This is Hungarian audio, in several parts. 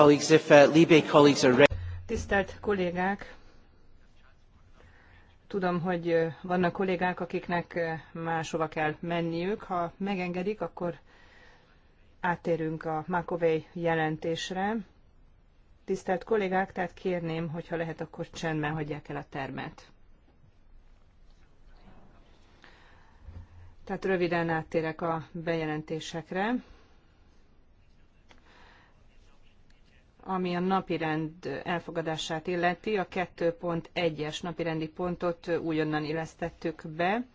colleagues, if uh, colleagues are ready. Tisztelt kollégák, tudom, hogy uh, vannak kollégák, akiknek uh, máshova kell menniük. Ha megengedik, akkor áttérünk a Makovei jelentésre. Tisztelt kollégák, tehát kérném, hogyha lehet, akkor csendben hagyják el a termet. Tehát röviden áttérek a bejelentésekre. ami a napirend elfogadását illeti, a 2.1-es napirendi pontot újonnan illesztettük be.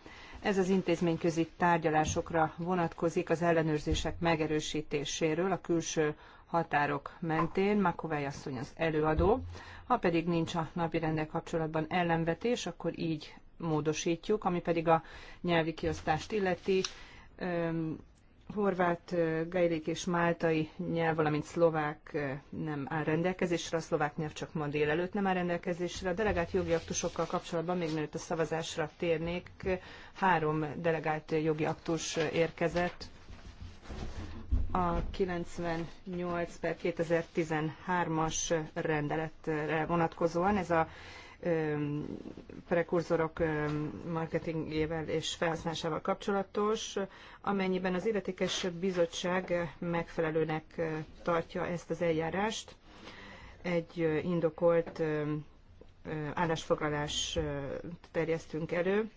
Ez az intézményközi tárgyalásokra vonatkozik az ellenőrzések megerősítéséről a külső határok mentén. Makovely asszony az előadó. Ha pedig nincs a napirendel kapcsolatban ellenvetés, akkor így módosítjuk, ami pedig a nyelvi kiosztást illeti horvát, gaelik és máltai nyelv, valamint szlovák nem áll rendelkezésre, a szlovák nyelv csak ma délelőtt nem áll rendelkezésre. A delegált jogi aktusokkal kapcsolatban még mielőtt a szavazásra térnék, három delegált jogi aktus érkezett. A 98 per 2013-as rendeletre vonatkozóan ez a prekurzorok marketingével és felhasználásával kapcsolatos, amennyiben az illetékes bizottság megfelelőnek tartja ezt az eljárást, egy indokolt állásfoglalást terjesztünk elő.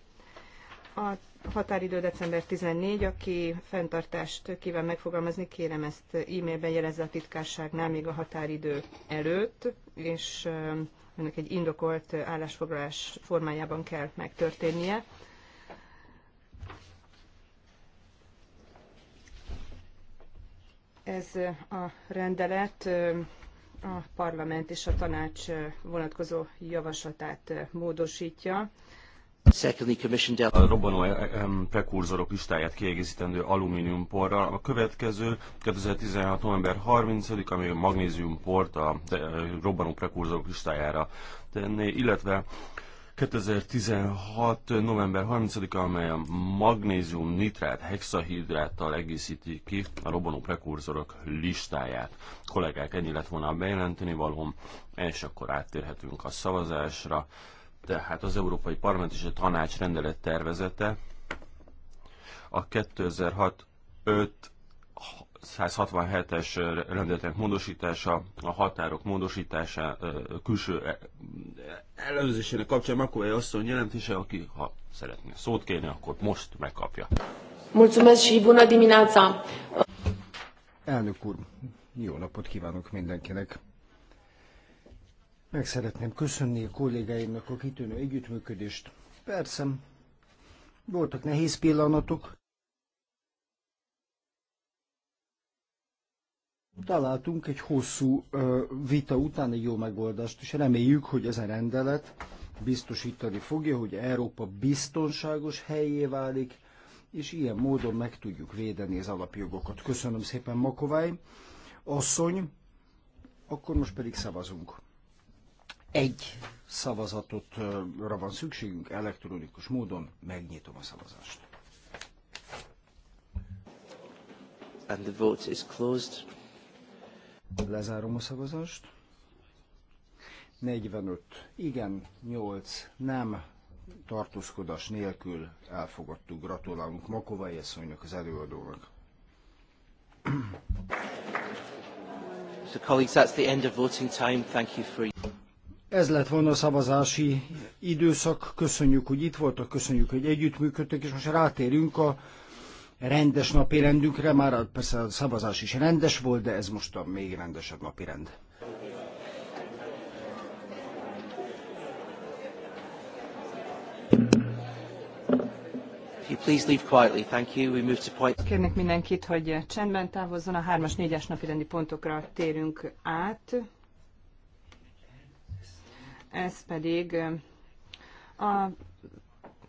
A határidő december 14, aki fenntartást kíván megfogalmazni, kérem ezt e-mailben jelezze a titkárságnál még a határidő előtt, és ennek egy indokolt állásfoglalás formájában kell megtörténnie. Ez a rendelet a parlament és a tanács vonatkozó javaslatát módosítja a robbanó eh, prekurzorok listáját kiegészítendő alumíniumporral. A következő 2016. november 30 ami a magnéziumport a eh, robbanó prekurzorok listájára tenné, illetve 2016. november 30-a, amely a magnézium nitrát hexahidráttal egészíti ki a robbanó prekurzorok listáját. Kollégák, ennyi lett volna a bejelenteni valóm, és akkor áttérhetünk a szavazásra tehát az Európai Parlament és a Tanács rendelet tervezete a 2006 5 167-es rendeletek módosítása, a határok módosítása külső e, előzésének kapcsán Makovai asszony jelentése, aki ha szeretné szót kérni, akkor most megkapja. Mulțumesc și bună dimineața! Elnök úr, jó napot kívánok mindenkinek! Meg szeretném köszönni a kollégáimnak a kitűnő együttműködést. Persze, voltak nehéz pillanatok. Találtunk egy hosszú ö, vita után egy jó megoldást, és reméljük, hogy ez a rendelet biztosítani fogja, hogy Európa biztonságos helyé válik, és ilyen módon meg tudjuk védeni az alapjogokat. Köszönöm szépen, Makovály. Asszony, akkor most pedig szavazunk. Egy szavazatotra van szükségünk, elektronikus módon megnyitom a szavazást. And the vote is closed. Lezárom a szavazást. 45 igen, 8 nem, tartózkodás nélkül elfogadtuk. Gratulálunk Makovai asszonynak, az előadónak. So colleagues, that's the end of voting time. Thank you for... Ez lett volna a szavazási időszak. Köszönjük, hogy itt voltak, köszönjük, hogy együttműködtek, és most rátérünk a rendes napi rendünkre. Már persze a szavazás is rendes volt, de ez most a még rendesebb napi rend. Kérnek mindenkit, hogy csendben távozzon, a 3-as, 4-es napi rendi pontokra térünk át ez pedig a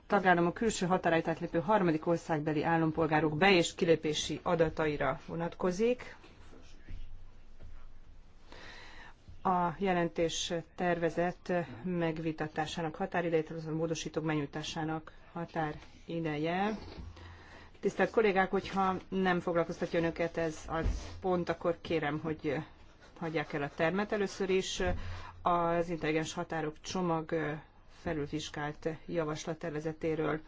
tagállamok külső határait átlépő harmadik országbeli állampolgárok be- és kilépési adataira vonatkozik. A jelentés tervezett megvitatásának határidejét, az a módosítók benyújtásának határideje. Tisztelt kollégák, hogyha nem foglalkoztatja önöket ez az pont, akkor kérem, hogy hagyják el a termet először is az intelligens határok csomag felülvizsgált javaslattervezetéről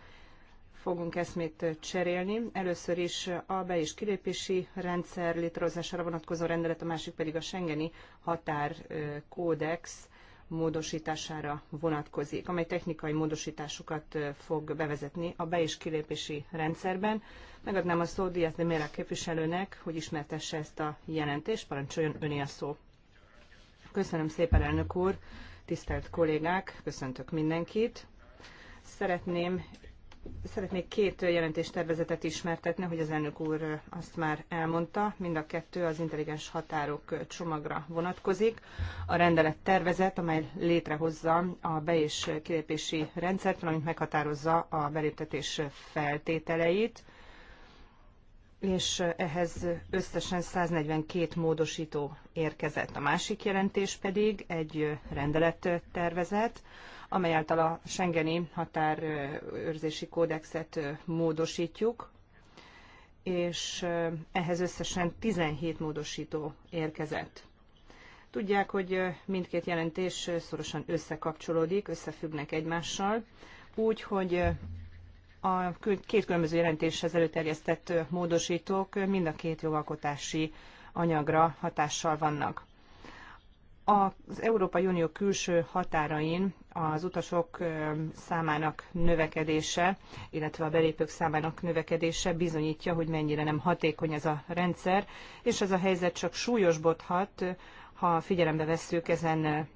fogunk eszmét cserélni. Először is a be- és kilépési rendszer létrehozására vonatkozó rendelet, a másik pedig a Schengeni határkódex módosítására vonatkozik, amely technikai módosításokat fog bevezetni a be- és kilépési rendszerben. Megadnám a szót Diaz de Mérák képviselőnek, hogy ismertesse ezt a jelentést, parancsoljon öné a szó. Köszönöm szépen, elnök úr, tisztelt kollégák, köszöntök mindenkit. Szeretném Szeretnék két jelentéstervezetet ismertetni, hogy az elnök úr azt már elmondta. Mind a kettő az intelligens határok csomagra vonatkozik. A rendelet tervezet, amely létrehozza a be- és kilépési rendszert, valamint meghatározza a beléptetés feltételeit és ehhez összesen 142 módosító érkezett. A másik jelentés pedig egy tervezet, amely által a Schengeni határőrzési kódexet módosítjuk, és ehhez összesen 17 módosító érkezett. Tudják, hogy mindkét jelentés szorosan összekapcsolódik, összefüggnek egymással, úgy, hogy a két különböző jelentéshez előterjesztett módosítók mind a két jogalkotási anyagra hatással vannak. Az Európai Unió külső határain az utasok számának növekedése, illetve a belépők számának növekedése bizonyítja, hogy mennyire nem hatékony ez a rendszer, és ez a helyzet csak súlyosbodhat, ha figyelembe vesszük ezen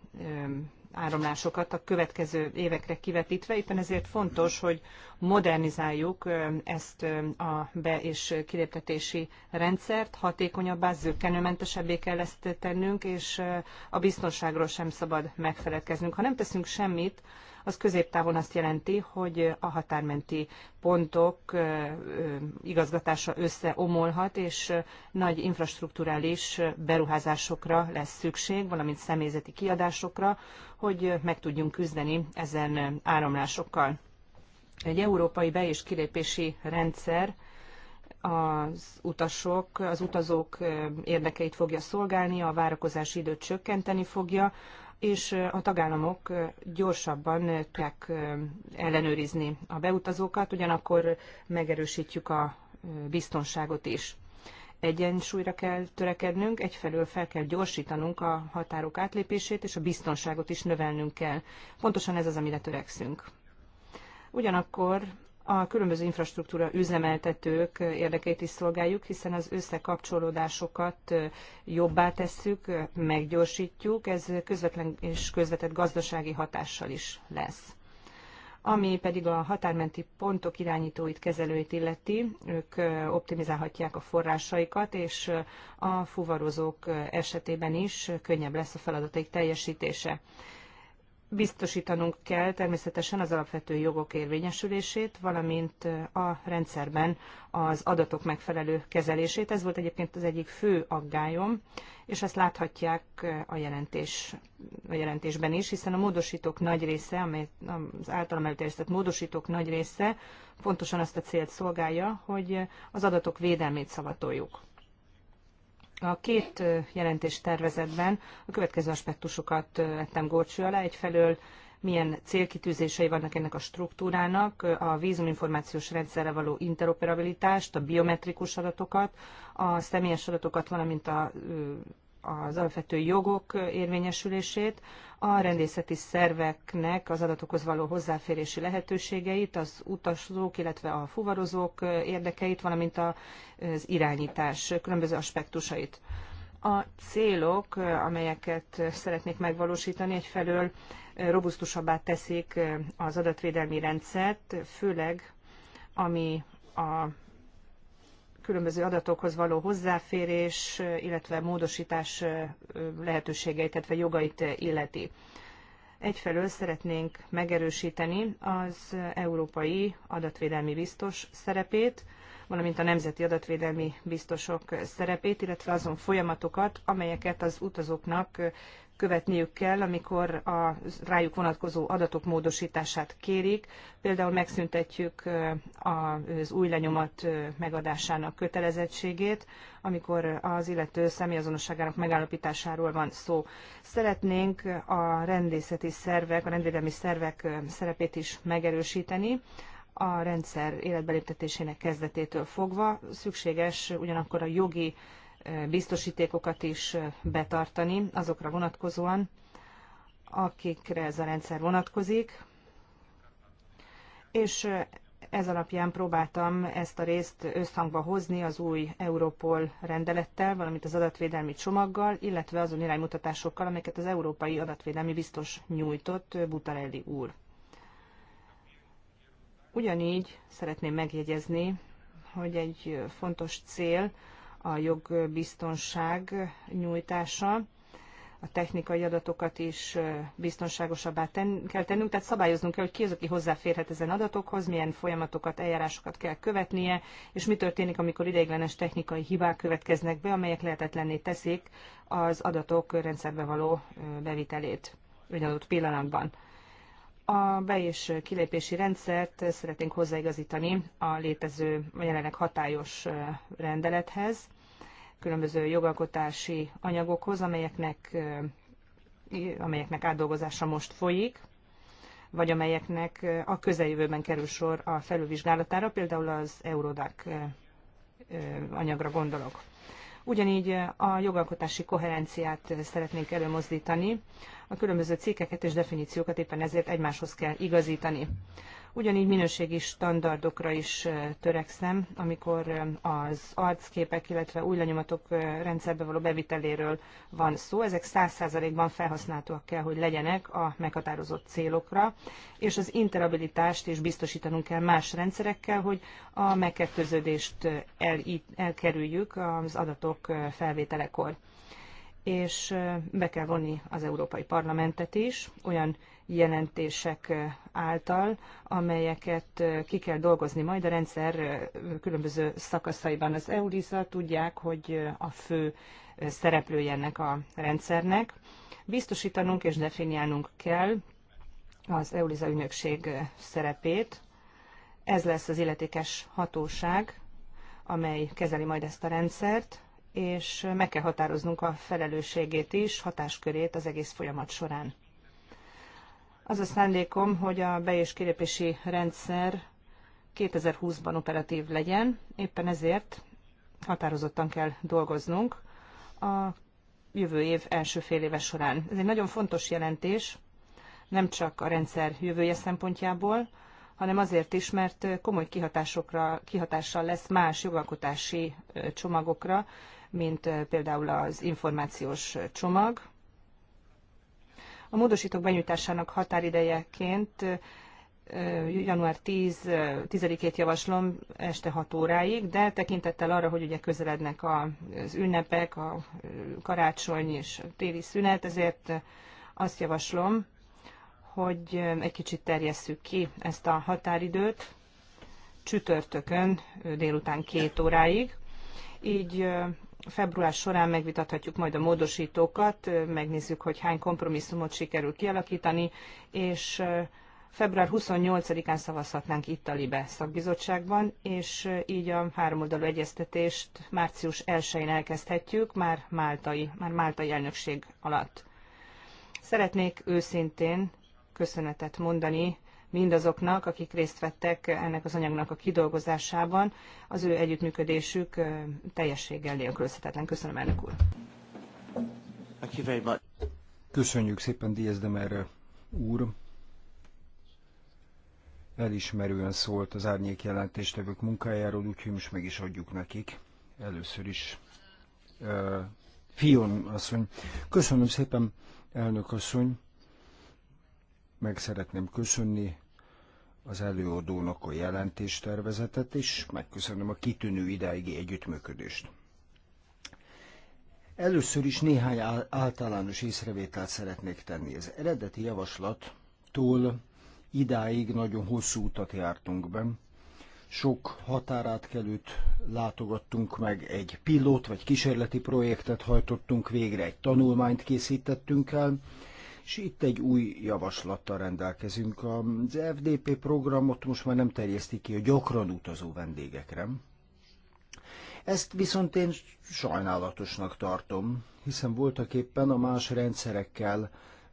áramlásokat a következő évekre kivetítve. Éppen ezért fontos, hogy modernizáljuk ezt a be- és kiléptetési rendszert, hatékonyabbá, zöggenőmentesebbé kell ezt tennünk, és a biztonságról sem szabad megfeledkeznünk. Ha nem teszünk semmit, az középtávon azt jelenti, hogy a határmenti pontok igazgatása összeomolhat, és nagy infrastruktúrális beruházásokra lesz szükség, valamint személyzeti kiadásokra, hogy meg tudjunk küzdeni ezen áramlásokkal. Egy európai be- és kilépési rendszer az utasok, az utazók érdekeit fogja szolgálni, a várakozási időt csökkenteni fogja, és a tagállamok gyorsabban tudják ellenőrizni a beutazókat, ugyanakkor megerősítjük a biztonságot is egyensúlyra kell törekednünk, egyfelől fel kell gyorsítanunk a határok átlépését, és a biztonságot is növelnünk kell. Pontosan ez az, amire törekszünk. Ugyanakkor a különböző infrastruktúra üzemeltetők érdekeit is szolgáljuk, hiszen az összekapcsolódásokat jobbá tesszük, meggyorsítjuk, ez közvetlen és közvetett gazdasági hatással is lesz. Ami pedig a határmenti pontok irányítóit, kezelőit illeti, ők optimizálhatják a forrásaikat, és a fuvarozók esetében is könnyebb lesz a feladataik teljesítése biztosítanunk kell természetesen az alapvető jogok érvényesülését, valamint a rendszerben az adatok megfelelő kezelését. Ez volt egyébként az egyik fő aggályom, és ezt láthatják a, jelentés, a jelentésben is, hiszen a módosítók nagy része, amely az általam előterjesztett módosítók nagy része pontosan azt a célt szolgálja, hogy az adatok védelmét szavatoljuk. A két jelentés tervezetben a következő aspektusokat vettem górcső alá. Egyfelől milyen célkitűzései vannak ennek a struktúrának, a vízuminformációs rendszerre való interoperabilitást, a biometrikus adatokat, a személyes adatokat, valamint a az alapvető jogok érvényesülését, a rendészeti szerveknek az adatokhoz való hozzáférési lehetőségeit, az utasozók, illetve a fuvarozók érdekeit, valamint az irányítás különböző aspektusait. A célok, amelyeket szeretnék megvalósítani, egyfelől robusztusabbá teszik az adatvédelmi rendszert, főleg ami a különböző adatokhoz való hozzáférés, illetve módosítás lehetőségeit, illetve jogait illeti. Egyfelől szeretnénk megerősíteni az európai adatvédelmi biztos szerepét, valamint a nemzeti adatvédelmi biztosok szerepét, illetve azon folyamatokat, amelyeket az utazóknak követniük kell, amikor a rájuk vonatkozó adatok módosítását kérik. Például megszüntetjük az új lenyomat megadásának kötelezettségét, amikor az illető személyazonosságának megállapításáról van szó. Szeretnénk a rendészeti szervek, a rendvédelmi szervek szerepét is megerősíteni a rendszer életbeléptetésének kezdetétől fogva szükséges ugyanakkor a jogi biztosítékokat is betartani azokra vonatkozóan, akikre ez a rendszer vonatkozik, és ez alapján próbáltam ezt a részt összhangba hozni az új Europol rendelettel, valamint az adatvédelmi csomaggal, illetve azon iránymutatásokkal, amelyeket az Európai Adatvédelmi Biztos nyújtott Butarelli úr. Ugyanígy szeretném megjegyezni, hogy egy fontos cél a jogbiztonság nyújtása, a technikai adatokat is biztonságosabbá ten, kell tennünk, tehát szabályoznunk kell, hogy ki az, aki hozzáférhet ezen adatokhoz, milyen folyamatokat, eljárásokat kell követnie, és mi történik, amikor ideiglenes technikai hibák következnek be, amelyek lehetetlenné teszik az adatok rendszerbe való bevitelét egy adott pillanatban. A be- és kilépési rendszert szeretnénk hozzáigazítani a létező, a jelenleg hatályos rendelethez, különböző jogalkotási anyagokhoz, amelyeknek, amelyeknek átdolgozása most folyik, vagy amelyeknek a közeljövőben kerül sor a felülvizsgálatára, például az Eurodac anyagra gondolok. Ugyanígy eh, a jogalkotási koherenciát eh, szeretnénk előmozdítani. A különböző cikkeket és definíciókat éppen ezért egymáshoz kell igazítani. Ugyanígy minőségi standardokra is törekszem, amikor az arcképek, illetve új lenyomatok rendszerbe való beviteléről van szó. Ezek 100%-ban felhasználhatóak kell, hogy legyenek a meghatározott célokra, és az interabilitást is biztosítanunk kell más rendszerekkel, hogy a megkettőződést el, elkerüljük az adatok felvételekor és be kell vonni az Európai Parlamentet is olyan jelentések eh, által, amelyeket eh, ki kell dolgozni majd a rendszer eh, különböző szakaszaiban. Az EURISA tudják, hogy a fő szereplője ennek a rendszernek. Biztosítanunk és definiálnunk kell az EURISA ügynökség szerepét. Ez lesz az illetékes hatóság, amely kezeli majd ezt a rendszert, és meg kell határoznunk a felelősségét is, hatáskörét az egész folyamat során. Az a szándékom, hogy a be- és kilépési rendszer 2020-ban operatív legyen, éppen ezért határozottan kell dolgoznunk a jövő év első fél éve során. Ez egy nagyon fontos jelentés, nem csak a rendszer jövője szempontjából, hanem azért is, mert komoly kihatásokra, kihatással lesz más jogalkotási csomagokra, mint például az információs csomag, a módosítók benyújtásának határidejeként január 10, 10-ét javaslom este 6 óráig, de tekintettel arra, hogy ugye közelednek az ünnepek, a karácsony és a téli szünet, ezért azt javaslom, hogy egy kicsit terjesszük ki ezt a határidőt csütörtökön délután két óráig. Így február során megvitathatjuk majd a módosítókat, megnézzük, hogy hány kompromisszumot sikerül kialakítani, és február 28-án szavazhatnánk itt a LIBE szakbizottságban, és így a háromoldalú egyeztetést március 1-én elkezdhetjük, már máltai, már máltai elnökség alatt. Szeretnék őszintén köszönetet mondani mindazoknak, akik részt vettek ennek az anyagnak a kidolgozásában. Az ő együttműködésük teljességgel nélkülözhetetlen. Köszönöm, elnök úr! Köszönjük szépen Díaz Demer úr! Elismerően szólt az árnyék jelentéstevők munkájáról, úgyhogy most meg is adjuk nekik. Először is uh, Fion asszony. Köszönöm szépen, elnök asszony. Meg szeretném köszönni az előadónak a jelentéstervezetet, és megköszönöm a kitűnő ideigi együttműködést. Először is néhány általános észrevételt szeretnék tenni. Az eredeti javaslattól idáig nagyon hosszú utat jártunk be. Sok határátkelőt látogattunk meg, egy pilót vagy kísérleti projektet hajtottunk végre, egy tanulmányt készítettünk el, és itt egy új javaslattal rendelkezünk. Az FDP programot most már nem terjesztik ki a gyakran utazó vendégekre. Ezt viszont én sajnálatosnak tartom, hiszen voltak éppen a más rendszerekkel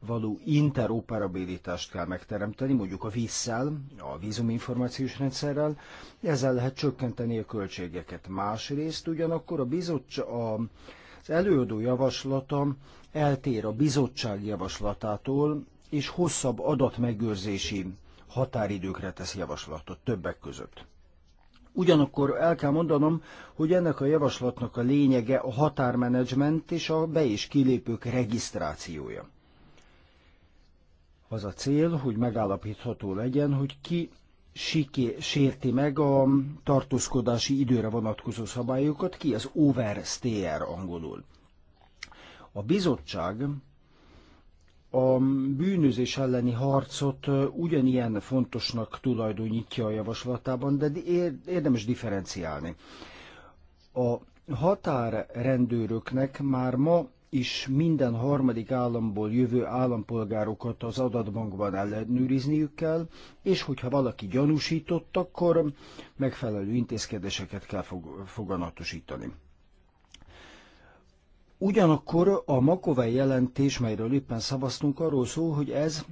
való interoperabilitást kell megteremteni, mondjuk a vízszel, a vízuminformációs rendszerrel, ezzel lehet csökkenteni a költségeket. Másrészt ugyanakkor a bizottság, a az előadó javaslatom eltér a bizottság javaslatától, és hosszabb adatmegőrzési határidőkre tesz javaslatot többek között. Ugyanakkor el kell mondanom, hogy ennek a javaslatnak a lényege a határmenedzsment és a be- és kilépők regisztrációja. Az a cél, hogy megállapítható legyen, hogy ki siké, sérti meg a tartózkodási időre vonatkozó szabályokat, ki az overstayer angolul. A bizottság a bűnözés elleni harcot ugyanilyen fontosnak tulajdonítja a javaslatában, de érdemes differenciálni. A határrendőröknek már ma is minden harmadik államból jövő állampolgárokat az adatbankban ellenőrizniük kell, és hogyha valaki gyanúsított, akkor megfelelő intézkedéseket kell fog, foganatosítani. Ugyanakkor a Makovei jelentés, melyről éppen szavaztunk, arról szól, hogy ez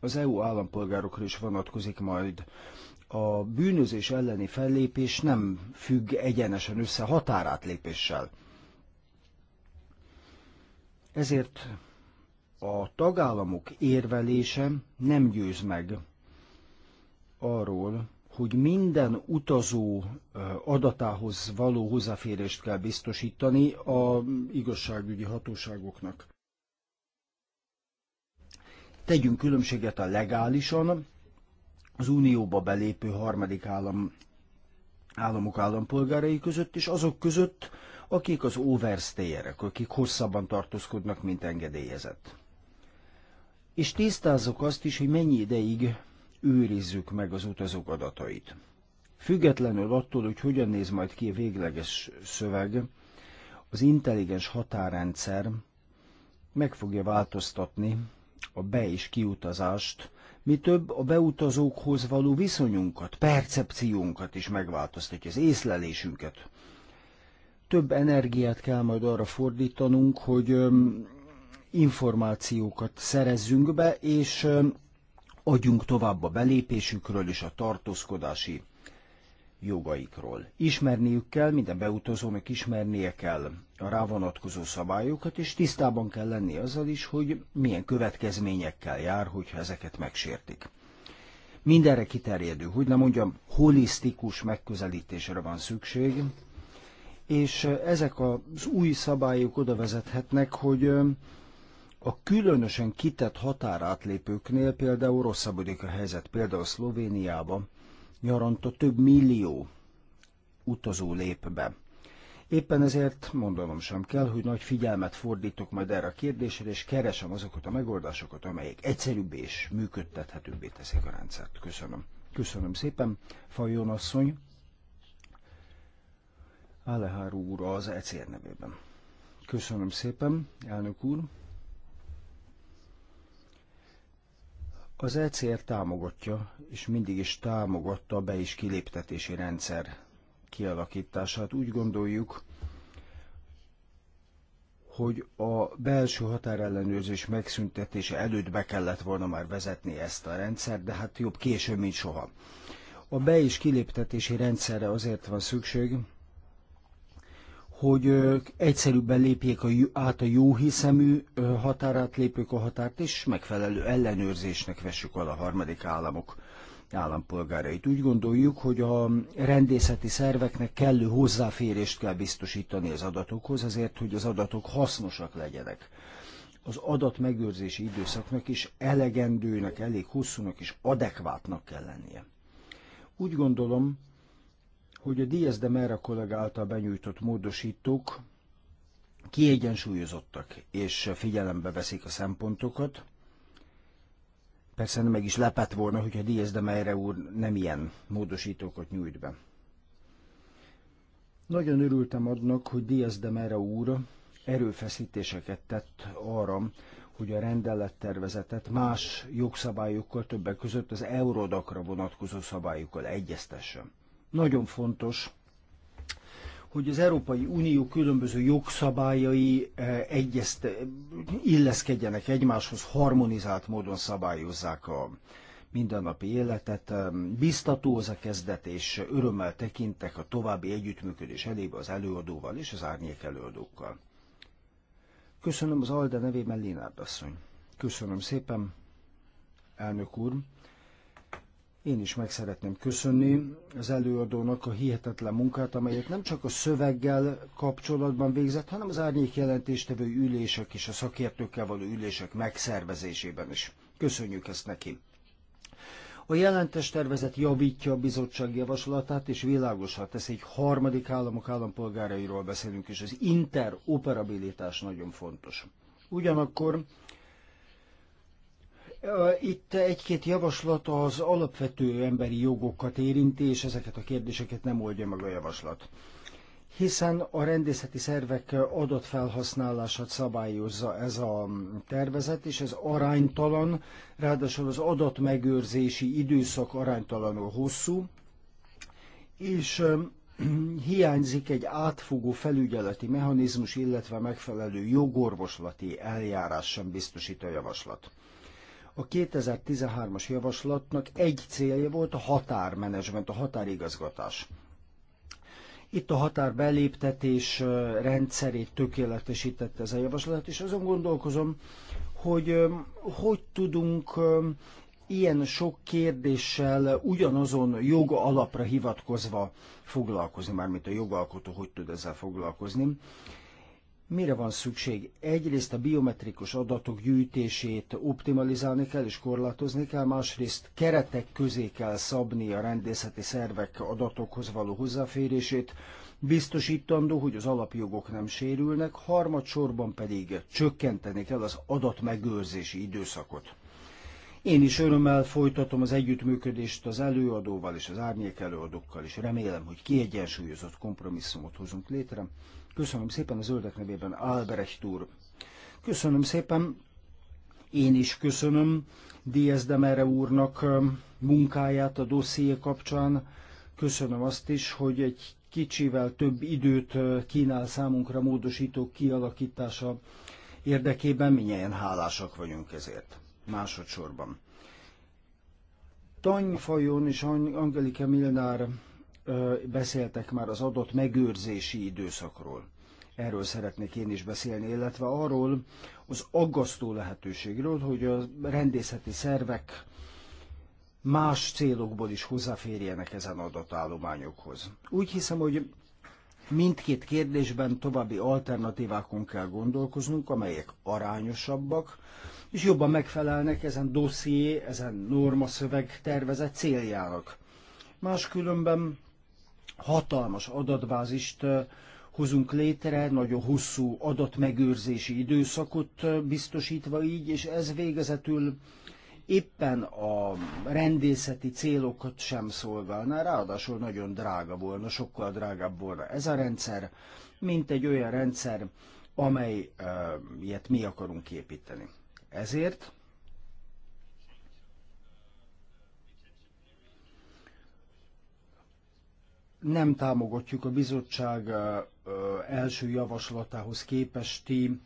az EU állampolgárokra is vonatkozik majd. A bűnözés elleni fellépés nem függ egyenesen össze határátlépéssel. Ezért a tagállamok érvelése nem győz meg arról, hogy minden utazó adatához való hozzáférést kell biztosítani a igazságügyi hatóságoknak. Tegyünk különbséget a legálisan az unióba belépő harmadik állam, államok állampolgárai között, és azok között, akik az overstayerek, akik hosszabban tartózkodnak, mint engedélyezett. És tisztázzuk azt is, hogy mennyi ideig őrizzük meg az utazók adatait. Függetlenül attól, hogy hogyan néz majd ki a végleges szöveg, az intelligens határrendszer meg fogja változtatni a be- és kiutazást, mi több a beutazókhoz való viszonyunkat, percepciónkat is megváltoztatja, az észlelésünket több energiát kell majd arra fordítanunk, hogy információkat szerezzünk be, és adjunk tovább a belépésükről és a tartózkodási jogaikról. Ismerniük kell, minden beutazónak ismernie kell a rá vonatkozó szabályokat, és tisztában kell lenni azzal is, hogy milyen következményekkel jár, hogyha ezeket megsértik. Mindenre kiterjedő, hogy nem mondjam, holisztikus megközelítésre van szükség, és ezek az új szabályok oda vezethetnek, hogy a különösen kitett határátlépőknél például rosszabbodik a helyzet, például Szlovéniában nyaranta több millió utazó lép be. Éppen ezért mondanom sem kell, hogy nagy figyelmet fordítok majd erre a kérdésre, és keresem azokat a megoldásokat, amelyek egyszerűbb és működtethetőbbé teszik a rendszert. Köszönöm. Köszönöm szépen, Fajon asszony. Aleháró úr az ECR nevében. Köszönöm szépen, elnök úr. Az ECR támogatja, és mindig is támogatta a be- és kiléptetési rendszer kialakítását. Úgy gondoljuk, hogy a belső határellenőrzés megszüntetése előtt be kellett volna már vezetni ezt a rendszer, de hát jobb később, mint soha. A be- és kiléptetési rendszerre azért van szükség, hogy egyszerűbben lépjék a, át a hiszemű határát, lépjük a határt, és megfelelő ellenőrzésnek vessük alá a harmadik államok állampolgárait. Úgy gondoljuk, hogy a rendészeti szerveknek kellő hozzáférést kell biztosítani az adatokhoz, azért, hogy az adatok hasznosak legyenek. Az adat megőrzési időszaknak is elegendőnek, elég hosszúnak és adekvátnak kell lennie. Úgy gondolom, hogy a Diaz de Mera kollega által benyújtott módosítók kiegyensúlyozottak és figyelembe veszik a szempontokat. Persze nem meg is lepett volna, hogyha Diaz de Mera úr nem ilyen módosítókat nyújt be. Nagyon örültem adnak, hogy Diaz de Mera úr erőfeszítéseket tett arra, hogy a rendelettervezetet más jogszabályokkal, többek között az Eurodakra vonatkozó szabályokkal egyeztessen. Nagyon fontos, hogy az Európai Unió különböző jogszabályai eh, egyezte, illeszkedjenek egymáshoz, harmonizált módon szabályozzák a mindennapi életet. Eh, biztató az a kezdet, és örömmel tekintek a további együttműködés elébe az előadóval és az árnyék előadókkal. Köszönöm az Alde nevében Lénárd asszony. Köszönöm szépen, elnök úr. Én is meg szeretném köszönni az előadónak a hihetetlen munkát, amelyet nem csak a szöveggel kapcsolatban végzett, hanem az árnyék jelentéstevő ülések és a szakértőkkel való ülések megszervezésében is. Köszönjük ezt neki. A jelentes tervezet javítja a bizottság javaslatát, és világosat tesz egy harmadik államok állampolgárairól beszélünk, és az interoperabilitás nagyon fontos. Ugyanakkor itt egy-két javaslat az alapvető emberi jogokat érinti, és ezeket a kérdéseket nem oldja meg a javaslat hiszen a rendészeti szervek adatfelhasználását szabályozza ez a tervezet, és ez aránytalan, ráadásul az adatmegőrzési időszak aránytalanul hosszú, és hiányzik egy átfogó felügyeleti mechanizmus, illetve megfelelő jogorvoslati eljárás sem biztosít a javaslat. A 2013-as javaslatnak egy célja volt a határmenedzsment, a határigazgatás. Itt a határ beléptetés rendszerét tökéletesítette ez a javaslat, és azon gondolkozom, hogy hogy tudunk ilyen sok kérdéssel ugyanazon jog alapra hivatkozva foglalkozni, mármint a jogalkotó hogy tud ezzel foglalkozni. Mire van szükség? Egyrészt a biometrikus adatok gyűjtését optimalizálni kell és korlátozni kell, másrészt keretek közé kell szabni a rendészeti szervek adatokhoz való hozzáférését, biztosítandó, hogy az alapjogok nem sérülnek, harmadsorban pedig csökkenteni kell az adatmegőrzési időszakot. Én is örömmel folytatom az együttműködést az előadóval és az árnyék előadókkal, és remélem, hogy kiegyensúlyozott kompromisszumot hozunk létre, Köszönöm szépen a zöldek nevében, Albrecht úr. Köszönöm szépen, én is köszönöm Díaz Demere úrnak um, munkáját a dosszié kapcsán. Köszönöm azt is, hogy egy kicsivel több időt uh, kínál számunkra módosítók kialakítása érdekében, Minnyien hálásak vagyunk ezért. Másodszorban. Tanyfajon és Angelika Milnár beszéltek már az adott megőrzési időszakról. Erről szeretnék én is beszélni, illetve arról az aggasztó lehetőségről, hogy a rendészeti szervek más célokból is hozzáférjenek ezen adatállományokhoz. Úgy hiszem, hogy mindkét kérdésben további alternatívákon kell gondolkoznunk, amelyek arányosabbak, és jobban megfelelnek ezen dosszié, ezen normaszöveg tervezett céljának. Máskülönben hatalmas adatbázist hozunk létre, nagyon hosszú adatmegőrzési időszakot biztosítva így, és ez végezetül éppen a rendészeti célokat sem szolgálná, ráadásul nagyon drága volna, sokkal drágább volna ez a rendszer, mint egy olyan rendszer, amelyet mi akarunk építeni. Ezért nem támogatjuk a bizottság első javaslatához képesti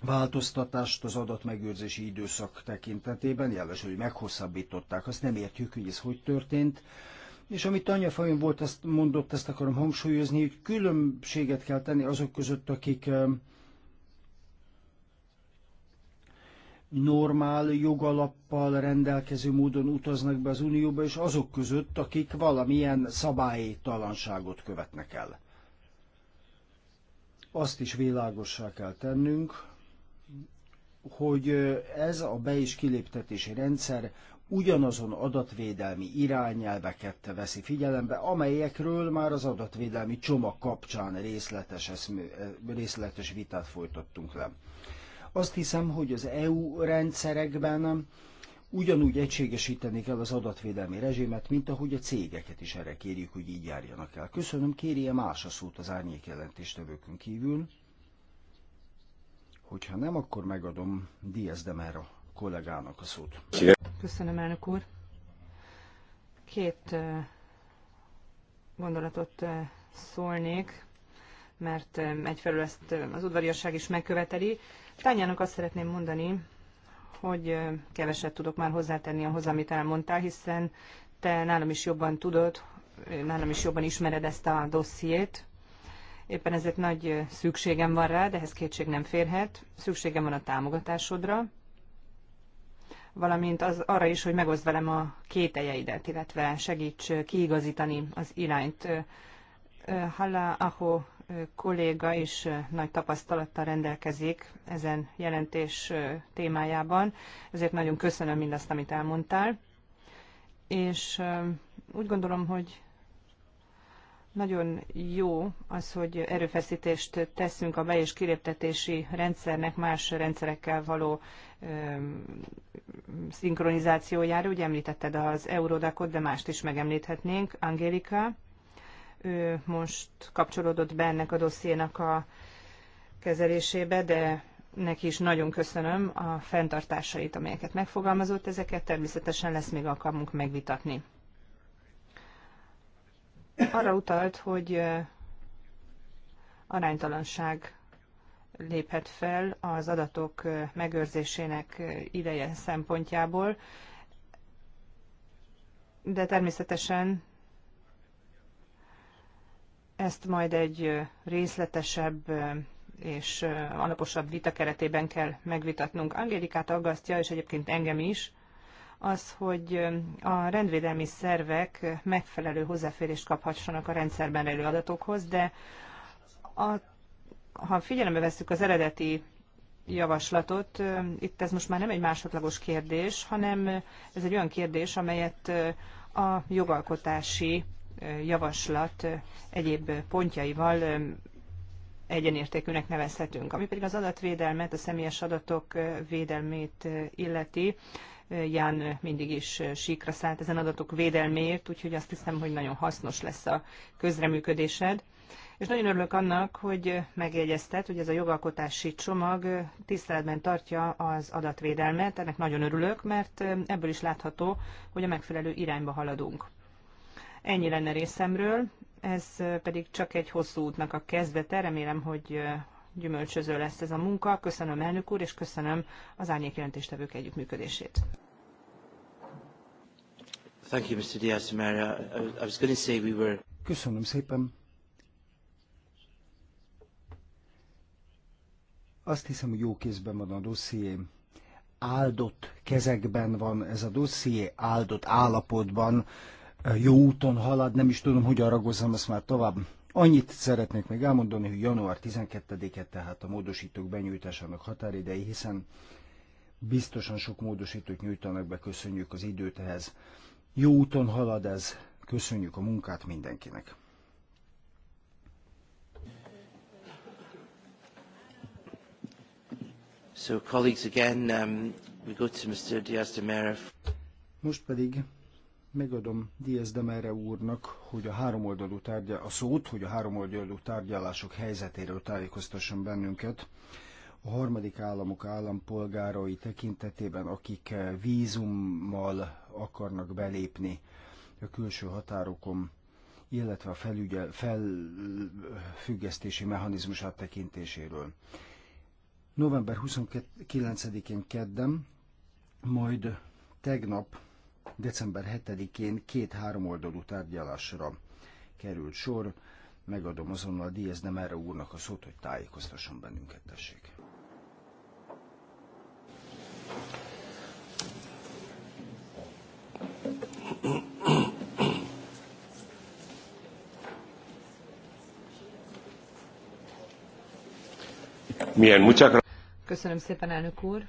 változtatást az adatmegőrzési időszak tekintetében, jeles, hogy meghosszabbították, azt nem értjük, hogy ez hogy történt. És amit Tanya Fajon volt, azt mondott, ezt akarom hangsúlyozni, hogy különbséget kell tenni azok között, akik normál jogalappal rendelkező módon utaznak be az Unióba, és azok között, akik valamilyen szabálytalanságot követnek el. Azt is világossá kell tennünk, hogy ez a be- és kiléptetési rendszer ugyanazon adatvédelmi irányelveket veszi figyelembe, amelyekről már az adatvédelmi csomag kapcsán részletes, eszmű, részletes vitát folytattunk le. Azt hiszem, hogy az EU rendszerekben ugyanúgy egységesíteni kell az adatvédelmi rezsimet, mint ahogy a cégeket is erre kérjük, hogy így járjanak el. Köszönöm, kérje más a szót az árnyék jelentéstevőkön kívül. Hogyha nem, akkor megadom Diaz Demera kollégának a szót. Köszönöm, elnök úr. Két gondolatot szólnék, mert egyfelől ezt az udvariasság is megköveteli, Tányának azt szeretném mondani, hogy keveset tudok már hozzátenni ahhoz, amit elmondtál, hiszen te nálam is jobban tudod, nálam is jobban ismered ezt a dossziét. Éppen ezért nagy szükségem van rá, de ehhez kétség nem férhet. Szükségem van a támogatásodra, valamint az arra is, hogy megozd velem a kételjeidet, illetve segíts kiigazítani az irányt. Halla Aho kolléga is nagy tapasztalattal rendelkezik ezen jelentés témájában, ezért nagyon köszönöm mindazt, amit elmondtál. És úgy gondolom, hogy nagyon jó az, hogy erőfeszítést teszünk a be- és kiréptetési rendszernek más rendszerekkel való öm, szinkronizációjára. Ugye említetted az Eurodacot, de mást is megemlíthetnénk. Angélika, ő most kapcsolódott be ennek a dossziénak a kezelésébe, de neki is nagyon köszönöm a fenntartásait, amelyeket megfogalmazott, ezeket természetesen lesz még alkalmunk megvitatni. Arra utalt, hogy aránytalanság léphet fel az adatok megőrzésének ideje szempontjából, de természetesen ezt majd egy részletesebb és alaposabb vita keretében kell megvitatnunk. Angélikát aggasztja, és egyébként engem is, az, hogy a rendvédelmi szervek megfelelő hozzáférést kaphassanak a rendszerben rejlő adatokhoz, de a, ha figyelembe veszük az eredeti javaslatot, itt ez most már nem egy másodlagos kérdés, hanem ez egy olyan kérdés, amelyet a jogalkotási javaslat egyéb pontjaival egyenértékűnek nevezhetünk. Ami pedig az adatvédelmet, a személyes adatok védelmét illeti, Ján mindig is síkra szállt ezen adatok védelméért, úgyhogy azt hiszem, hogy nagyon hasznos lesz a közreműködésed. És nagyon örülök annak, hogy megjegyezted, hogy ez a jogalkotási csomag tiszteletben tartja az adatvédelmet. Ennek nagyon örülök, mert ebből is látható, hogy a megfelelő irányba haladunk. Ennyi lenne részemről, ez pedig csak egy hosszú útnak a kezdete, remélem, hogy gyümölcsöző lesz ez a munka. Köszönöm elnök úr, és köszönöm az árnyék jelentéstevők együttműködését. Thank you, Mr. Diaz I was going to say we were... Köszönöm szépen. Azt hiszem, hogy jó kézben van a dosszié. Áldott kezekben van ez a dosszié, áldott állapotban jó úton halad, nem is tudom, hogyan ragozzam ezt már tovább. Annyit szeretnék még elmondani, hogy január 12-e tehát a módosítók benyújtásának határidei, hiszen biztosan sok módosítót nyújtanak be, köszönjük az időt ehhez. Jó úton halad ez, köszönjük a munkát mindenkinek. So colleagues again, um, we go to Mr. Diaz de Mera. Most pedig megadom Diaz Demere úrnak, hogy a háromoldalú tárgya, a szót, hogy a háromoldalú tárgyalások helyzetéről tájékoztasson bennünket. A harmadik államok állampolgárai tekintetében, akik eh, vízummal akarnak belépni a külső határokon, illetve a felügyel, felfüggesztési mechanizmus áttekintéséről. November 29-én kedden, majd tegnap december 7-én két-három oldalú tárgyalásra került sor. Megadom azonnal Díaz nem erre úrnak a szót, hogy tájékoztasson bennünket, tessék. Milyen muchas Köszönöm szépen, elnök úr.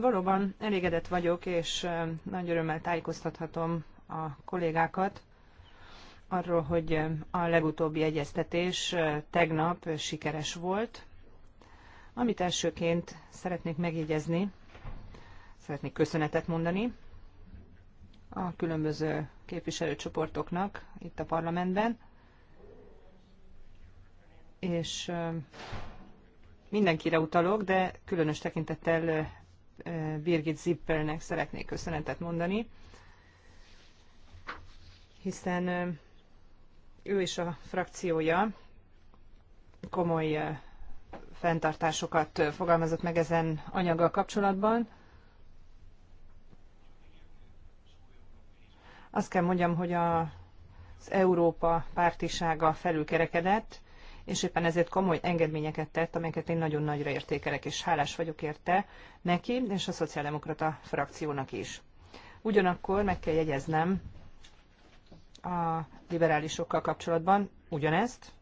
Valóban elégedett vagyok, és nagy örömmel tájékoztathatom a kollégákat arról, hogy a legutóbbi egyeztetés tegnap sikeres volt. Amit elsőként szeretnék megjegyezni, szeretnék köszönetet mondani a különböző képviselőcsoportoknak itt a parlamentben, és mindenkire utalok, de különös tekintettel Birgit Zippelnek szeretnék köszönetet mondani, hiszen ő és a frakciója komoly fenntartásokat fogalmazott meg ezen anyaggal kapcsolatban. Azt kell mondjam, hogy a, az Európa pártisága felülkerekedett, és éppen ezért komoly engedményeket tett, amelyeket én nagyon nagyra értékelek, és hálás vagyok érte neki, és a szociáldemokrata frakciónak is. Ugyanakkor meg kell jegyeznem a liberálisokkal kapcsolatban ugyanezt,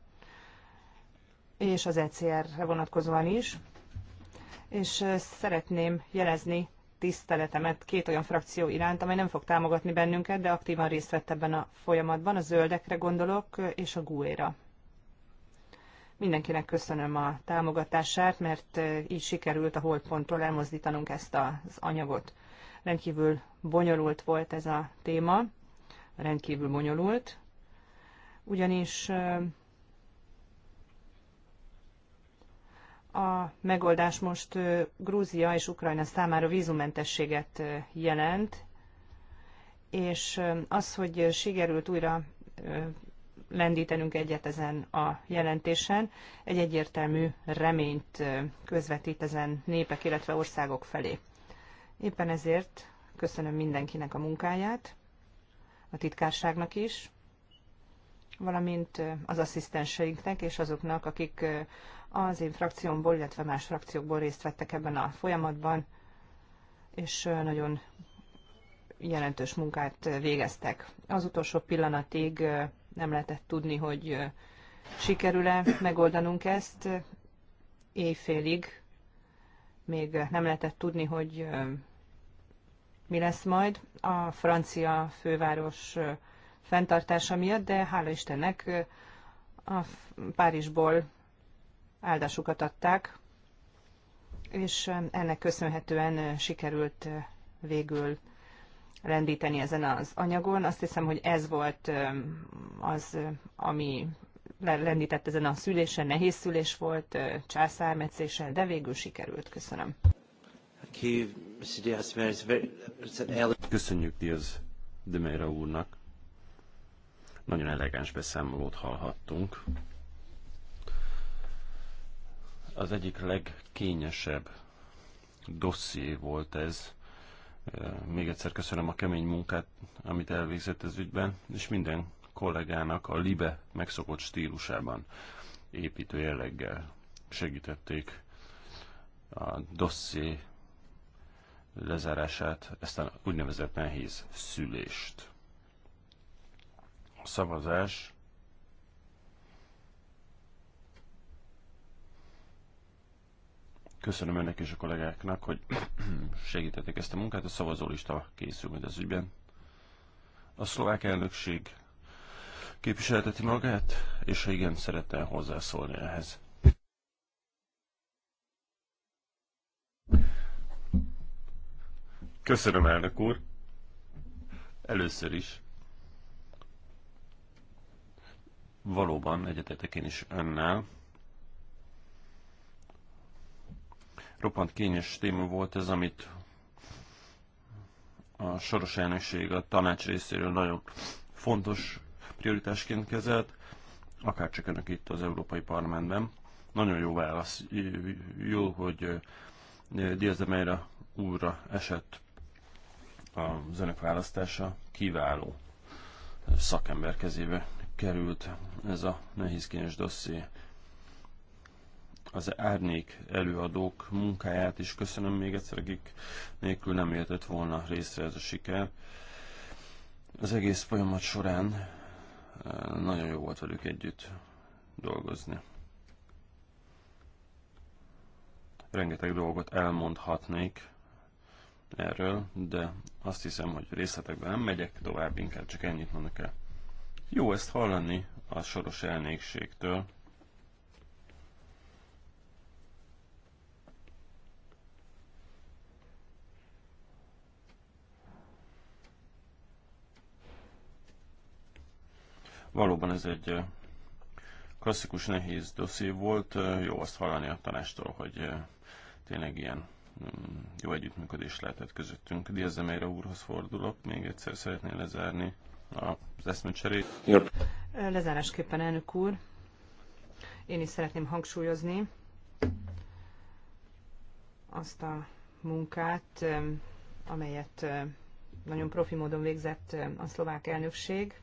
és az ECR-re vonatkozóan is, és szeretném jelezni tiszteletemet két olyan frakció iránt, amely nem fog támogatni bennünket, de aktívan részt vett ebben a folyamatban, a zöldekre gondolok, és a GUE-ra. Mindenkinek köszönöm a támogatását, mert eh, így sikerült a holtponttól elmozdítanunk ezt az anyagot. Rendkívül bonyolult volt ez a téma, rendkívül bonyolult, ugyanis eh, a megoldás most eh, Grúzia és Ukrajna számára vízumentességet jelent, és az, hogy sikerült újra lendítenünk egyet ezen a jelentésen. Egy egyértelmű reményt közvetít ezen népek, illetve országok felé. Éppen ezért köszönöm mindenkinek a munkáját, a titkárságnak is, valamint az asszisztenseinknek és azoknak, akik az én frakciómból, illetve más frakciókból részt vettek ebben a folyamatban, és nagyon jelentős munkát végeztek. Az utolsó pillanatig nem lehetett tudni, hogy sikerül-e megoldanunk ezt. Éjfélig még nem lehetett tudni, hogy mi lesz majd a francia főváros fenntartása miatt, de hála Istennek a Párizsból áldásukat adták, és ennek köszönhetően sikerült végül rendíteni ezen az anyagon. Azt hiszem, hogy ez volt az, ami rendített ezen a szülésen. Nehéz szülés volt, császármetszéssel, de végül sikerült. Köszönöm. Köszönjük Diaz Demeira úrnak. Nagyon elegáns beszámolót hallhattunk. Az egyik legkényesebb dosszié volt ez, még egyszer köszönöm a kemény munkát, amit elvégzett ez ügyben, és minden kollégának a libe megszokott stílusában építő jelleggel segítették a dosszi lezárását, ezt a úgynevezett nehéz szülést. A szavazás Köszönöm önnek és a kollégáknak, hogy segítették ezt a munkát. A szavazólista készül majd az ügyben. A szlovák elnökség képviselteti magát, és ha igen, szeretne hozzászólni ehhez. Köszönöm, elnök úr. Először is. Valóban egyetetek én is önnel. Roppant kényes téma volt ez, amit a soros elnökség a tanács részéről nagyon fontos prioritásként kezelt, akár csak önök itt az Európai Parlamentben. Nagyon jó válasz. Jó, hogy eh, Diaz de Meira úrra esett az önök választása. Kiváló szakember kezébe került ez a nehézkényes dosszié az árnyék előadók munkáját is köszönöm még egyszer, akik nélkül nem értett volna részre ez a siker. Az egész folyamat során eh, nagyon jó volt velük együtt dolgozni. Rengeteg dolgot elmondhatnék erről, de azt hiszem, hogy részletekben nem megyek tovább, inkább csak ennyit mondok el. Jó ezt hallani a soros elnékségtől. Valóban ez egy klasszikus, nehéz dosszé volt. Jó azt hallani a tanástól, hogy tényleg ilyen mm, jó együttműködés lehetett közöttünk. Diazemeire úrhoz fordulok, még egyszer szeretné lezárni az eszmecserét. Lezárásképpen, elnök úr, én is szeretném hangsúlyozni azt a munkát, amelyet nagyon profi módon végzett a szlovák elnökség.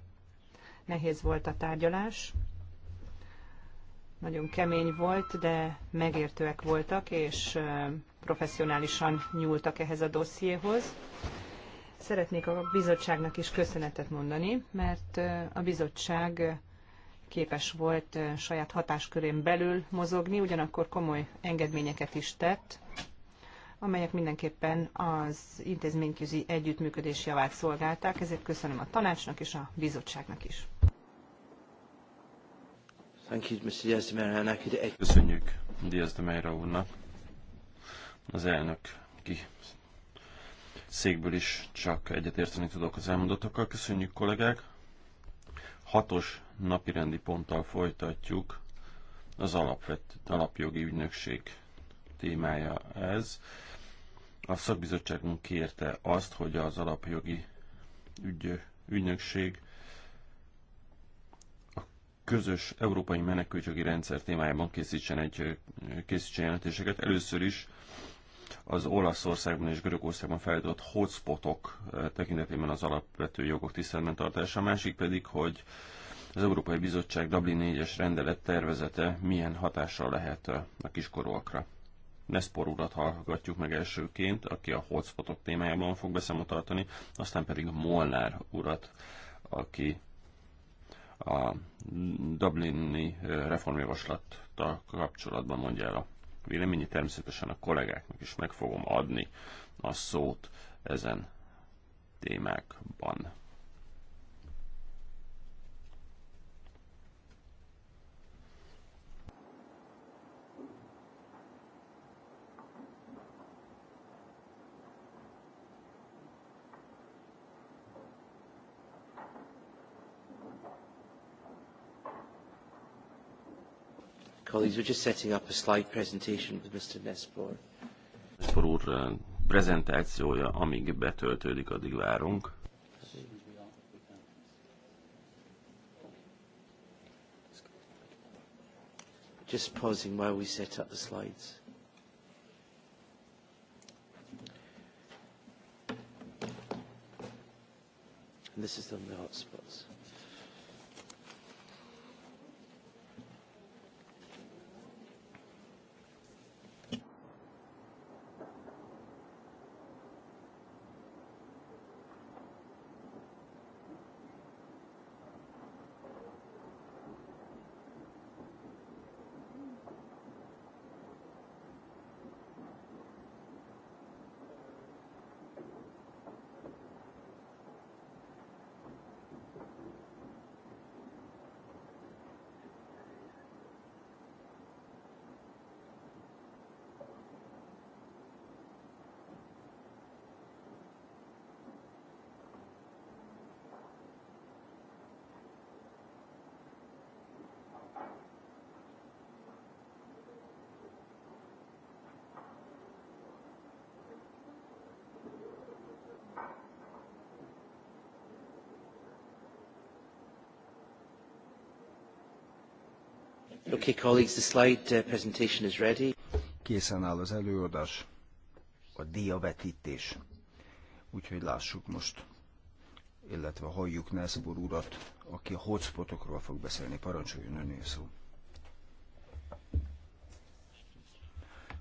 Nehéz volt a tárgyalás, nagyon kemény volt, de megértőek voltak, és professzionálisan nyúltak ehhez a dossziéhoz. Szeretnék a bizottságnak is köszönetet mondani, mert a bizottság képes volt saját hatáskörén belül mozogni, ugyanakkor komoly engedményeket is tett, amelyek mindenképpen az intézményközi együttműködés javát szolgálták, ezért köszönöm a tanácsnak és a bizottságnak is. Köszönjük Diaz de Meira úrnak. Az elnök ki székből is csak egyetérteni tudok az elmondottakkal. Köszönjük kollégák! Hatos napirendi ponttal folytatjuk az alapvető, alapjogi ügynökség témája ez. A szakbizottságunk kérte azt, hogy az alapjogi ügy, ügynökség a közös európai menekültjogi rendszer témájában készítsen, egy, készítsen jelentéseket. Először is az Olaszországban és Görögországban feladott hotspotok eh, tekintetében az alapvető jogok tiszteletben tartása, a másik pedig, hogy az Európai Bizottság Dublin 4-es rendelet tervezete milyen hatással lehet eh, a kiskorúakra. Nespor urat hallgatjuk meg elsőként, aki a hotspotok témájában fog beszámot tartani, aztán pedig Molnár urat, aki a Dublini eh, reformjavaslattal kapcsolatban mondja el a véleményi természetesen a kollégáknak is meg fogom adni a szót ezen témákban. Colleagues, we're just setting up a slide presentation with Mr. Nespor. Nespor úr eh, prezentációja, amíg betöltődik, addig várunk. Just pausing while we set up the slides. And this is on the hotspots. Okay, colleagues, the slide uh, presentation is ready. Készen áll az előadás, a diavetítés. Úgyhogy lássuk most, illetve halljuk Nelszabor urat, aki a hotspotokról fog beszélni. Parancsoljon önél szó.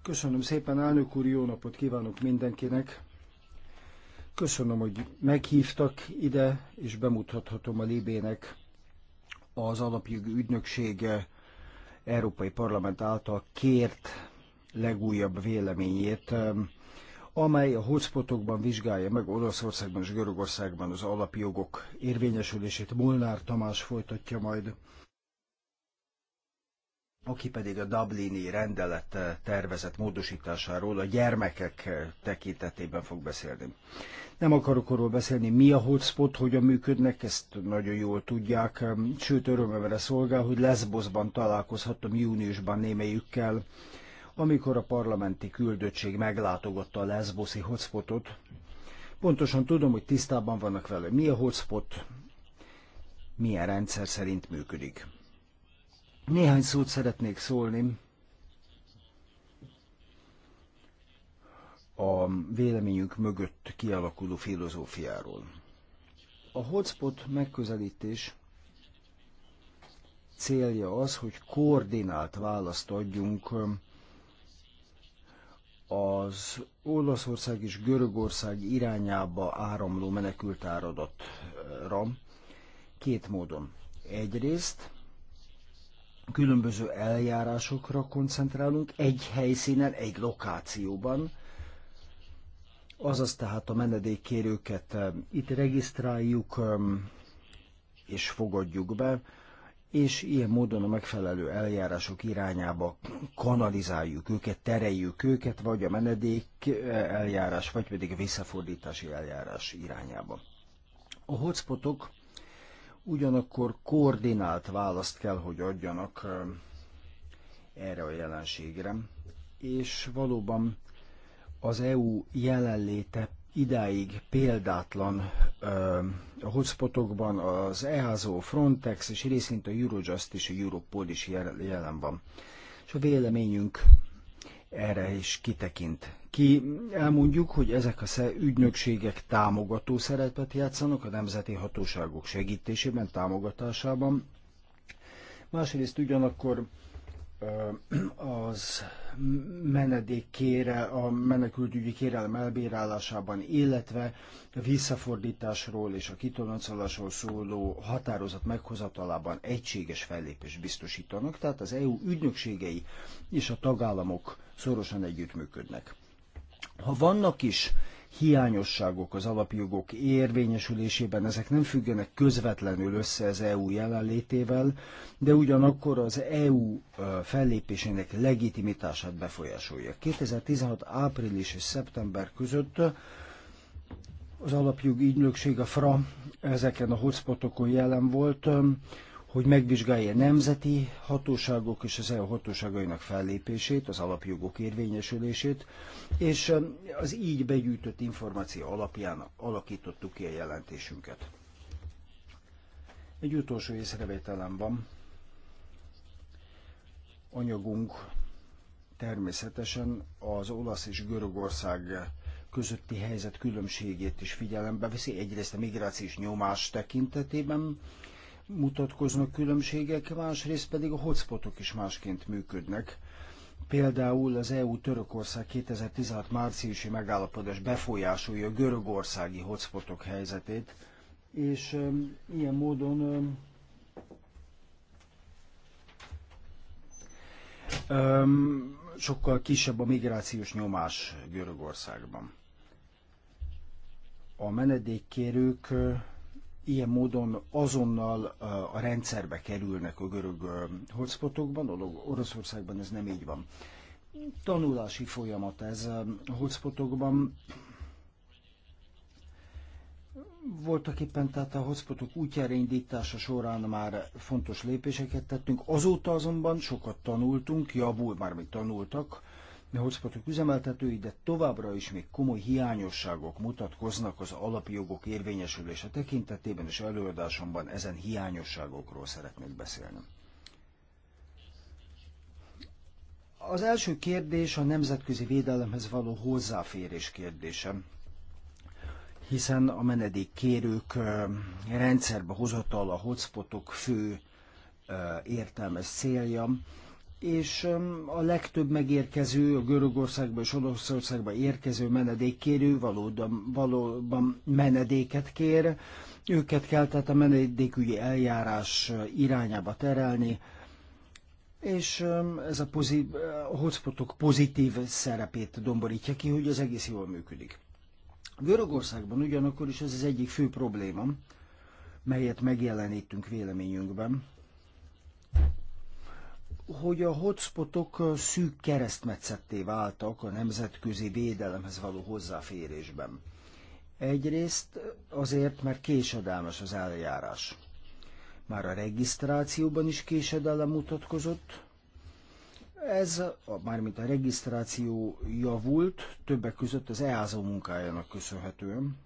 Köszönöm szépen, elnök úr, jó napot kívánok mindenkinek. Köszönöm, hogy meghívtak ide, és bemutathatom a Libének az alapjogi ügynöksége Európai Parlament által kért legújabb véleményét, amely a hotspotokban vizsgálja meg Olaszországban és Görögországban az alapjogok érvényesülését. Molnár Tamás folytatja majd aki pedig a Dublini rendelet eh, tervezett módosításáról a gyermekek eh, tekintetében fog beszélni. Nem akarok arról beszélni, mi a hotspot, hogyan működnek, ezt nagyon jól tudják, sőt örömömre szolgál, hogy Lesbosban találkozhattam júniusban némelyükkel, amikor a parlamenti küldöttség meglátogatta a leszboszi hotspotot. Pontosan tudom, hogy tisztában vannak vele, mi a hotspot, milyen rendszer szerint működik. Néhány szót szeretnék szólni a véleményünk mögött kialakuló filozófiáról. A hotspot megközelítés célja az, hogy koordinált választ adjunk az Olaszország és Görögország irányába áramló menekültáradatra két módon. Egyrészt különböző eljárásokra koncentrálunk egy helyszínen, egy lokációban, azaz tehát a menedékkérőket eh, itt regisztráljuk eh, és fogadjuk be, és ilyen módon a megfelelő eljárások irányába kanalizáljuk őket, tereljük őket, vagy a menedék eh, eljárás, vagy pedig a visszafordítási eljárás irányába. A hotspotok ugyanakkor koordinált választ kell, hogy adjanak erre a jelenségre. És valóban az EU jelenléte idáig példátlan a hotspotokban az EASO, Frontex és részint a Eurojust és a Europol is jelen van. És a véleményünk erre is kitekint. Ki elmondjuk, hogy ezek a ügynökségek támogató szerepet játszanak a nemzeti hatóságok segítésében, támogatásában. Másrészt ugyanakkor az menedékére, a menekültügyi kérelem elbírálásában, illetve a visszafordításról és a kitoloncolásról szóló határozat meghozatalában egységes fellépést biztosítanak, tehát az EU ügynökségei és a tagállamok szorosan együttműködnek. Ha vannak is hiányosságok az alapjogok érvényesülésében, ezek nem függenek közvetlenül össze az EU jelenlétével, de ugyanakkor az EU fellépésének legitimitását befolyásolja. 2016. április és szeptember között az alapjog ügynökség, a FRA ezeken a hotspotokon jelen volt, hogy megvizsgálja nemzeti hatóságok és az EU hatóságainak fellépését, az alapjogok érvényesülését, és um, az így begyűjtött információ alapján alakítottuk ki a jelentésünket. Egy utolsó észrevételem van. Anyagunk természetesen az olasz és Görögország közötti helyzet különbségét is figyelembe veszi, egyrészt a migrációs nyomás tekintetében, mutatkoznak különbségek, másrészt pedig a hotspotok is másként működnek. Például az EU-Törökország 2016 márciusi megállapodás befolyásolja a görögországi hotspotok helyzetét, és um, ilyen módon um, um, sokkal kisebb a migrációs nyomás Görögországban. A menedékkérők uh, ilyen módon azonnal a rendszerbe kerülnek a görög hotspotokban, Oroszországban ez nem így van. Tanulási folyamat ez a hotspotokban. Voltak éppen tehát a hotspotok útjára indítása során már fontos lépéseket tettünk, azóta azonban sokat tanultunk, javul már mi tanultak, a hotspotok üzemeltetői, de továbbra is még komoly hiányosságok mutatkoznak az alapjogok érvényesülése tekintetében, és előadásomban ezen hiányosságokról szeretnék beszélni. Az első kérdés a nemzetközi védelemhez való hozzáférés kérdése hiszen a menedékkérők rendszerbe hozatal a hotspotok fő értelmes célja, és a legtöbb megérkező, a Görögországba és Olaszországba érkező menedékkérő valóban, valóban menedéket kér. Őket kell tehát a menedékügyi eljárás irányába terelni, és ez a, pozit, a hotspotok pozitív szerepét domborítja ki, hogy az egész jól működik. Görögországban ugyanakkor is ez az egyik fő probléma, melyet megjelenítünk véleményünkben, hogy a hotspotok szűk keresztmetszetté váltak a nemzetközi védelemhez való hozzáférésben. Egyrészt azért, mert késedelmes az eljárás. Már a regisztrációban is késedelem mutatkozott, ez, a, mármint a regisztráció javult, többek között az EASO munkájának köszönhetően,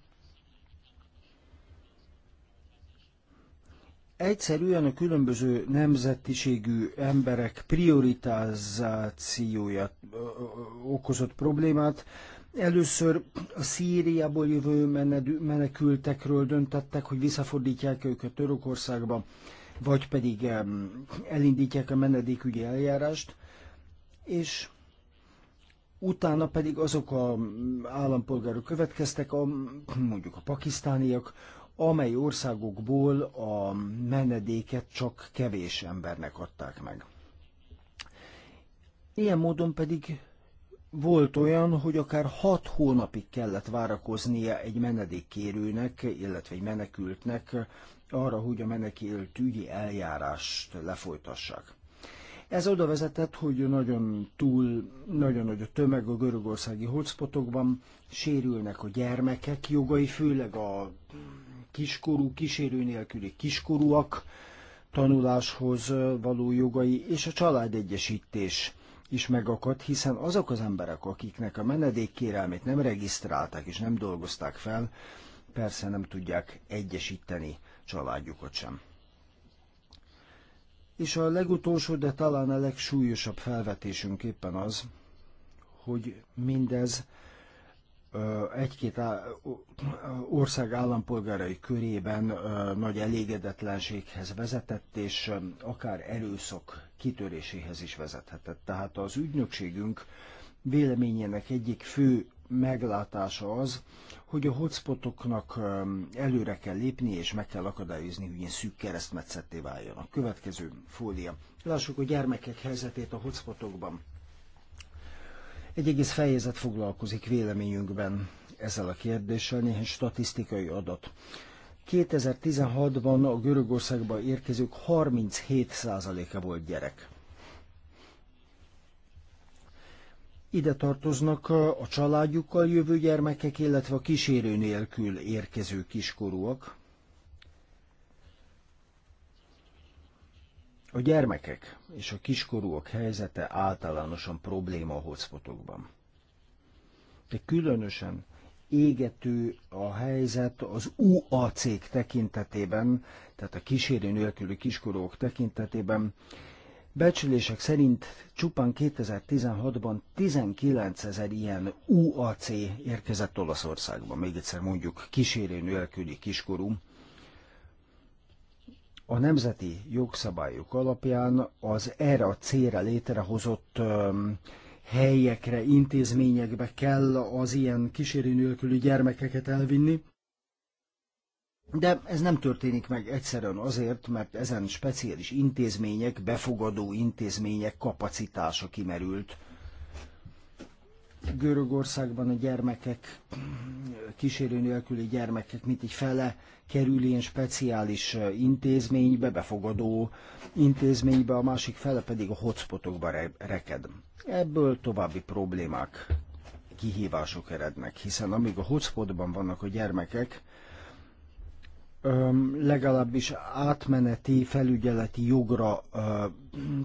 Egyszerűen a különböző nemzetiségű emberek prioritázációja okozott problémát. Először a Szíriából jövő menekültekről döntettek, hogy visszafordítják őket Törökországba, vagy pedig elindítják a menedékügyi eljárást, és utána pedig azok a állampolgárok következtek, a, mondjuk a pakisztániak, amely országokból a menedéket csak kevés embernek adták meg. Ilyen módon pedig volt olyan, hogy akár hat hónapig kellett várakoznia egy menedékkérőnek, illetve egy menekültnek arra, hogy a menekült ügyi eljárást lefolytassák. Ez oda vezetett, hogy nagyon túl, nagyon nagy a tömeg a görögországi hotspotokban, sérülnek a gyermekek jogai, főleg a kiskorú, kísérő nélküli kiskorúak tanuláshoz való jogai és a családegyesítés is megakadt, hiszen azok az emberek, akiknek a menedékkérelmét nem regisztrálták és nem dolgozták fel, persze nem tudják egyesíteni családjukat sem. És a legutolsó, de talán a legsúlyosabb felvetésünk éppen az, hogy mindez egy-két ország állampolgárai körében nagy elégedetlenséghez vezetett, és akár erőszak kitöréséhez is vezethetett. Tehát az ügynökségünk véleményének egyik fő meglátása az, hogy a hotspotoknak előre kell lépni, és meg kell akadályozni, hogy ilyen szűk keresztmetszetté A Következő fólia. Lássuk a gyermekek helyzetét a hotspotokban. Egy egész fejezet foglalkozik véleményünkben ezzel a kérdéssel, néhány statisztikai adat. 2016-ban a Görögországba érkezők 37%-a volt gyerek. Ide tartoznak a családjukkal jövő gyermekek, illetve a kísérő nélkül érkező kiskorúak. A gyermekek és a kiskorúak helyzete általánosan probléma a hotspotokban. De különösen égető a helyzet az UA cég tekintetében, tehát a kísérő nélküli kiskorúak tekintetében. Becslések szerint csupán 2016-ban 19 ezer ilyen UAC érkezett Olaszországba. Még egyszer mondjuk kísérő nélküli kiskorú a nemzeti jogszabályok alapján az erre a célra létrehozott helyekre, intézményekbe kell az ilyen kísérő nélküli gyermekeket elvinni. De ez nem történik meg egyszerűen azért, mert ezen speciális intézmények, befogadó intézmények kapacitása kimerült, Görögországban a gyermekek, kísérő nélküli gyermekek, mint egy fele kerül ilyen speciális intézménybe, befogadó intézménybe, a másik fele pedig a hotspotokba re- reked. Ebből további problémák, kihívások erednek, hiszen amíg a hotspotban vannak a gyermekek, legalábbis átmeneti felügyeleti jogra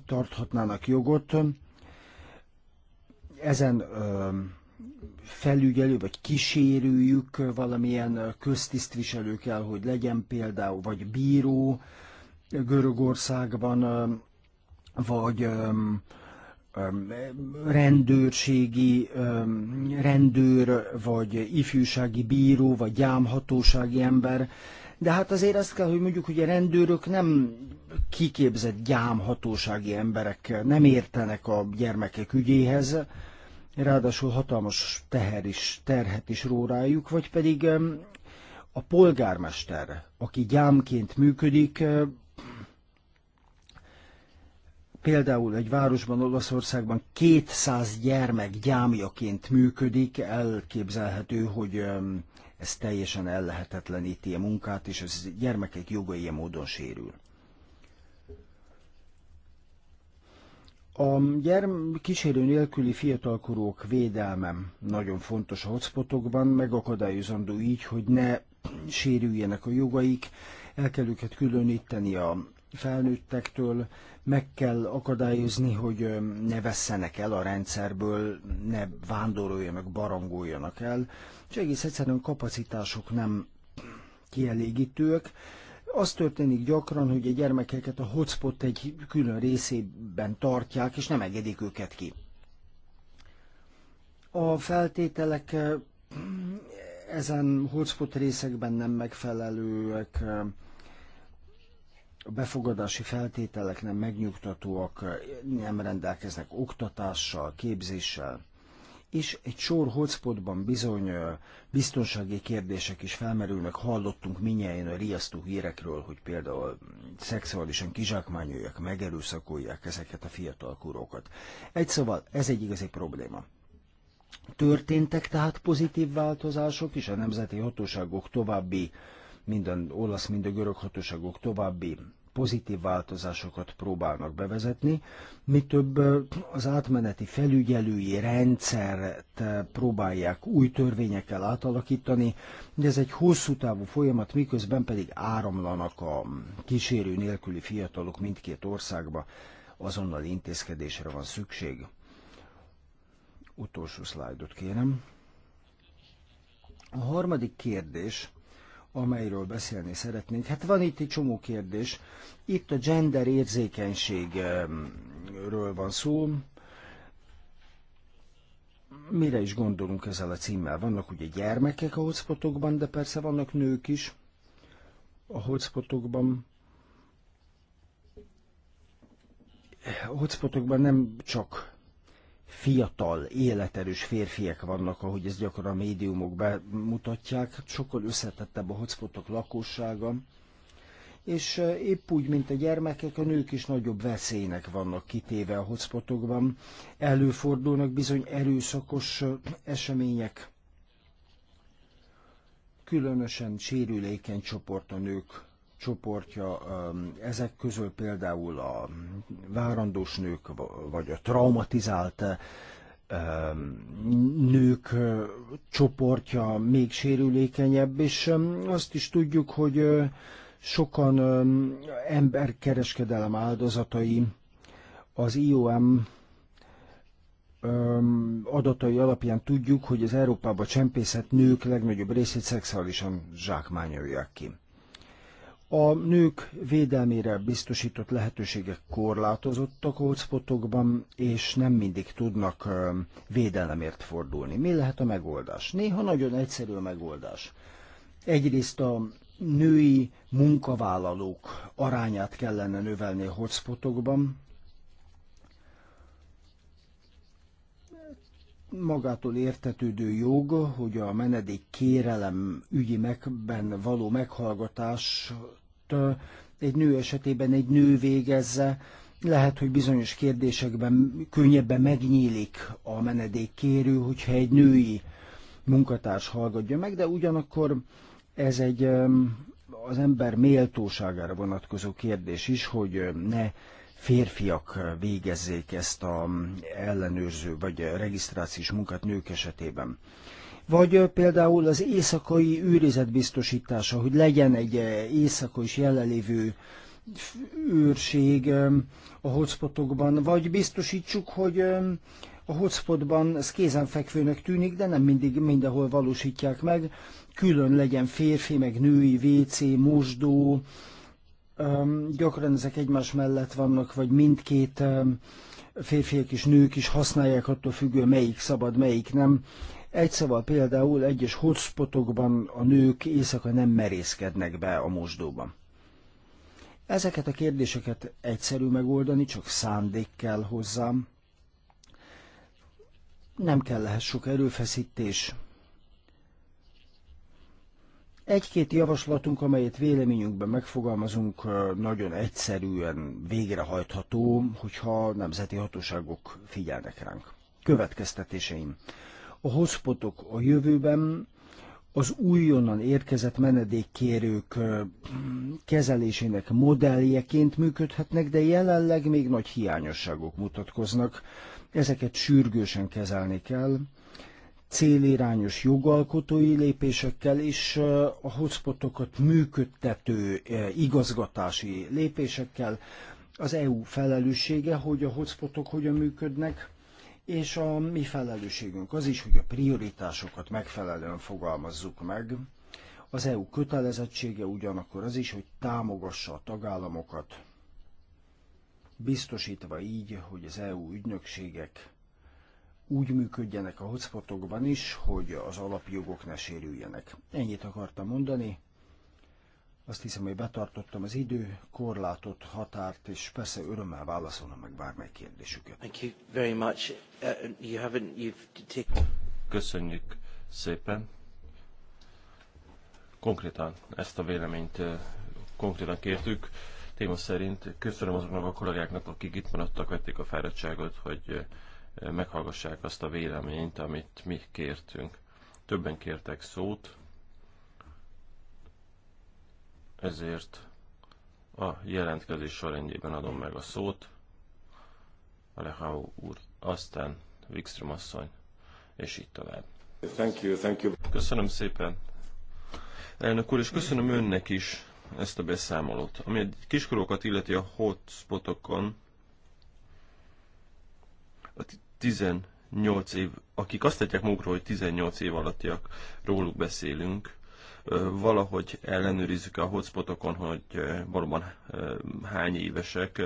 tarthatnának jogot, ezen felügyelő vagy kísérőjük valamilyen köztisztviselő kell, hogy legyen például, vagy bíró Görögországban, vagy rendőrségi rendőr, vagy ifjúsági bíró, vagy gyámhatósági ember. De hát azért azt kell, hogy mondjuk, hogy a rendőrök nem kiképzett gyámhatósági emberek, nem értenek a gyermekek ügyéhez, ráadásul hatalmas teher is, terhet is ró rájuk, vagy pedig a polgármester, aki gyámként működik, például egy városban, Olaszországban 200 gyermek gyámjaként működik, elképzelhető, hogy ez teljesen ellehetetleníti a munkát, és ez gyermekek jogai módon sérül. A gyerm kísérő nélküli fiatalkorúk védelme nagyon fontos a hotspotokban, megakadályozandó így, hogy ne sérüljenek a jogaik, el kell őket különíteni a felnőttektől, meg kell akadályozni, hogy ne vesszenek el a rendszerből, ne vándoroljanak, barangoljanak el, és egész egyszerűen kapacitások nem kielégítőek, az történik gyakran, hogy a gyermekeket a hotspot egy külön részében tartják, és nem engedik őket ki. A feltételek ezen hotspot részekben nem megfelelőek, a befogadási feltételek nem megnyugtatóak, nem rendelkeznek oktatással, képzéssel és egy sor hotspotban bizony biztonsági kérdések is felmerülnek. Hallottunk minnyáján a riasztó hírekről, hogy például szexuálisan kizsákmányolják, megerőszakolják ezeket a fiatal kurókat. Egy szóval, ez egy igazi probléma. Történtek tehát pozitív változások, is a nemzeti hatóságok további, minden olasz, mind a görög hatóságok további pozitív változásokat próbálnak bevezetni, mi több az átmeneti felügyelői rendszert próbálják új törvényekkel átalakítani, de ez egy hosszú távú folyamat, miközben pedig áramlanak a kísérő nélküli fiatalok mindkét országba, azonnal intézkedésre van szükség. Utolsó szlájdot kérem. A harmadik kérdés amelyről beszélni szeretnénk. Hát van itt egy csomó kérdés. Itt a gender érzékenységről van szó. Mire is gondolunk ezzel a címmel? Vannak ugye gyermekek a hotspotokban, de persze vannak nők is a hotspotokban. A hotspotokban nem csak fiatal, életerős férfiak vannak, ahogy ez gyakran a médiumok bemutatják, hát sokkal összetettebb a hotspotok lakossága, és épp úgy, mint a gyermekek, a nők is nagyobb veszélynek vannak kitéve a hotspotokban. Előfordulnak bizony erőszakos események, különösen sérülékeny csoport a nők csoportja, ezek közül például a várandós nők, vagy a traumatizált nők csoportja még sérülékenyebb, és azt is tudjuk, hogy sokan emberkereskedelem áldozatai az IOM adatai alapján tudjuk, hogy az Európában csempészet nők legnagyobb részét szexuálisan zsákmányolják ki. A nők védelmére biztosított lehetőségek korlátozottak a hotspotokban, és nem mindig tudnak védelemért fordulni. Mi lehet a megoldás? Néha nagyon egyszerű a megoldás. Egyrészt a női munkavállalók arányát kellene növelni a hotspotokban, magától értetődő jog, hogy a menedék kérelem ügyi megben való meghallgatás egy nő esetében egy nő végezze, lehet, hogy bizonyos kérdésekben könnyebben megnyílik a menedékkérő, hogyha egy női munkatárs hallgatja meg, de ugyanakkor ez egy az ember méltóságára vonatkozó kérdés is, hogy ne férfiak végezzék ezt a mm, ellenőrző vagy regisztrációs munkát nők esetében. Vagy például az éjszakai őrizet biztosítása, hogy legyen egy éjszaka is jelenlévő őrség a hotspotokban, vagy biztosítsuk, hogy a hotspotban ez kézenfekvőnek tűnik, de nem mindig mindenhol valósítják meg, külön legyen férfi, meg női, WC, mosdó, gyakran ezek egymás mellett vannak, vagy mindkét férfiak és nők is használják attól függően, melyik szabad, melyik nem. Egy szóval például egyes hotspotokban a nők éjszaka nem merészkednek be a mosdóban. Ezeket a kérdéseket egyszerű megoldani, csak szándék kell hozzám. Nem kell lehet sok erőfeszítés. Egy-két javaslatunk, amelyet véleményünkben megfogalmazunk, nagyon egyszerűen végrehajtható, hogyha nemzeti hatóságok figyelnek ránk. Következtetéseim a hotspotok a jövőben az újonnan érkezett menedékkérők kezelésének modelljeként működhetnek, de jelenleg még nagy hiányosságok mutatkoznak. Ezeket sürgősen kezelni kell, célirányos jogalkotói lépésekkel és a hotspotokat működtető igazgatási lépésekkel. Az EU felelőssége, hogy a hotspotok hogyan működnek, és a mi felelősségünk az is, hogy a prioritásokat megfelelően fogalmazzuk meg. Az EU kötelezettsége ugyanakkor az is, hogy támogassa a tagállamokat, biztosítva így, hogy az EU ügynökségek úgy működjenek a hotspotokban is, hogy az alapjogok ne sérüljenek. Ennyit akartam mondani, azt hiszem, hogy betartottam az idő, korlátot, határt, és persze örömmel válaszolom meg bármely kérdésüket. Thank you very much. Uh, you haven't, you've taken... Köszönjük szépen. Konkrétan ezt a véleményt uh, konkrétan kértük. Téma szerint köszönöm azoknak a kollégáknak, akik itt maradtak, vették a fáradtságot, hogy uh, meghallgassák azt a véleményt, amit mi kértünk. Többen kértek szót, ezért a jelentkezés sorrendjében adom meg a szót. Alejandro úr, aztán Wikström asszony, és így tovább. Thank you, thank you. Köszönöm szépen. Elnök úr, és köszönöm önnek is ezt a beszámolót. Ami a kiskorokat illeti a hotspotokon, a 18 év, akik azt tettek magukról, hogy 18 év alattiak, róluk beszélünk, valahogy ellenőrizzük a hotspotokon, hogy valóban hány évesek,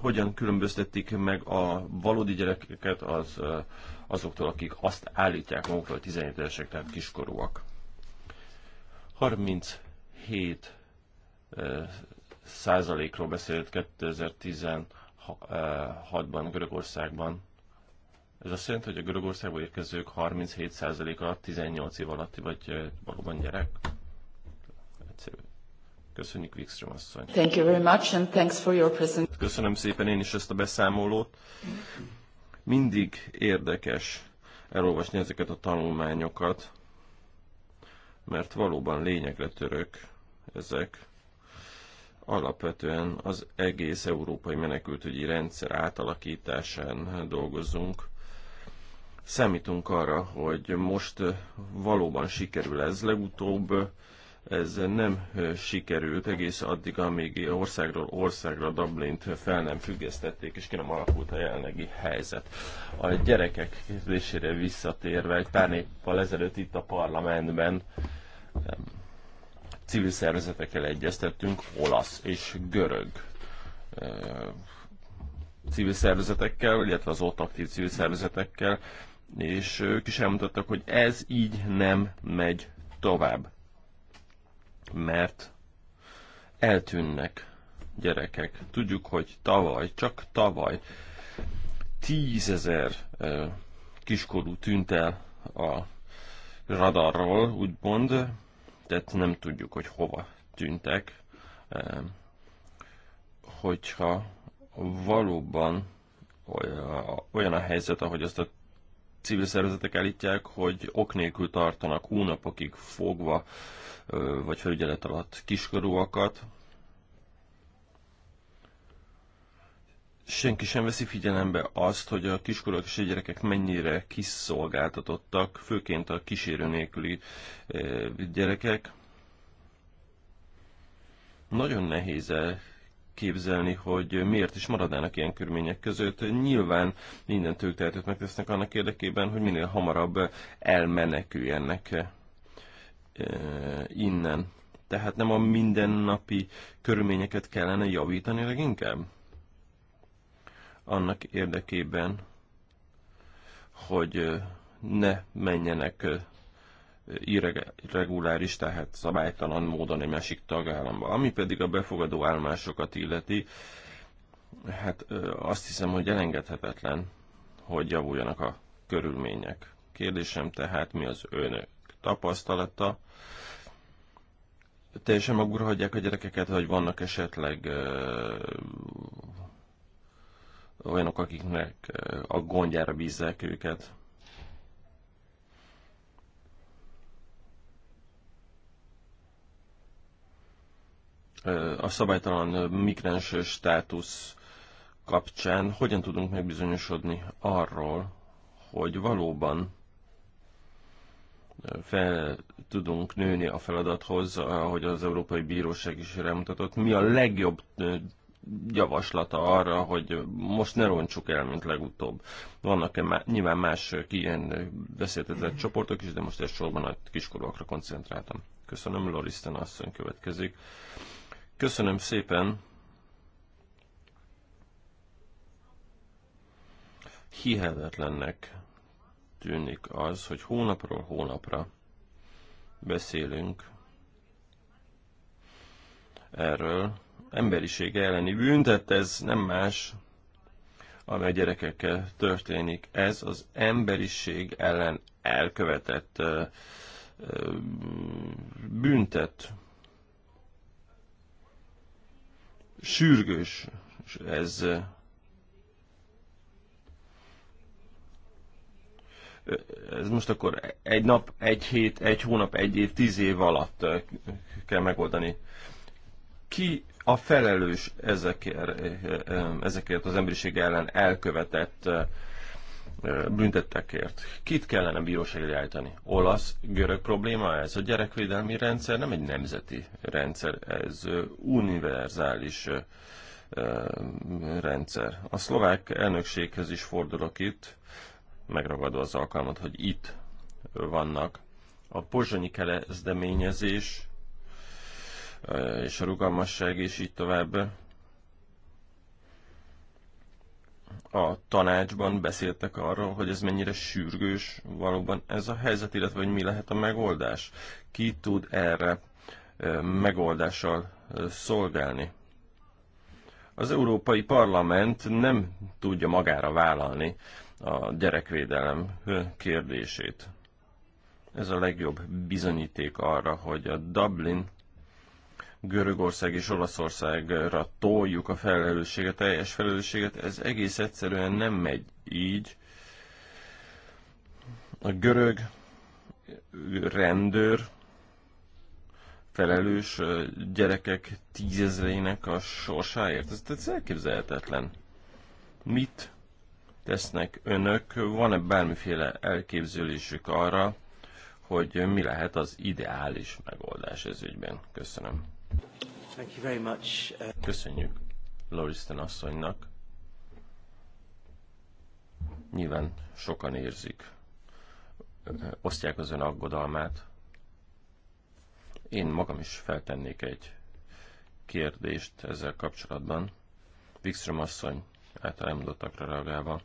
hogyan különböztetik meg a valódi gyerekeket az, azoktól, akik azt állítják maguktól, hogy 17 évesek, tehát kiskorúak. 37 százalékról beszélt 2016-ban Görögországban ez azt jelenti, hogy a Görögországba érkezők 37%-a 18 év alatti, vagy valóban gyerek? Egyszerű. Köszönjük, Wikström asszony. Thank you very much, and thanks for your present. Köszönöm szépen én is ezt a beszámolót. Mindig érdekes elolvasni ezeket a tanulmányokat, mert valóban lényegre török ezek. Alapvetően az egész európai menekültügyi rendszer átalakításán dolgozunk. Számítunk arra, hogy most valóban sikerül ez. Legutóbb ez nem sikerült egész addig, amíg országról országra Dublint fel nem függesztették, és ki nem alakult a jelenlegi helyzet. A gyerekek kérdésére visszatérve, egy pár néppal ezelőtt itt a parlamentben civil szervezetekkel egyeztettünk, olasz és görög civil szervezetekkel, illetve az ott aktív civil szervezetekkel, és ők is elmutattak, hogy ez így nem megy tovább, mert eltűnnek gyerekek. Tudjuk, hogy tavaly, csak tavaly tízezer kiskorú tűnt el a radarról, úgymond, tehát nem tudjuk, hogy hova tűntek. Hogyha valóban olyan a helyzet, ahogy azt a civil szervezetek állítják, hogy ok nélkül tartanak hónapokig fogva vagy felügyelet alatt kiskorúakat. Senki sem veszi figyelembe azt, hogy a kiskorúak és a gyerekek mennyire kiszolgáltatottak, főként a kísérő nélküli gyerekek. Nagyon nehéz elképzelni, hogy miért is maradnának ilyen körmények között. Nyilván minden tehetőt megtesznek annak érdekében, hogy minél hamarabb elmeneküljenek eh, innen. Tehát nem a mindennapi körülményeket kellene javítani leginkább? Annak érdekében, hogy eh, ne menjenek eh, irreguláris, tehát szabálytalan módon egy másik tagállamba. Ami pedig a befogadó állomásokat illeti, hát azt hiszem, hogy elengedhetetlen, hogy javuljanak a körülmények. Kérdésem tehát, mi az önök tapasztalata? Teljesen magukra hagyják a gyerekeket, hogy vannak esetleg ö, olyanok, akiknek a gondjára bízzák őket. a szabálytalan migráns státusz kapcsán hogyan tudunk megbizonyosodni arról, hogy valóban fel tudunk nőni a feladathoz, ahogy az Európai Bíróság is rámutatott. Mi a legjobb javaslata arra, hogy most ne roncsuk el, mint legutóbb. Vannak-e má, nyilván más ilyen veszélytetett csoportok is, de most elsősorban a kiskorúakra koncentráltam. Köszönöm, Loristen asszony következik. Köszönöm szépen. Hihetetlennek tűnik az, hogy hónapról hónapra beszélünk erről. Emberiség elleni büntet, ez nem más, ami a gyerekekkel történik. Ez az emberiség ellen elkövetett büntet sürgős ez ez most akkor egy nap, egy hét, egy hónap, egy év, tíz év alatt kell megoldani. Ki a felelős ezekért, ezekért az emberiség ellen elkövetett büntettekért. Kit kellene bíróság állítani? Olasz, görög probléma ez? A gyerekvédelmi rendszer nem egy nemzeti rendszer, ez univerzális rendszer. A szlovák elnökséghez is fordulok itt, megragadva az alkalmat, hogy itt vannak. A pozsonyi kezdeményezés és a rugalmasság és így tovább a tanácsban beszéltek arról, hogy ez mennyire sürgős valóban ez a helyzet, illetve hogy mi lehet a megoldás. Ki tud erre megoldással szolgálni? Az Európai Parlament nem tudja magára vállalni a gyerekvédelem kérdését. Ez a legjobb bizonyíték arra, hogy a Dublin Görögország és Olaszországra toljuk a felelősséget, teljes felelősséget, ez egész egyszerűen nem megy így. A görög rendőr felelős gyerekek tízezreinek a sorsáért. Ez, ez elképzelhetetlen. Mit tesznek önök? Van-e bármiféle elképzelésük arra, hogy mi lehet az ideális megoldás ez ügyben? Köszönöm. Uh, Köszönjük Lauriston asszonynak. Nyilván sokan érzik, osztják az ön aggodalmát. Én magam is feltennék egy kérdést ezzel kapcsolatban. Wikström asszony által elmondottakra reagálva.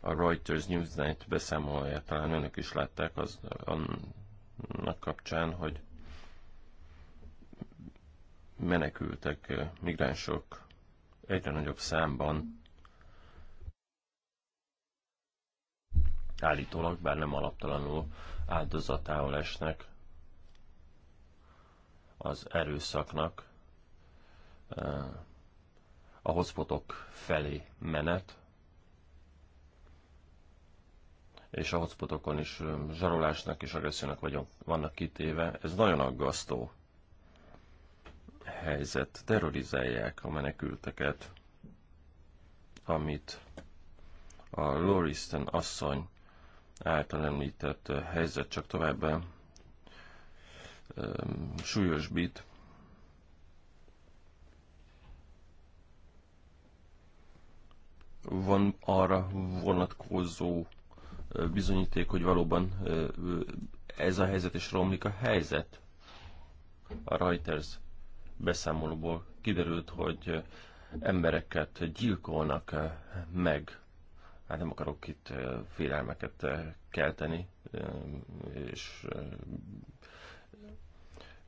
A Reuters Newsnight beszámolóját talán önök is látták, az, kapcsán, hogy menekültek, migránsok egyre nagyobb számban állítólag, bár nem alaptalanul áldozatául esnek az erőszaknak a hotspotok felé menet, és a hotspotokon is zsarolásnak és agressziónak vagyunk, vannak kitéve. Ez nagyon aggasztó helyzet. Terrorizálják a menekülteket, amit a Loristen asszony által említett helyzet csak súlyos súlyosbít. Van arra vonatkozó bizonyíték, hogy valóban ez a helyzet és romlik a helyzet. A Reuters beszámolóból kiderült, hogy embereket gyilkolnak meg. Hát nem akarok itt félelmeket kelteni, és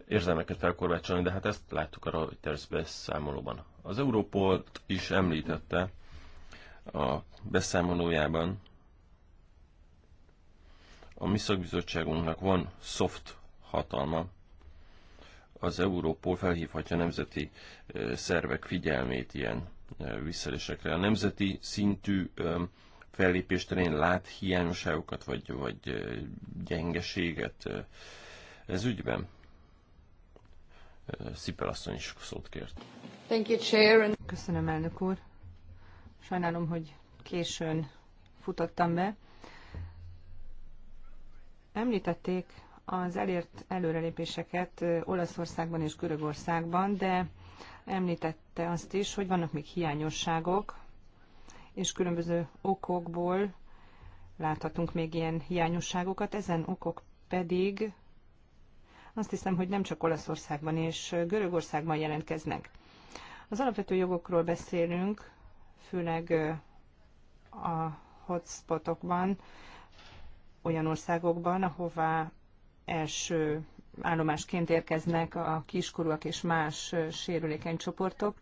érzelmeket felkorbácsolni, de hát ezt láttuk a Reuters beszámolóban. Az Európolt is említette a beszámolójában, a mi szakbizottságunknak van soft hatalma. Az Európol felhívhatja nemzeti szervek figyelmét ilyen visszalésekre. A nemzeti szintű fellépés terén lát hiányosságokat, vagy, vagy gyengeséget ez ügyben? Szipel asszony is szót kért. Thank you, Chair. Köszönöm, elnök úr. Sajnálom, hogy későn futottam be. Említették az elért előrelépéseket Olaszországban és Görögországban, de említette azt is, hogy vannak még hiányosságok, és különböző okokból láthatunk még ilyen hiányosságokat. Ezen okok pedig azt hiszem, hogy nem csak Olaszországban és Görögországban jelentkeznek. Az alapvető jogokról beszélünk, főleg a hotspotokban, olyan országokban, ahová első állomásként érkeznek a kiskorúak és más sérülékeny csoportok.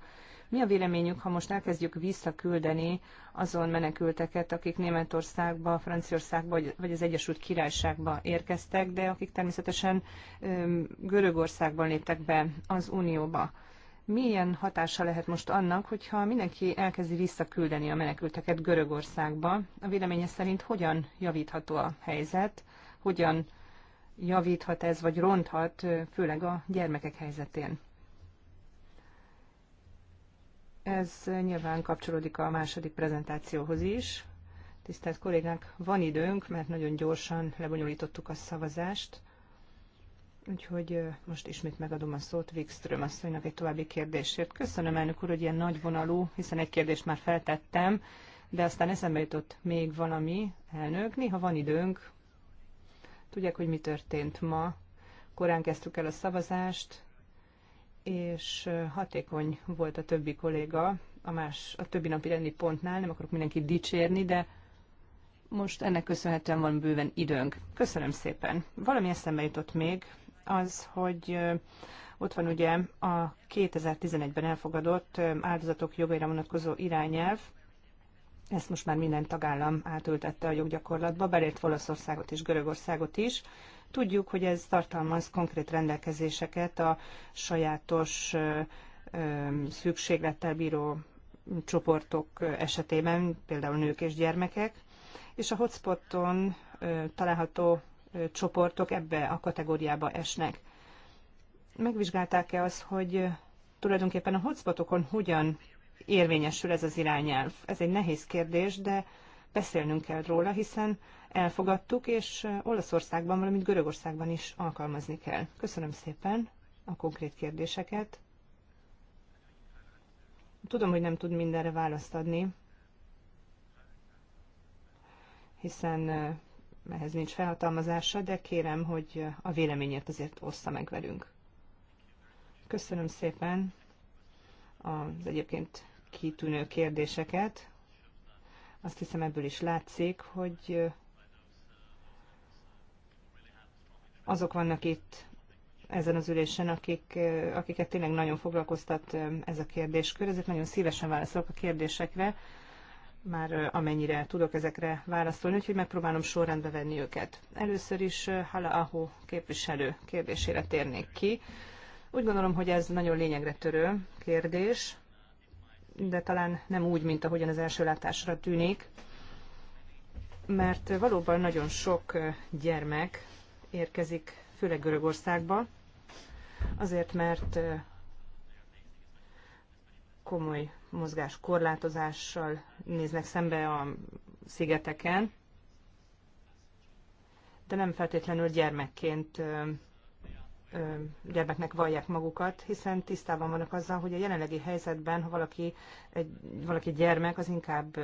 Mi a véleményük, ha most elkezdjük visszaküldeni azon menekülteket, akik Németországba, Franciaországba vagy az Egyesült Királyságba érkeztek, de akik természetesen Görögországban léptek be az Unióba? milyen hatása lehet most annak, hogyha mindenki elkezdi visszaküldeni a menekülteket Görögországba? A véleménye szerint hogyan javítható a helyzet, hogyan javíthat ez, vagy ronthat, főleg a gyermekek helyzetén? Ez nyilván kapcsolódik a második prezentációhoz is. Tisztelt kollégák, van időnk, mert nagyon gyorsan lebonyolítottuk a szavazást. Úgyhogy most ismét megadom a szót Wikström asszonynak egy további kérdésért. Köszönöm, elnök úr, hogy ilyen nagy vonalú hiszen egy kérdést már feltettem, de aztán eszembe jutott még valami, elnök. Néha van időnk. Tudják, hogy mi történt ma. Korán kezdtük el a szavazást, és hatékony volt a többi kolléga a, más, a többi napi rendi pontnál. Nem akarok mindenkit dicsérni, de most ennek köszönhetően van bőven időnk. Köszönöm szépen. Valami eszembe jutott még, az, hogy ott van ugye a 2011-ben elfogadott áldozatok jogaira vonatkozó irányelv, ezt most már minden tagállam átültette a joggyakorlatba, belért Olaszországot és Görögországot is. Tudjuk, hogy ez tartalmaz konkrét rendelkezéseket a sajátos szükséglettel bíró csoportok esetében, például nők és gyermekek, és a hotspoton található csoportok ebbe a kategóriába esnek. Megvizsgálták-e az, hogy tulajdonképpen a hotspotokon hogyan érvényesül ez az irányelv? Ez egy nehéz kérdés, de beszélnünk kell róla, hiszen elfogadtuk, és Olaszországban, valamint Görögországban is alkalmazni kell. Köszönöm szépen a konkrét kérdéseket. Tudom, hogy nem tud mindenre választ adni, hiszen ehhez nincs felhatalmazása, de kérem, hogy a véleményét azért ossza meg velünk. Köszönöm szépen az egyébként kitűnő kérdéseket. Azt hiszem ebből is látszik, hogy azok vannak itt ezen az ülésen, akik, akiket tényleg nagyon foglalkoztat ez a kérdéskör, ezért nagyon szívesen válaszolok a kérdésekre már amennyire tudok ezekre válaszolni, úgyhogy megpróbálom sorrendbe venni őket. Először is Hala Aho képviselő kérdésére térnék ki. Úgy gondolom, hogy ez nagyon lényegre törő kérdés, de talán nem úgy, mint ahogyan az első látásra tűnik, mert valóban nagyon sok gyermek érkezik, főleg Görögországba, azért mert komoly mozgás korlátozással néznek szembe a szigeteken, de nem feltétlenül gyermekként gyermeknek vallják magukat, hiszen tisztában vannak azzal, hogy a jelenlegi helyzetben, ha valaki, egy, valaki gyermek, az inkább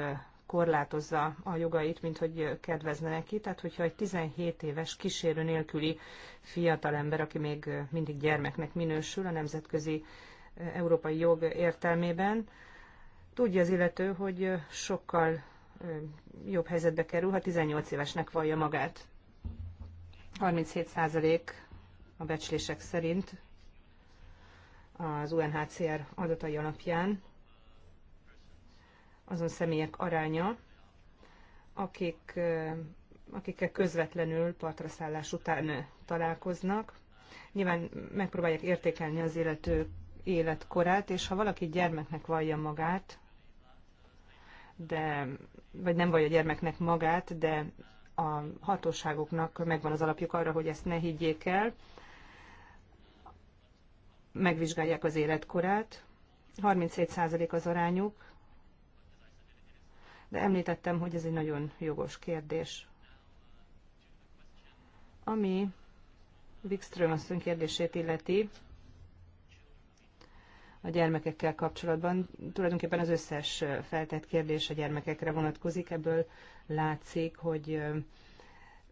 korlátozza a jogait, mint hogy kedvezne neki. Tehát, hogyha egy 17 éves kísérő nélküli fiatalember, aki még mindig gyermeknek minősül, a nemzetközi európai jog értelmében. Tudja az illető, hogy sokkal jobb helyzetbe kerül, ha 18 évesnek vallja magát. 37% a becslések szerint az UNHCR adatai alapján azon személyek aránya, akik, akikkel közvetlenül partraszállás után találkoznak. Nyilván megpróbálják értékelni az illető életkorát, és ha valaki gyermeknek vallja magát, de, vagy nem vallja gyermeknek magát, de a hatóságoknak megvan az alapjuk arra, hogy ezt ne higgyék el, megvizsgálják az életkorát, 37% az arányuk, de említettem, hogy ez egy nagyon jogos kérdés. Ami Wikström asszony kérdését illeti, a gyermekekkel kapcsolatban. Tulajdonképpen az összes feltett kérdés a gyermekekre vonatkozik, ebből látszik, hogy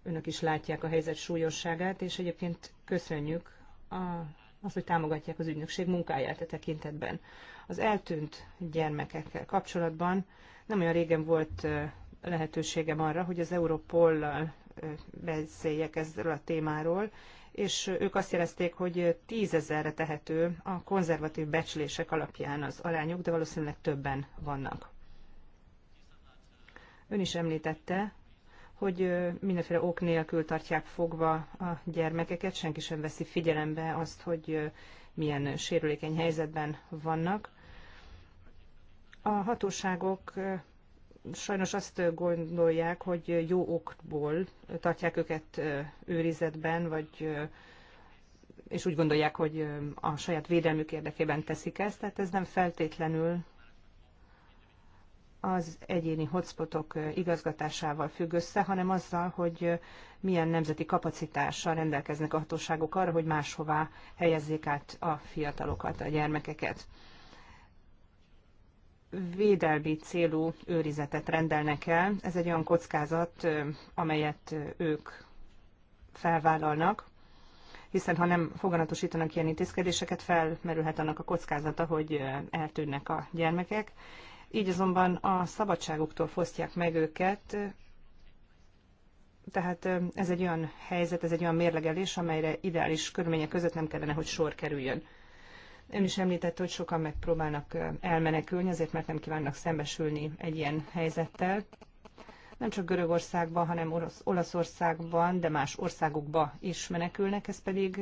önök is látják a helyzet súlyosságát, és egyébként köszönjük a, azt, hogy támogatják az ügynökség munkáját a e tekintetben. Az eltűnt gyermekekkel kapcsolatban nem olyan régen volt lehetőségem arra, hogy az Europollal beszéljek ezzel a témáról, és ők azt jelezték, hogy tízezerre tehető a konzervatív becslések alapján az arányuk, de valószínűleg többen vannak. Ön is említette, hogy mindenféle ok nélkül tartják fogva a gyermekeket, senki sem veszi figyelembe azt, hogy milyen sérülékeny helyzetben vannak. A hatóságok sajnos azt gondolják, hogy jó okból tartják őket őrizetben, vagy és úgy gondolják, hogy a saját védelmük érdekében teszik ezt, tehát ez nem feltétlenül az egyéni hotspotok igazgatásával függ össze, hanem azzal, hogy milyen nemzeti kapacitással rendelkeznek a hatóságok arra, hogy máshová helyezzék át a fiatalokat, a gyermekeket védelmi célú őrizetet rendelnek el. Ez egy olyan kockázat, amelyet ők felvállalnak, hiszen ha nem foganatosítanak ilyen intézkedéseket, felmerülhet annak a kockázata, hogy eltűnnek a gyermekek. Így azonban a szabadságuktól fosztják meg őket, tehát ez egy olyan helyzet, ez egy olyan mérlegelés, amelyre ideális körülmények között nem kellene, hogy sor kerüljön. Ön is említette, hogy sokan megpróbálnak elmenekülni, azért mert nem kívánnak szembesülni egy ilyen helyzettel. Nem csak Görögországban, hanem Orosz, Olaszországban, de más országokba is menekülnek, ez pedig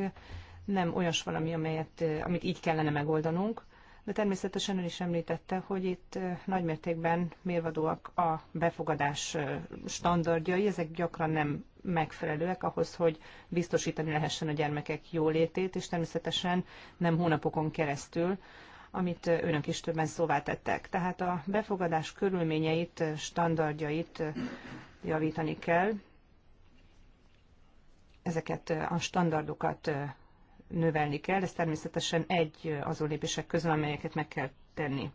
nem olyas valami, amelyet, amit így kellene megoldanunk de természetesen ön is említette, hogy itt nagymértékben mérvadóak a befogadás standardjai, ezek gyakran nem megfelelőek ahhoz, hogy biztosítani lehessen a gyermekek jólétét, és természetesen nem hónapokon keresztül, amit önök is többen szóvá tettek. Tehát a befogadás körülményeit, standardjait javítani kell, ezeket a standardokat növelni kell, ez természetesen egy azon lépések közül, amelyeket meg kell tenni.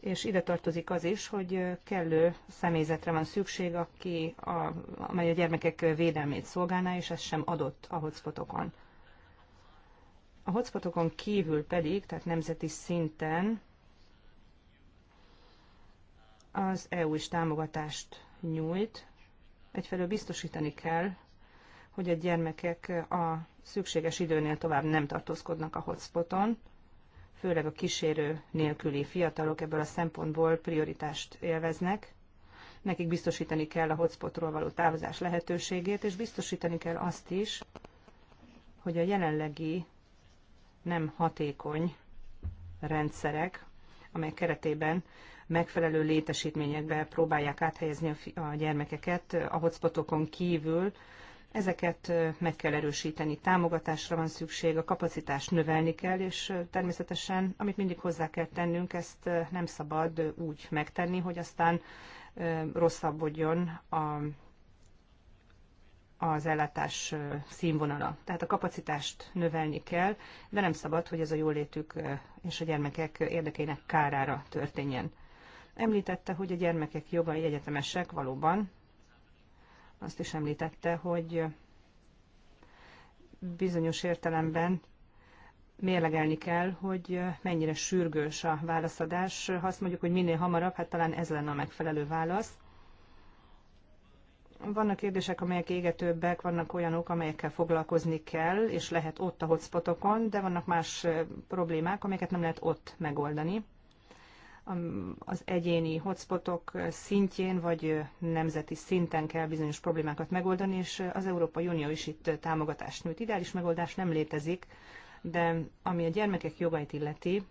És ide tartozik az is, hogy kellő személyzetre van szükség, aki a, amely a gyermekek védelmét szolgálná, és ez sem adott a hotspotokon. A hotspotokon kívül pedig, tehát nemzeti szinten az EU is támogatást nyújt. Egyfelől biztosítani kell, hogy a gyermekek a szükséges időnél tovább nem tartózkodnak a hotspoton, főleg a kísérő nélküli fiatalok ebből a szempontból prioritást élveznek. Nekik biztosítani kell a hotspotról való távozás lehetőségét, és biztosítani kell azt is, hogy a jelenlegi nem hatékony rendszerek, amely keretében megfelelő létesítményekbe próbálják áthelyezni a, a gyermekeket a hotspotokon kívül, Ezeket meg kell erősíteni, támogatásra van szükség, a kapacitást növelni kell, és természetesen, amit mindig hozzá kell tennünk, ezt nem szabad úgy megtenni, hogy aztán rosszabbodjon a, az ellátás színvonala. Tehát a kapacitást növelni kell, de nem szabad, hogy ez a jólétük és a gyermekek érdekének kárára történjen. Említette, hogy a gyermekek jogai egyetemesek valóban, azt is említette, hogy bizonyos értelemben mérlegelni kell, hogy mennyire sürgős a válaszadás. Ha azt mondjuk, hogy minél hamarabb, hát talán ez lenne a megfelelő válasz. Vannak kérdések, amelyek égetőbbek, vannak olyanok, amelyekkel foglalkozni kell, és lehet ott a hotspotokon, de vannak más eh, problémák, amelyeket nem lehet ott megoldani az egyéni hotspotok szintjén vagy nemzeti szinten kell bizonyos problémákat megoldani, és az Európai Unió is itt támogatást nyújt. Ideális megoldás nem létezik, de ami a gyermekek jogait illeti,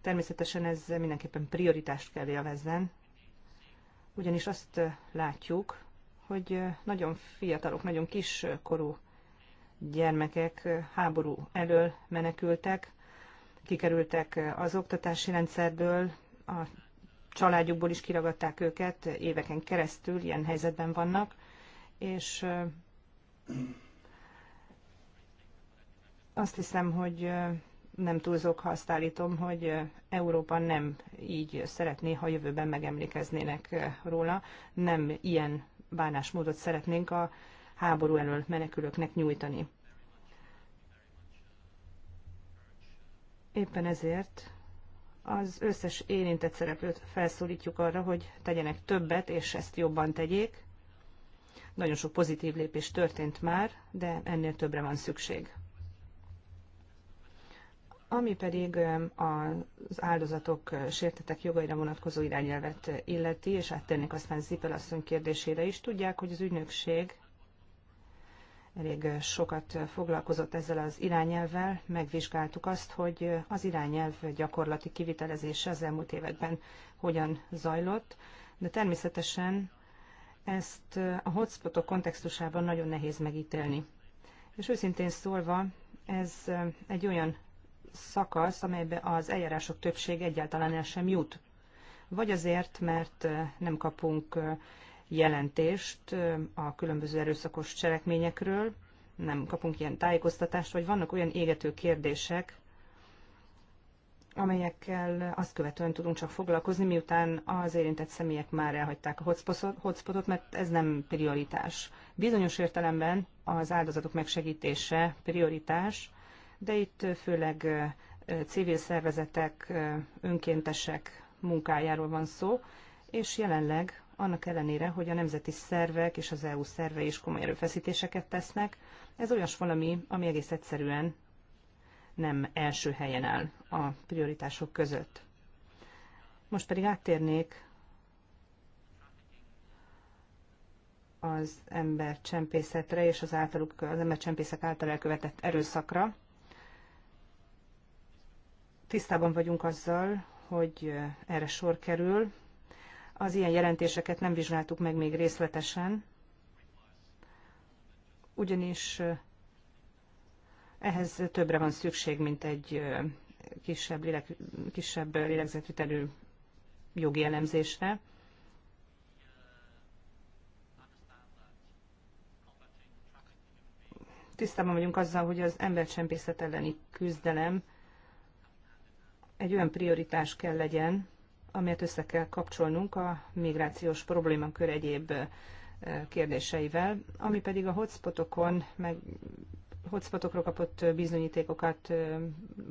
természetesen ez mindenképpen prioritást kell élvezzen, ugyanis azt látjuk, hogy nagyon fiatalok, nagyon kiskorú gyermekek háború elől menekültek, kikerültek az oktatási rendszerből, a családjukból is kiragadták őket, éveken keresztül ilyen helyzetben vannak, és azt hiszem, hogy nem túlzok, ha azt állítom, hogy Európa nem így szeretné, ha jövőben megemlékeznének róla, nem ilyen bánásmódot szeretnénk a háború elől menekülőknek nyújtani. Éppen ezért az összes érintett szereplőt felszólítjuk arra, hogy tegyenek többet, és ezt jobban tegyék. Nagyon sok pozitív lépés történt már, de ennél többre van szükség. Ami pedig az áldozatok sértetek jogaira vonatkozó irányelvet illeti, és áttérnék aztán Zipel asszony kérdésére is, tudják, hogy az ügynökség elég sokat foglalkozott ezzel az irányelvvel, megvizsgáltuk azt, hogy az irányelv gyakorlati kivitelezése az elmúlt években hogyan zajlott, de természetesen ezt a hotspotok kontextusában nagyon nehéz megítélni. És őszintén szólva, ez egy olyan szakasz, amelybe az eljárások többség egyáltalán el sem jut. Vagy azért, mert nem kapunk jelentést a különböző erőszakos cselekményekről, nem kapunk ilyen tájékoztatást, vagy vannak olyan égető kérdések, amelyekkel azt követően tudunk csak foglalkozni, miután az érintett személyek már elhagyták a hotspotot, mert ez nem prioritás. Bizonyos értelemben az áldozatok megsegítése prioritás, de itt főleg civil szervezetek, önkéntesek munkájáról van szó, és jelenleg annak ellenére, hogy a nemzeti szervek és az EU szerve is komoly erőfeszítéseket tesznek, ez olyas valami, ami egész egyszerűen nem első helyen áll a prioritások között. Most pedig áttérnék az embercsempészetre és az, általuk, az embercsempészek által elkövetett erőszakra. Tisztában vagyunk azzal, hogy erre sor kerül, az ilyen jelentéseket nem vizsgáltuk meg még részletesen, ugyanis ehhez többre van szükség, mint egy kisebb, lélek, kisebb lélegzetvitelű jogi elemzésre. Tisztában vagyunk azzal, hogy az embercsempészet elleni küzdelem egy olyan prioritás kell legyen, amelyet össze kell kapcsolnunk a migrációs problémakör egyéb kérdéseivel, ami pedig a hotspotokon, meg hotspotokról kapott bizonyítékokat,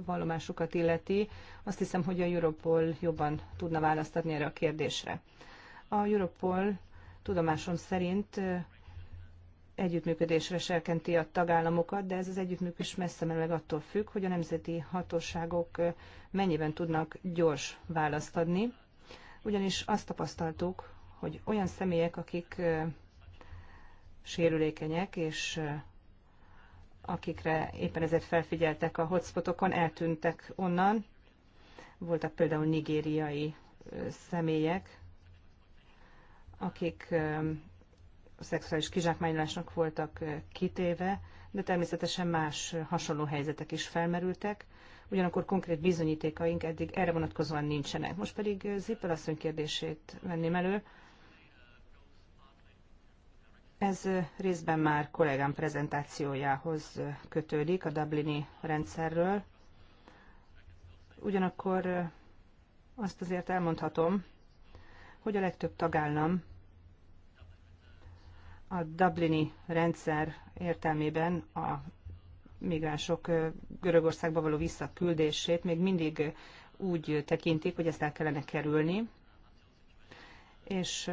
vallomásokat illeti. Azt hiszem, hogy a Europol jobban tudna választ adni erre a kérdésre. A Europol tudomásom szerint együttműködésre serkenti a tagállamokat, de ez az együttműködés messze meleg attól függ, hogy a nemzeti hatóságok mennyiben tudnak gyors választ adni, ugyanis azt tapasztaltuk, hogy olyan személyek, akik sérülékenyek, és akikre éppen ezért felfigyeltek a hotspotokon, eltűntek onnan. Voltak például nigériai személyek, akik szexuális kizsákmányolásnak voltak kitéve, de természetesen más hasonló helyzetek is felmerültek, ugyanakkor konkrét bizonyítékaink eddig erre vonatkozóan nincsenek. Most pedig Zippel asszony kérdését venném elő. Ez részben már kollégám prezentációjához kötődik a Dublini rendszerről. Ugyanakkor azt azért elmondhatom, hogy a legtöbb tagállam a Dublini rendszer értelmében a migránsok Görögországba való visszaküldését még mindig úgy tekintik, hogy ezt el kellene kerülni, és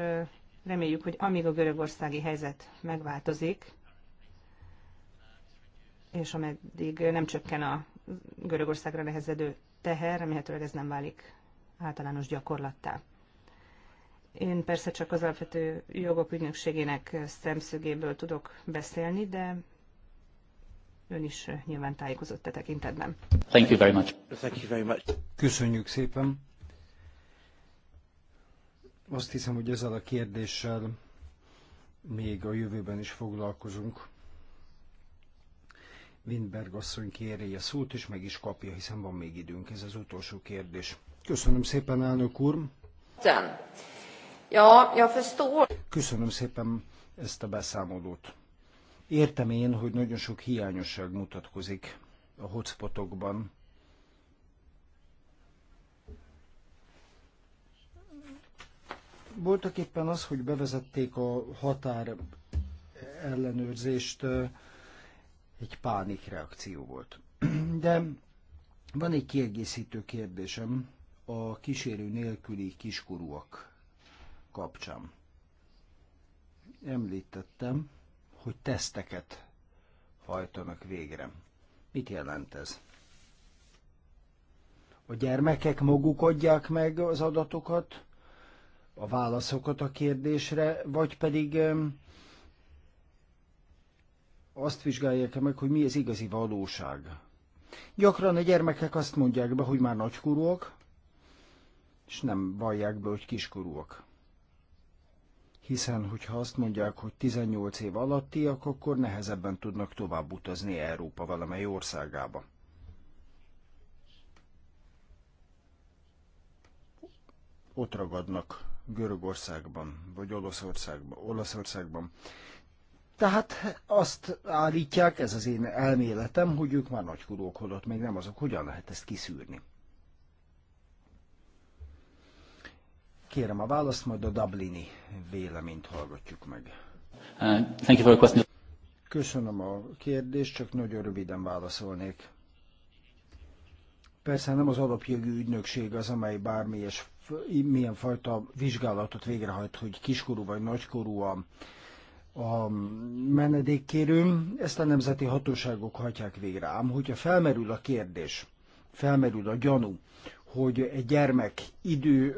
reméljük, hogy amíg a görögországi helyzet megváltozik, és ameddig nem csökken a Görögországra nehezedő teher, remélhetőleg ez nem válik általános gyakorlattá. Én persze csak az alapvető jogok ügynökségének szemszögéből tudok beszélni, de ön is nyilván tájékozott a tekintetben. Thank you very much. Thank you very much. Köszönjük szépen. Azt hiszem, hogy ezzel a kérdéssel még a jövőben is foglalkozunk. Windberg asszony kéri a szót, és meg is kapja, hiszen van még időnk. Ez az utolsó kérdés. Köszönöm szépen, elnök úr. Ten. Ja, jag förstår. Köszönöm szépen ezt a beszámolót. Értem én, hogy nagyon sok hiányosság mutatkozik a hotspotokban. Voltak éppen az, hogy bevezették a határ ellenőrzést, egy pánikreakció volt. De van egy kiegészítő kérdésem a kísérő nélküli kiskorúak kapcsán. Említettem, hogy teszteket hajtanak végre. Mit jelent ez? A gyermekek maguk adják meg az adatokat, a válaszokat a kérdésre, vagy pedig azt vizsgálják -e meg, hogy mi az igazi valóság. Gyakran a gyermekek azt mondják be, hogy már nagykorúak, és nem vallják be, hogy kiskorúak hiszen hogyha azt mondják, hogy 18 év alattiak, akkor nehezebben tudnak tovább utazni Európa valamely országába. Ott ragadnak Görögországban, vagy Olaszországban. Olaszországban. Tehát azt állítják, ez az én elméletem, hogy ők már nagykorúk holott még nem azok. Hogyan lehet ezt kiszűrni? Kérem a választ, majd a Dublini véleményt hallgatjuk meg. Uh, thank you for question. Köszönöm a kérdést, csak nagyon röviden válaszolnék. Persze nem az alapjogi ügynökség az, amely bármilyes, milyen fajta vizsgálatot végrehajt, hogy kiskorú vagy nagykorú a, a menedékkérő, ezt a nemzeti hatóságok hagyják végre. Ám hogyha felmerül a kérdés, felmerül a gyanú, hogy egy gyermek idő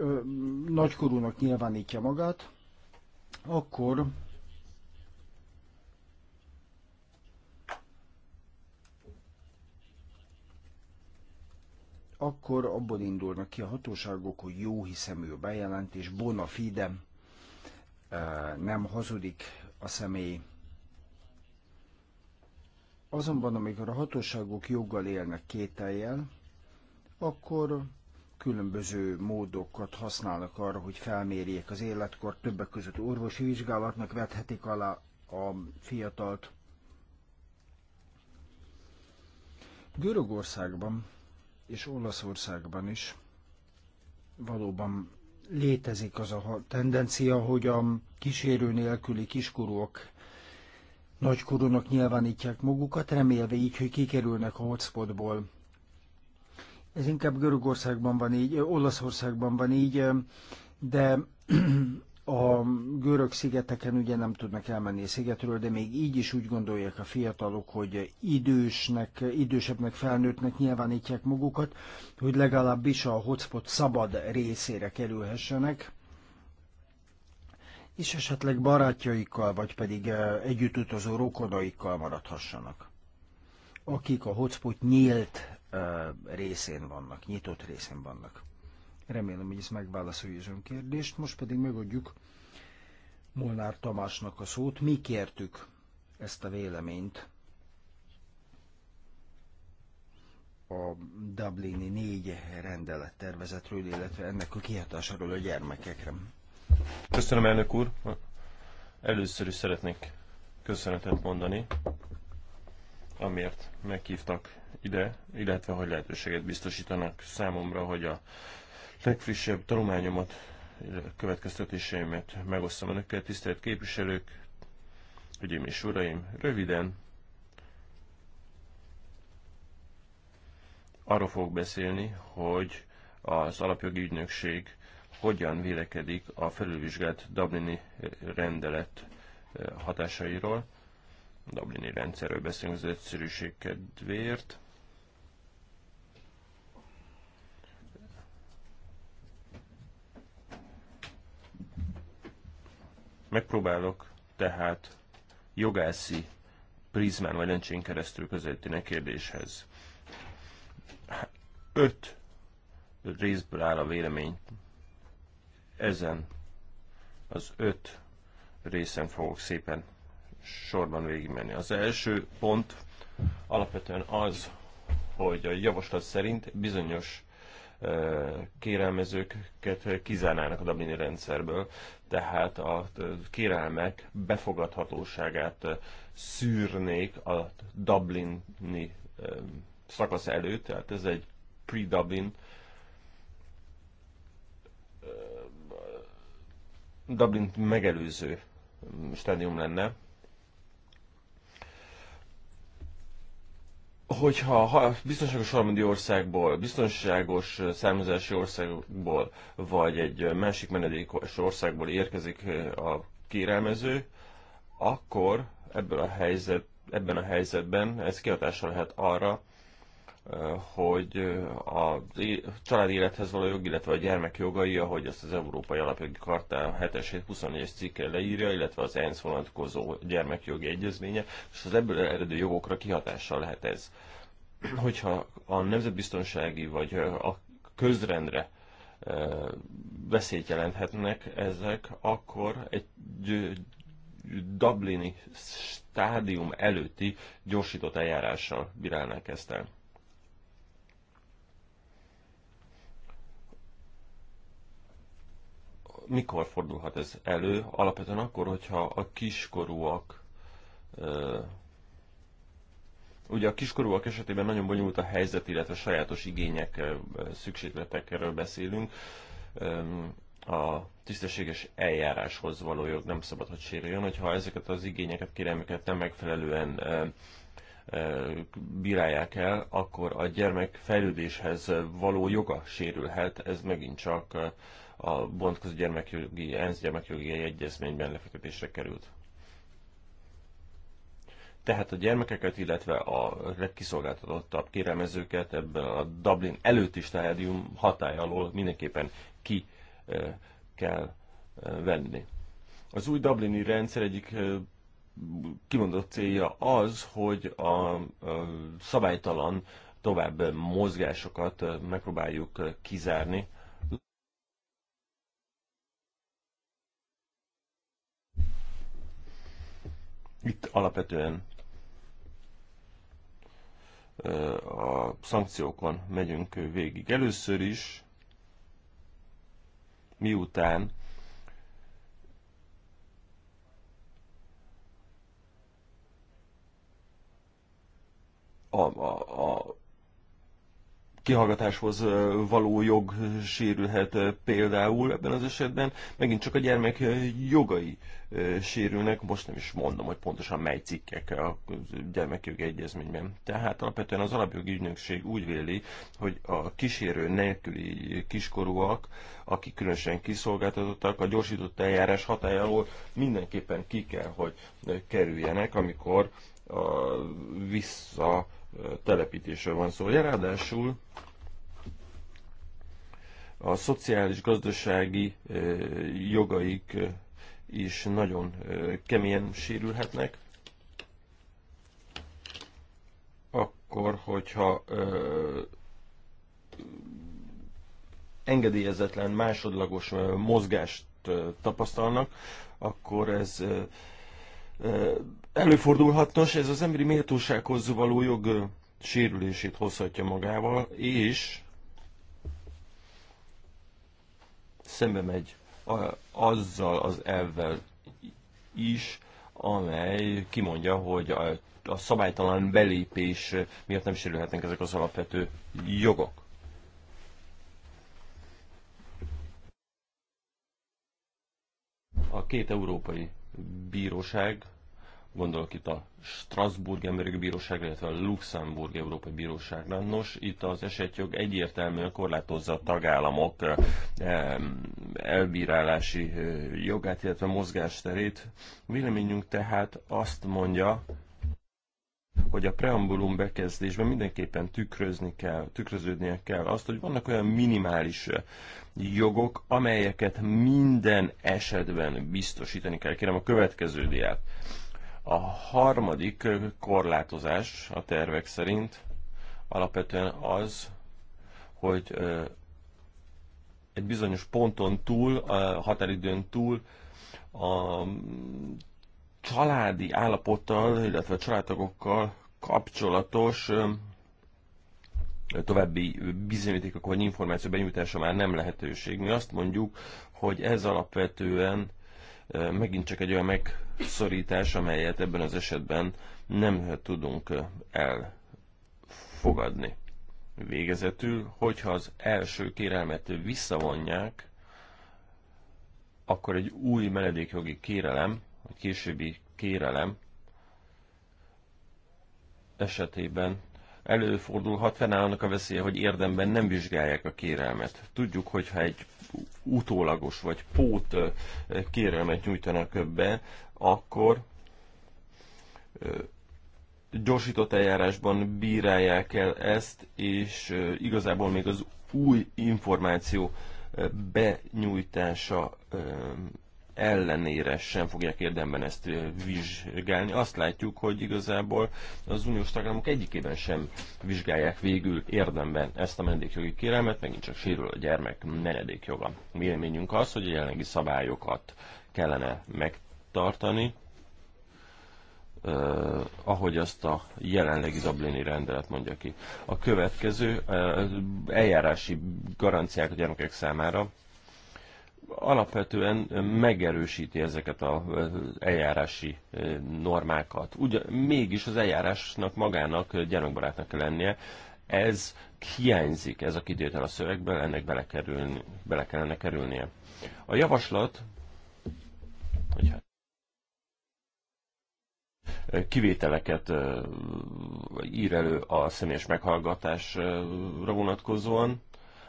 nagykorúnak nyilvánítja magát, akkor akkor abból indulnak ki a hatóságok, hogy jó hiszemű a bejelentés, bona fide, nem hazudik a személy. Azonban, amikor a hatóságok joggal élnek kételjel, akkor különböző módokat használnak arra, hogy felmérjék az életkor, többek között orvosi vizsgálatnak vethetik alá a fiatalt. Görögországban és Olaszországban is valóban létezik az a tendencia, hogy a kísérő nélküli kiskorúak nagykorúnak nyilvánítják magukat, remélve így, hogy kikerülnek a hotspotból, ez inkább Görögországban van így, Olaszországban van így, de a görög szigeteken ugye nem tudnak elmenni a szigetről, de még így is úgy gondolják a fiatalok, hogy idősnek, idősebbnek, felnőttnek nyilvánítják magukat, hogy legalábbis a hotspot szabad részére kerülhessenek és esetleg barátjaikkal, vagy pedig együttutazó rokonaikkal maradhassanak, akik a hotspot nyílt részén vannak, nyitott részén vannak. Remélem, hogy ezt megválaszolja az ön kérdést. Most pedig megadjuk Molnár Tamásnak a szót. Mi kértük ezt a véleményt a Dublini négy rendelet tervezetről, illetve ennek a kihatásáról a gyermekekre. Köszönöm, elnök úr! Először is szeretnék köszönetet mondani, amiért meghívtak ide, illetve hogy lehetőséget biztosítanak számomra, hogy a legfrissebb tanulmányomat, következtetéseimet megosztom önökkel, tisztelt képviselők, hölgyeim és uraim, röviden arról fogok beszélni, hogy az alapjogi ügynökség hogyan vélekedik a felülvizsgált Dublini rendelet eh, hatásairól. Dublini rendszerről beszélünk az egyszerűség kedvéért. Megpróbálok tehát jogászi prizmán vagy lencsén keresztül közelíteni a kérdéshez. Öt részből áll a vélemény. Ezen az öt részen fogok szépen sorban végigmenni. Az első pont alapvetően az, hogy a javaslat szerint bizonyos kérelmezőket kizárnának a Dublini rendszerből, tehát a kérelmek befogadhatóságát szűrnék a Dublini szakasz előtt, tehát ez egy pre-Dublin Dublin megelőző stádium lenne, hogyha ha biztonságos harmadik országból, biztonságos származási országból, vagy egy másik menedékos országból érkezik a kérelmező, akkor ebből a helyzet, ebben a helyzetben ez kihatással lehet arra, hogy a család élethez való jog, illetve a gyermek jogai, ahogy azt az Európai Alapjogi Karta 7-es 24-es cikke leírja, illetve az ENSZ vonatkozó gyermekjogi egyezménye, és az ebből eredő jogokra kihatással lehet ez. Hogyha a nemzetbiztonsági vagy a közrendre e, veszélyt jelenthetnek ezek, akkor egy Dublini stádium előtti gyorsított eljárással bírálnák ezt el. mikor fordulhat ez elő? Alapvetően akkor, hogyha a kiskorúak Ugye a kiskorúak esetében nagyon bonyolult a helyzet, illetve sajátos igények, szükségletekről beszélünk. A tisztességes eljáráshoz való jog nem szabad, hogy sérüljön, hogyha ezeket az igényeket, kérelmeket nem megfelelően bírálják el, akkor a gyermek fejlődéshez való joga sérülhet, ez megint csak a bontkozó gyermekjogi, ENSZ gyermekjogi egyezményben lefektetésre került. Tehát a gyermekeket, illetve a legkiszolgáltatottabb kérelmezőket ebben a Dublin előtti stádium hatály alól mindenképpen ki kell venni. Az új Dublini rendszer egyik kimondott célja az, hogy a szabálytalan tovább mozgásokat megpróbáljuk kizárni Itt alapvetően a szankciókon megyünk végig. Először is, miután a, a, a kihallgatáshoz való jog sérülhet például ebben az esetben, megint csak a gyermek jogai sérülnek, most nem is mondom, hogy pontosan mely cikkek a gyermekjogi egyezményben. Tehát alapvetően az alapjogi ügynökség úgy véli, hogy a kísérő nélküli kiskorúak, akik különösen kiszolgáltatottak, a gyorsított eljárás hatája alól mindenképpen ki kell, hogy kerüljenek, amikor a vissza telepítésről van szó. Ráadásul a szociális-gazdasági jogaik is nagyon keményen sérülhetnek, akkor, hogyha engedélyezetlen másodlagos mozgást tapasztalnak, akkor ez Előfordulhat, nos, ez az emberi méltósághoz való jog sérülését hozhatja magával, és szembe megy azzal az elvvel is, amely kimondja, hogy a, a szabálytalan belépés miatt nem sérülhetnek ezek az alapvető jogok. A két európai bíróság gondolok itt a Strasbourg Emberi Bíróságra, illetve a Luxemburg Európai Bíróságra. Nos, itt az esetjog egyértelműen korlátozza a tagállamok eh, elbírálási eh, jogát, illetve mozgásterét. Véleményünk tehát azt mondja, hogy a preambulum bekezdésben mindenképpen tükrözni kell, tükröződnie kell azt, hogy vannak olyan minimális eh, jogok, amelyeket minden esetben biztosítani kell. Kérem a következő diát. A harmadik korlátozás a tervek szerint alapvetően az, hogy egy bizonyos ponton túl, a határidőn túl a mm, családi állapottal, illetve a családtagokkal kapcsolatos további bizonyítékok vagy információ benyújtása már nem lehetőség. Mi azt mondjuk, hogy ez alapvetően megint csak egy olyan megszorítás, amelyet ebben az esetben nem tudunk elfogadni. Végezetül, hogyha az első kérelmet visszavonják, akkor egy új menedékjogi kérelem, vagy későbbi kérelem esetében előfordulhat, fennállnak a veszélye, hogy érdemben nem vizsgálják a kérelmet. Tudjuk, hogyha egy utólagos vagy pót kérelmet nyújtanak be, akkor gyorsított eljárásban bírálják el ezt, és igazából még az új információ benyújtása ellenére sem fogják érdemben ezt vizsgálni. Azt látjuk, hogy igazából az uniós tagállamok egyikében sem vizsgálják végül érdemben ezt a menedékjogi kérelmet, megint csak sérül a gyermek menedékjoga. Véleményünk az, hogy a jelenlegi szabályokat kellene megtartani, Uh, ahogy azt a jelenlegi Dublini rendelet mondja ki. A következő uh, eljárási garanciák a gyermekek számára alapvetően megerősíti ezeket az eljárási normákat. Ugye mégis az eljárásnak magának gyermekbarátnak kell lennie. Ez hiányzik, ez a kidétel a szövegből, ennek bele, kerülni, bele kellene kerülnie. A javaslat hogyha kivételeket ír elő a személyes meghallgatásra vonatkozóan,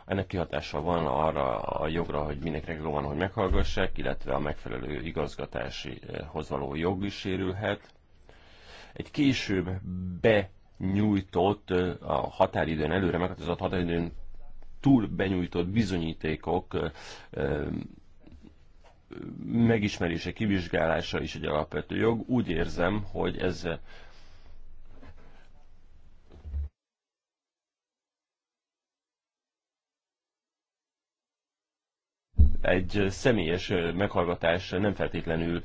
ennek kihatása van arra a jogra, hogy mindenkinek jó van, hogy meghallgassák, illetve a megfelelő igazgatási való jog is sérülhet. Egy később benyújtott, a határidőn előre meghatározott határidőn túl benyújtott bizonyítékok megismerése, kivizsgálása is egy alapvető jog. Úgy érzem, hogy ez egy személyes meghallgatás nem feltétlenül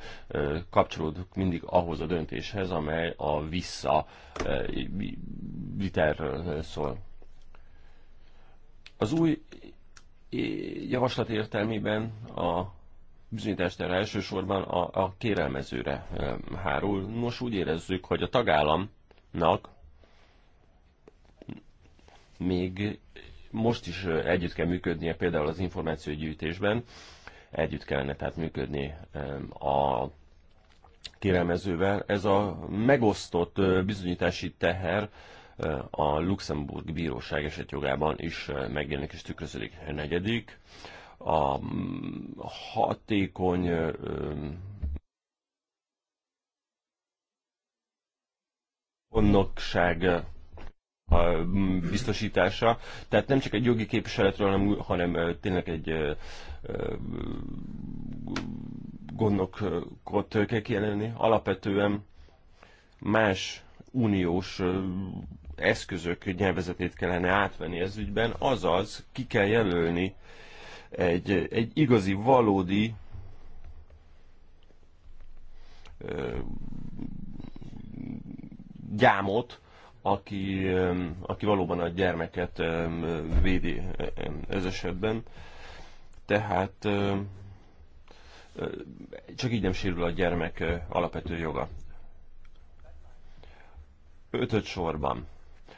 kapcsolódik mindig ahhoz a döntéshez, amely a vissza viterről szól. Az új javaslat értelmében a bizonyítástára elsősorban a, a kérelmezőre hárul. Nos, úgy érezzük, hogy a tagállamnak még most is együtt kell működnie például az információgyűjtésben, együtt kellene tehát működni a kérelmezővel. Ez a megosztott bizonyítási teher a Luxemburg bíróság esetjogában is megjelenik és tükröződik. A Negyedik, a hatékony gondnokság Mm, biztosítása. Tehát nem csak egy jogi képviseletről, hanem, hanem tényleg egy gondokot kell kijelenni. Alapvetően más uniós eszközök nyelvezetét kellene átvenni ez ügyben, azaz ki kell jelölni egy, egy igazi, valódi gyámot, aki, aki valóban a gyermeket védi ez esetben. Tehát csak így nem sérül a gyermek alapvető joga. Ötöd sorban.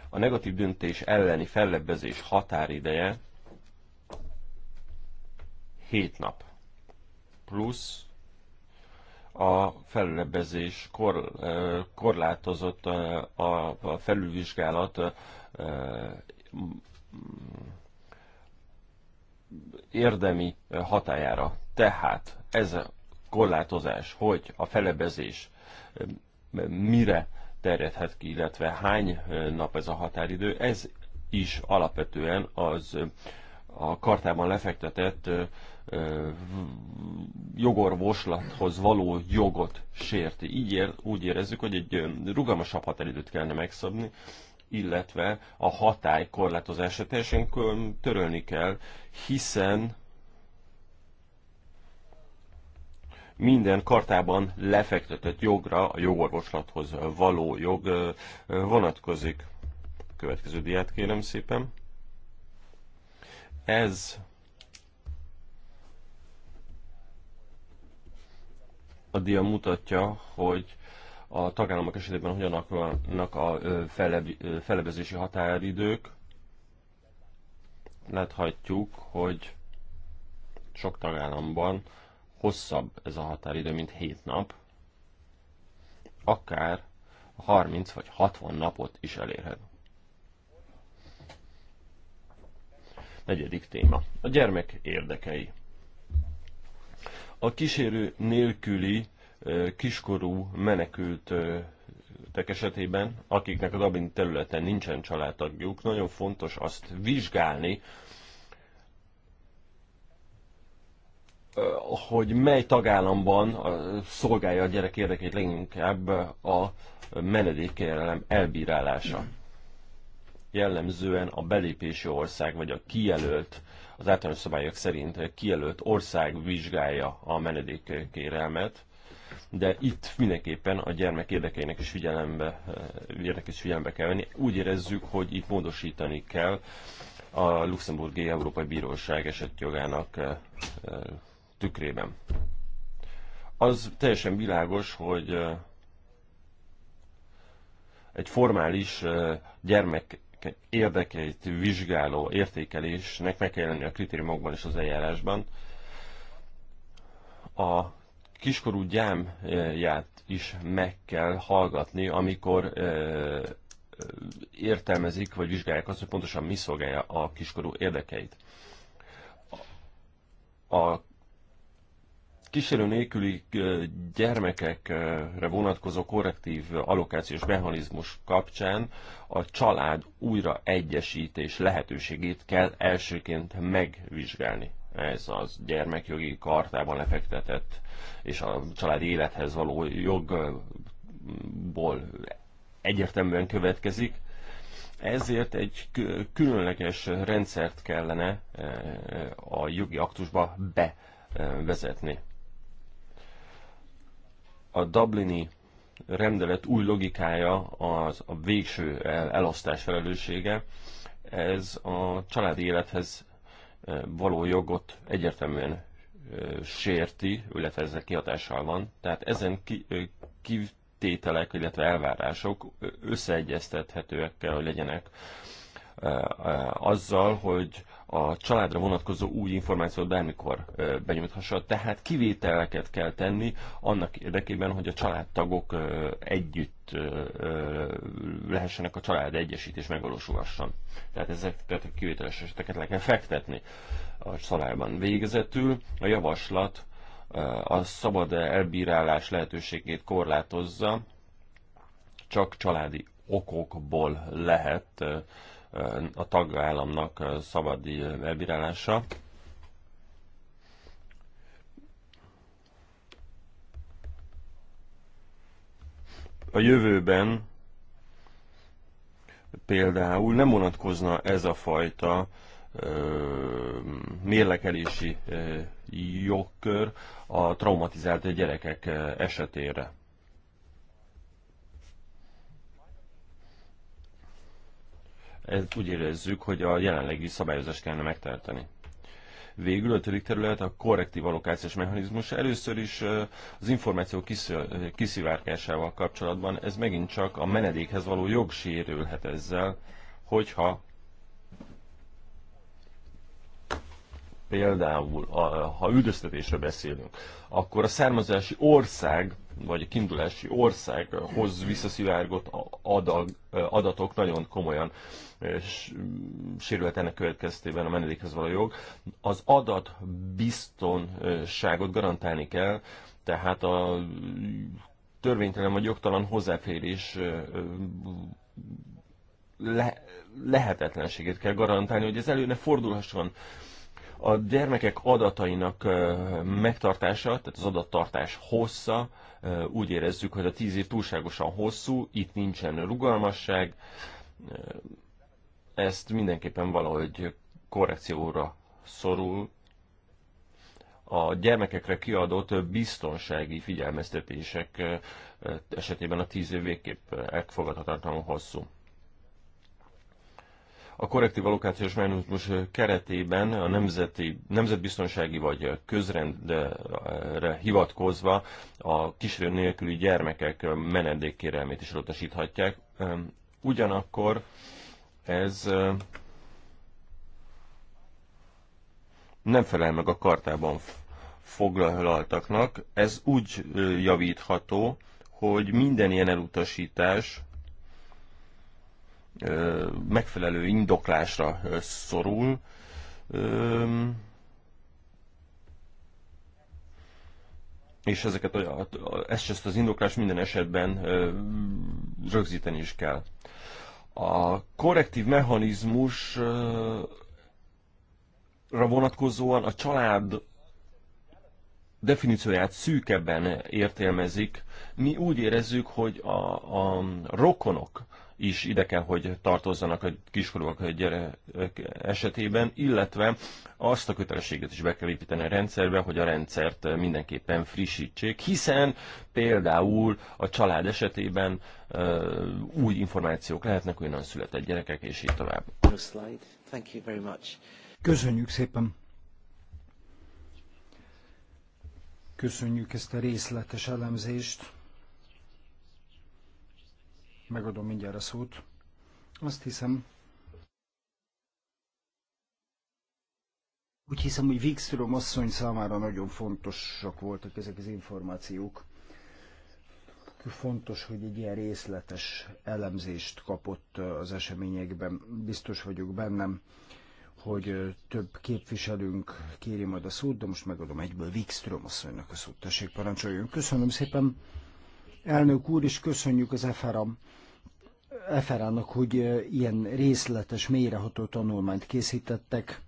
A negatív döntés elleni fellebbezés határideje 7 nap. Plusz a felülebezés kor, korlátozott a, a felülvizsgálat érdemi hatájára. Tehát ez a korlátozás, hogy a felebezés mire terjedhet ki, illetve hány nap ez a határidő, ez is alapvetően az a kartában lefektetett jogorvoslathoz való jogot sérti. Így ér, úgy érezzük, hogy egy rugalmasabb határidőt kellene megszabni, illetve a hatály korlátozása teljesen törölni kell, hiszen minden kartában lefektetett jogra a jogorvoslathoz való jog vonatkozik. Következő diát kérem szépen. Ez a dia mutatja, hogy a tagállamok esetében hogyan alakulnak a felebezési határidők. Láthatjuk, hogy sok tagállamban hosszabb ez a határidő, mint 7 nap, akár 30 vagy 60 napot is elérhet. Negyedik téma. A gyermek érdekei. A kísérő nélküli kiskorú menekült esetében, akiknek a Dublin területen nincsen családtagjuk, nagyon fontos azt vizsgálni, hogy mely tagállamban szolgálja a gyerek érdekét leginkább a menedékkérelem elbírálása. Jellemzően a belépési ország vagy a kijelölt az általános szabályok szerint kijelölt ország vizsgálja a menedékkérelmet, de itt mindenképpen a gyermek érdekeinek is figyelembe, eh, érdekes figyelembe kell venni. Úgy érezzük, hogy itt módosítani kell a Luxemburgi Európai Bíróság esetjogának eh, eh, tükrében. Az teljesen világos, hogy egy formális gyermek érdekeit vizsgáló értékelésnek meg kell lenni a kritériumokban és az eljárásban. A kiskorú gyámját is meg kell hallgatni, amikor értelmezik vagy vizsgálják azt, hogy pontosan mi szolgálja a kiskorú érdekeit. A kísérő nélküli gyermekekre vonatkozó korrektív allokációs mechanizmus kapcsán a család újra egyesítés lehetőségét kell elsőként megvizsgálni. Ez az gyermekjogi kartában lefektetett és a családi élethez való jogból egyértelműen következik. Ezért egy különleges rendszert kellene a jogi aktusba bevezetni a Dublini rendelet új logikája az a végső elosztás felelőssége, ez a családi élethez való jogot egyértelműen sérti, illetve ezzel kihatással van. Tehát ezen kivtételek, illetve elvárások összeegyeztethetőek kell, hogy legyenek azzal, hogy a családra vonatkozó új információt bármikor benyújthassa, tehát kivételeket kell tenni annak érdekében, hogy a családtagok együtt lehessenek a család egyesítés megvalósulhasson. Tehát ezeket a kivételes eseteket le kell fektetni a szalában. Végezetül a javaslat a szabad elbírálás lehetőségét korlátozza, csak családi okokból lehet a tagállamnak szabad elbírálása. A jövőben például nem vonatkozna ez a fajta mérlekelési jogkör a traumatizált gyerekek esetére. ez úgy érezzük, hogy a jelenlegi szabályozást kellene megtartani. Végül ötödik terület a korrektív allokációs mechanizmus. Először is az információ kiszivárgásával kapcsolatban ez megint csak a menedékhez való jog sérülhet ezzel, hogyha például, ha üldöztetésről beszélünk, akkor a származási ország vagy a kiindulási országhoz visszaszivárgott adag, adatok nagyon komolyan mm, sérülhet ennek következtében a menedékhez való jog. Az biztonságot garantálni kell, tehát a törvénytelen vagy jogtalan hozzáférés le, lehetetlenségét kell garantálni, hogy ez elő ne fordulhasson a gyermekek adatainak megtartása, tehát az adattartás hossza úgy érezzük, hogy a tíz év túlságosan hosszú, itt nincsen rugalmasság, ezt mindenképpen valahogy korrekcióra szorul. A gyermekekre kiadott biztonsági figyelmeztetések esetében a tíz év végképp elfogadhatatlanul hosszú a korrektív allokációs mechanizmus keretében a nemzeti, nemzetbiztonsági vagy közrendre hivatkozva a kísérő nélküli gyermekek menedékkérelmét is elutasíthatják. Ugyanakkor ez nem felel meg a kartában foglaltaknak. Ez úgy javítható, hogy minden ilyen elutasítás megfelelő indoklásra szorul. És ezeket a, a, ezt, ezt az indoklás minden esetben rögzíteni is kell. A korrektív mechanizmusra vonatkozóan a család definícióját szűkebben értelmezik. Mi úgy érezzük, hogy a, a rokonok, is ide kell, hogy tartozzanak a kiskorúak a gyerek esetében, illetve azt a kötelességet is be kell építeni a rendszerbe, hogy a rendszert mindenképpen frissítsék, hiszen például a család esetében új információk lehetnek olyan született gyerekek, és így tovább. Köszönjük szépen! Köszönjük ezt a részletes elemzést! megadom mindjárt a szót. Azt hiszem, úgy hiszem, hogy Wikström asszony számára nagyon fontosak voltak ezek az információk. Fontos, hogy egy ilyen részletes elemzést kapott az eseményekben. Biztos vagyok bennem, hogy több képviselünk. kéri majd a szót, de most megadom egyből Wikström asszonynak a szót. Tessék, parancsoljon. Köszönöm szépen. Elnök úr, és köszönjük az EFRAM Eferának, hogy ilyen részletes, mélyreható tanulmányt készítettek.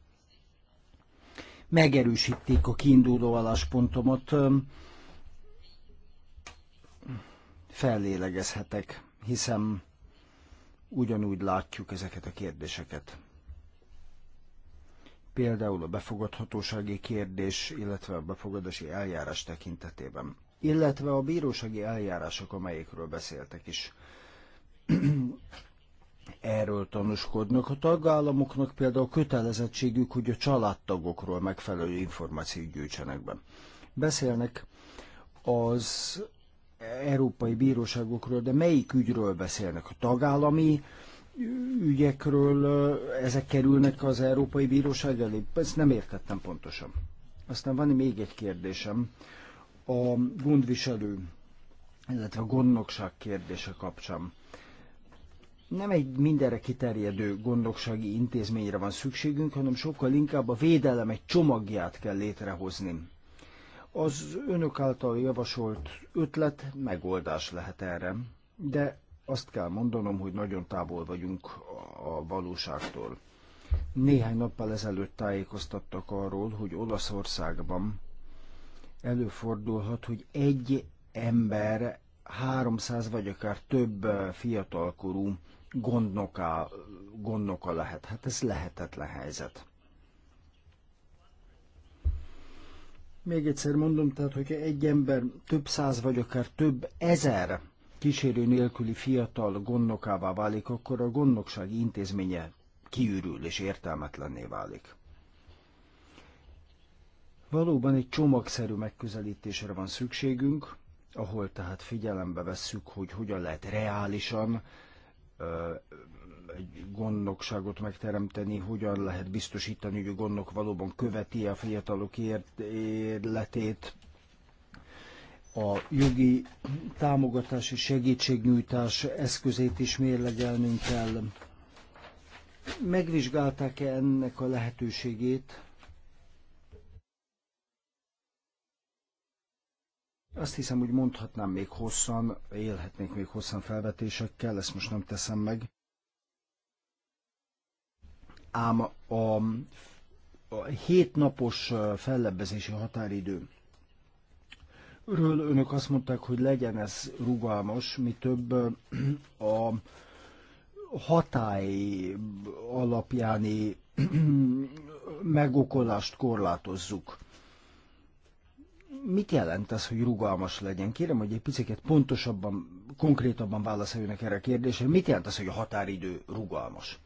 Megerősítik a kiinduló álláspontomat. Fellélegezhetek, hiszen ugyanúgy látjuk ezeket a kérdéseket. Például a befogadhatósági kérdés, illetve a befogadási eljárás tekintetében, illetve a bírósági eljárások, amelyekről beszéltek is erről tanúskodnak. A tagállamoknak például kötelezettségük, hogy a családtagokról megfelelő információt gyűjtsenek be. Beszélnek az európai bíróságokról, de melyik ügyről beszélnek? A tagállami ügyekről ezek kerülnek az Európai Bíróság elé? Ezt nem értettem pontosan. Aztán van még egy kérdésem. A gondviselő, illetve a gondnokság kérdése kapcsán nem egy mindenre kiterjedő gondoksági intézményre van szükségünk, hanem sokkal inkább a védelem egy csomagját kell létrehozni. Az önök által javasolt ötlet megoldás lehet erre, de azt kell mondanom, hogy nagyon távol vagyunk a valóságtól. Néhány nappal ezelőtt tájékoztattak arról, hogy Olaszországban előfordulhat, hogy egy ember 300 vagy akár több fiatalkorú gondnoka, gondnoka lehet. Hát ez lehetetlen helyzet. Még egyszer mondom, tehát hogyha egy ember több száz vagy akár több ezer kísérő nélküli fiatal gondnokává válik, akkor a gondnokság intézménye kiürül és értelmetlenné válik. Valóban egy csomagszerű megközelítésre van szükségünk, ahol tehát figyelembe vesszük, hogy hogyan lehet reálisan egy gondnokságot megteremteni, hogyan lehet biztosítani, hogy a gondok valóban követi a fiatalok életét, a jogi támogatás és segítségnyújtás eszközét is mérlegelnünk kell. Megvizsgálták-e ennek a lehetőségét? Azt hiszem, hogy mondhatnám még hosszan, élhetnék még hosszan felvetésekkel, ezt most nem teszem meg. Ám a, a hét fellebbezési határidő Ről önök azt mondták, hogy legyen ez rugalmas, mi több a hatály alapjáni megokolást korlátozzuk mit jelent az, hogy rugalmas legyen? Kérem, hogy egy picit pontosabban, konkrétabban válaszoljanak erre a kérdésre. Mit jelent az, hogy a határidő rugalmas?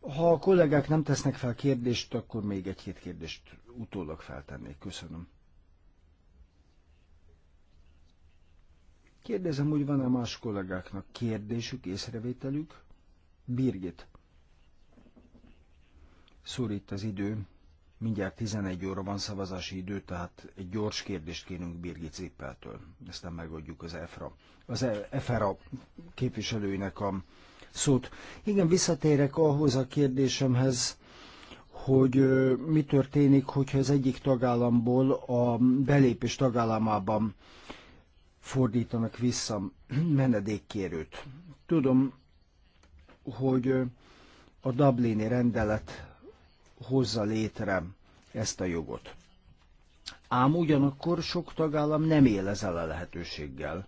Ha a kollégák nem tesznek fel kérdést, akkor még egy-két kérdést utólag feltennék. Köszönöm. Kérdezem, hogy van-e más kollégáknak kérdésük, észrevételük? Birgit. Szorít az időm. Mindjárt 11 óra van szavazási idő, tehát egy gyors kérdést kérünk Birgit Zippeltől. Aztán megoldjuk az EFRA, az e- EFRA képviselőinek a szót. Igen, visszatérek ahhoz a kérdésemhez, hogy mi történik, hogyha az egyik tagállamból a belépés tagállamában fordítanak vissza menedékkérőt. Tudom, hogy a Dublini rendelet hozza létre ezt a jogot. Ám ugyanakkor sok tagállam nem él ezzel a lehetőséggel,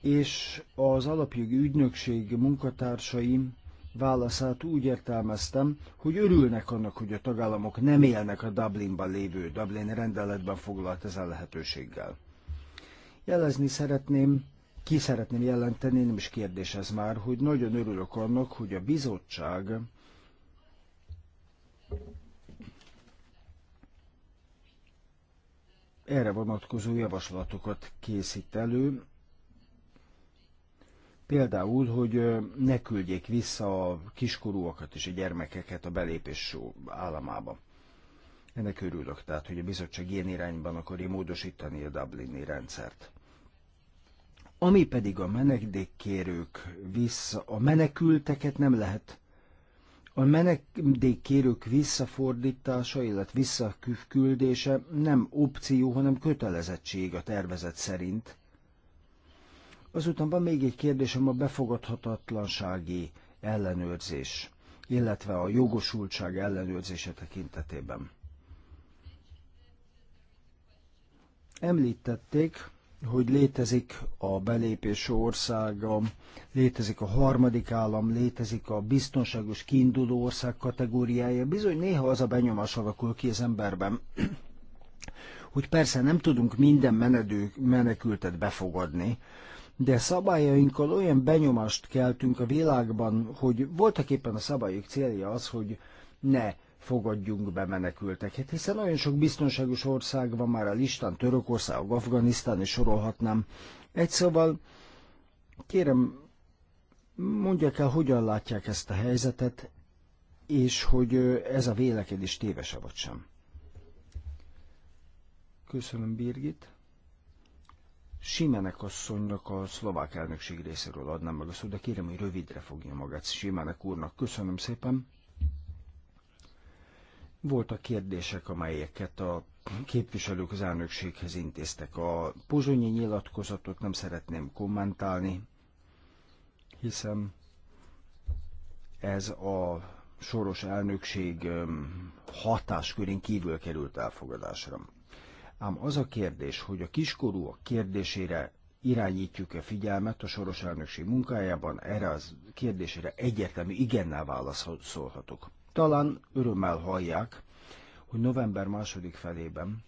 és az alapjogi ügynökség munkatársaim válaszát úgy értelmeztem, hogy örülnek annak, hogy a tagállamok nem élnek a Dublinban lévő Dublin rendeletben foglalt ezzel lehetőséggel. Jelezni szeretném, ki szeretném jelenteni, nem is kérdés ez már, hogy nagyon örülök annak, hogy a bizottság erre vonatkozó javaslatokat készít elő, Például, hogy ne küldjék vissza a kiskorúakat és a gyermekeket a belépés államába. Ennek örülök, tehát, hogy a bizottság ilyen irányban akarja módosítani a Dublini rendszert. Ami pedig a menedékkérők vissza, a menekülteket nem lehet a menedékkérők visszafordítása, illetve visszaküldése nem opció, hanem kötelezettség a tervezet szerint. Azután van még egy kérdésem a befogadhatatlansági ellenőrzés, illetve a jogosultság ellenőrzése tekintetében. Említették, hogy létezik a belépés országa, létezik a harmadik állam, létezik a biztonságos kiinduló ország kategóriája. Bizony néha az a benyomás alakul ki az emberben, hogy persze nem tudunk minden menedő, menekültet befogadni, de szabályainkkal olyan benyomást keltünk a világban, hogy voltak éppen a szabályok célja az, hogy ne fogadjunk be menekülteket, hát hiszen olyan sok biztonságos ország van már a listán, Törökország, Afganisztán, és sorolhatnám. Egy szóval, kérem, mondják el, hogyan látják ezt a helyzetet, és hogy ez a vélekedés téves vagy sem. Köszönöm, Birgit. Simenek asszonynak a szlovák elnökség részéről adnám meg a szó, de kérem, hogy rövidre fogja magát Simenek úrnak. Köszönöm szépen. Voltak kérdések, amelyeket a képviselők az elnökséghez intéztek. A pozsonyi nyilatkozatot nem szeretném kommentálni, hiszen ez a soros elnökség hatáskörén kívül került elfogadásra. Ám az a kérdés, hogy a kiskorúak kérdésére irányítjuk-e figyelmet a soros elnökség munkájában, erre az kérdésére egyértelmű igennel válaszolhatok. Talán örömmel hallják, hogy november második felében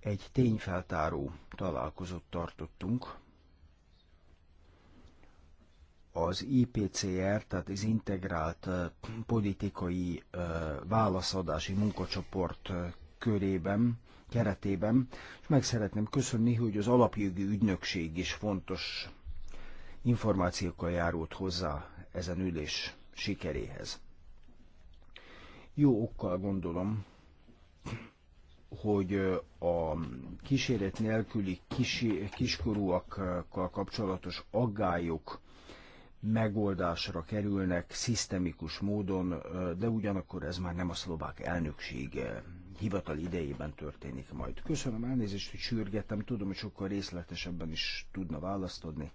egy tényfeltáró találkozót tartottunk, az IPCR, tehát az Integrált Politikai Válaszadási Munkacsoport körében, keretében, és meg szeretném köszönni, hogy az alapjogi ügynökség is fontos információkkal járult hozzá ezen ülés sikeréhez. Jó okkal gondolom, hogy a kíséret nélküli kis, kiskorúakkal kapcsolatos aggályok megoldásra kerülnek szisztemikus módon, de ugyanakkor ez már nem a szlovák elnökség hivatal idejében történik majd. Köszönöm elnézést, hogy sürgettem, tudom, hogy sokkal részletesebben is tudna választ adni,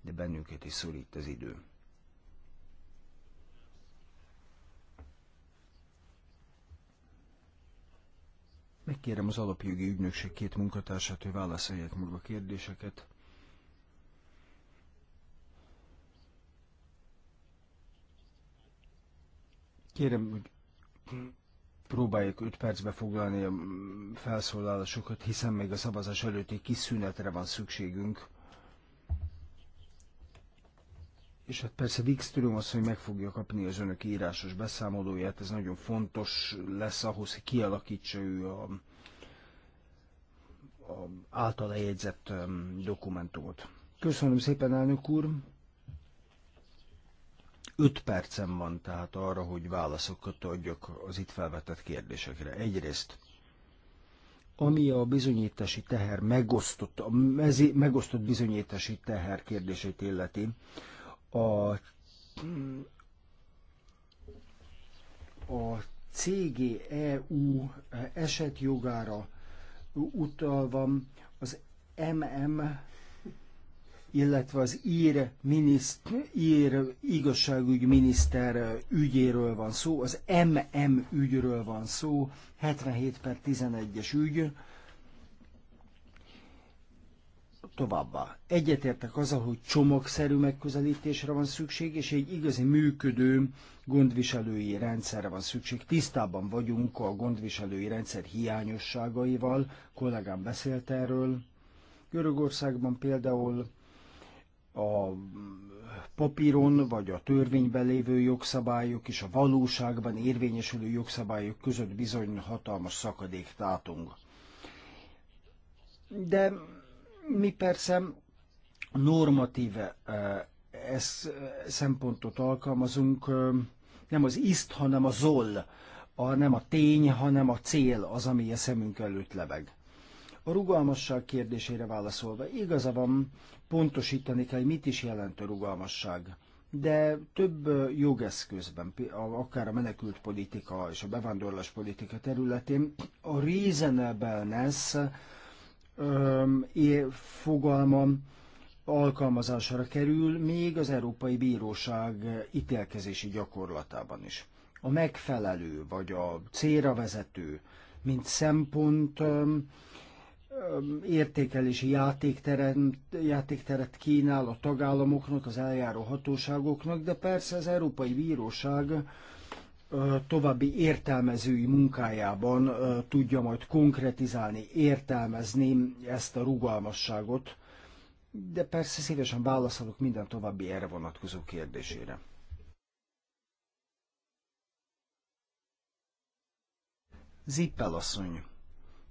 de bennünket is szorít az idő. Megkérem az alapjogi ügynökség két munkatársát, hogy válaszolják meg a kérdéseket. Kérem, hogy próbáljuk 5 percbe foglalni a felszólalásokat, hiszen még a szavazás előtti kis szünetre van szükségünk. és hát persze Wikström az, hogy meg fogja kapni az önök írásos beszámolóját, ez nagyon fontos lesz ahhoz, hogy kialakítsa ő a, a által lejegyzett dokumentumot. Köszönöm szépen, elnök úr! Öt percem van tehát arra, hogy válaszokat adjak az itt felvetett kérdésekre. Egyrészt, ami a bizonyítási teher megosztott, a mezi, megosztott bizonyítási teher kérdését illeti, a, a CGEU esetjogára utalva az MM, illetve az ír, miniszt, ír igazságügy miniszter ügyéről van szó, az MM ügyről van szó, 77 per 11-es ügy, Továbbá egyetértek azzal, hogy csomagszerű megközelítésre van szükség, és egy igazi működő gondviselői rendszerre van szükség. Tisztában vagyunk a gondviselői rendszer hiányosságaival, kollégám beszélt erről. Görögországban például a papíron vagy a törvényben lévő jogszabályok és a valóságban érvényesülő jogszabályok között bizony hatalmas szakadék tátunk. De mi persze normatíve eh, ez eh, szempontot alkalmazunk, eh, nem az iszt, hanem a zoll, a, nem a tény, hanem a cél az, ami a szemünk előtt lebeg. A rugalmasság kérdésére válaszolva, igaza van, pontosítani kell, mit is jelent a rugalmasság. De több jogeszközben, akár a menekült politika és a bevándorlás politika területén a reasonableness, fogalma alkalmazásra kerül, még az Európai Bíróság ítélkezési gyakorlatában is. A megfelelő vagy a célra vezető, mint szempont értékelési játékteret, játékteret kínál a tagállamoknak, az eljáró hatóságoknak, de persze az Európai Bíróság további értelmezői munkájában tudja majd konkretizálni, értelmezni ezt a rugalmasságot, de persze szívesen válaszolok minden további erre vonatkozó kérdésére. Zippel asszony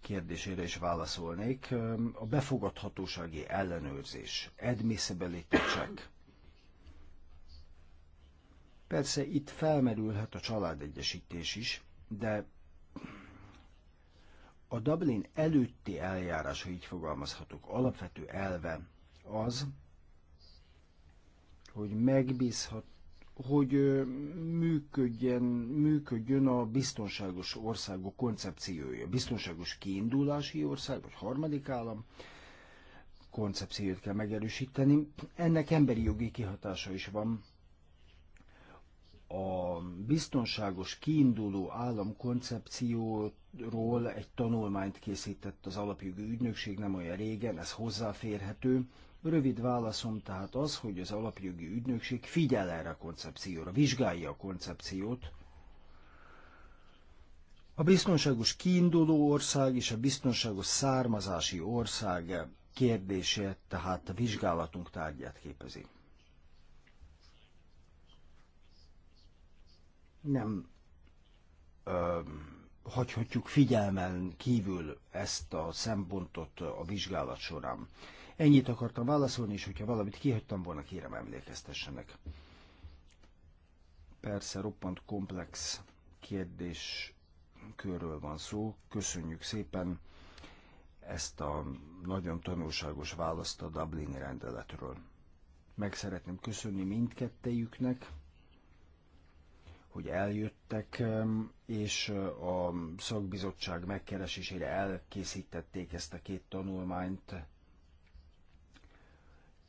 kérdésére is válaszolnék. A befogadhatósági ellenőrzés, admissibility check Persze itt felmerülhet a családegyesítés is, de a Dublin előtti eljárás, ha így fogalmazhatok, alapvető elve az, hogy megbízhat, hogy működjön, működjön a biztonságos országok koncepciója. Biztonságos kiindulási ország, vagy harmadik állam koncepciót kell megerősíteni. Ennek emberi jogi kihatása is van a biztonságos kiinduló állam koncepcióról egy tanulmányt készített az alapjogi ügynökség nem olyan régen, ez hozzáférhető. Rövid válaszom tehát az, hogy az alapjogi ügynökség figyel erre a koncepcióra, vizsgálja a koncepciót. A biztonságos kiinduló ország és a biztonságos származási ország kérdése tehát a vizsgálatunk tárgyát képezi. nem ö, hagyhatjuk figyelmen kívül ezt a szempontot a vizsgálat során. Ennyit akartam válaszolni, és hogyha valamit kihagytam volna, kérem emlékeztessenek. Persze roppant komplex kérdés körről van szó. Köszönjük szépen ezt a nagyon tanulságos választ a Dublin rendeletről. Meg szeretném köszönni mindkettejüknek hogy eljöttek, és a szakbizottság megkeresésére elkészítették ezt a két tanulmányt.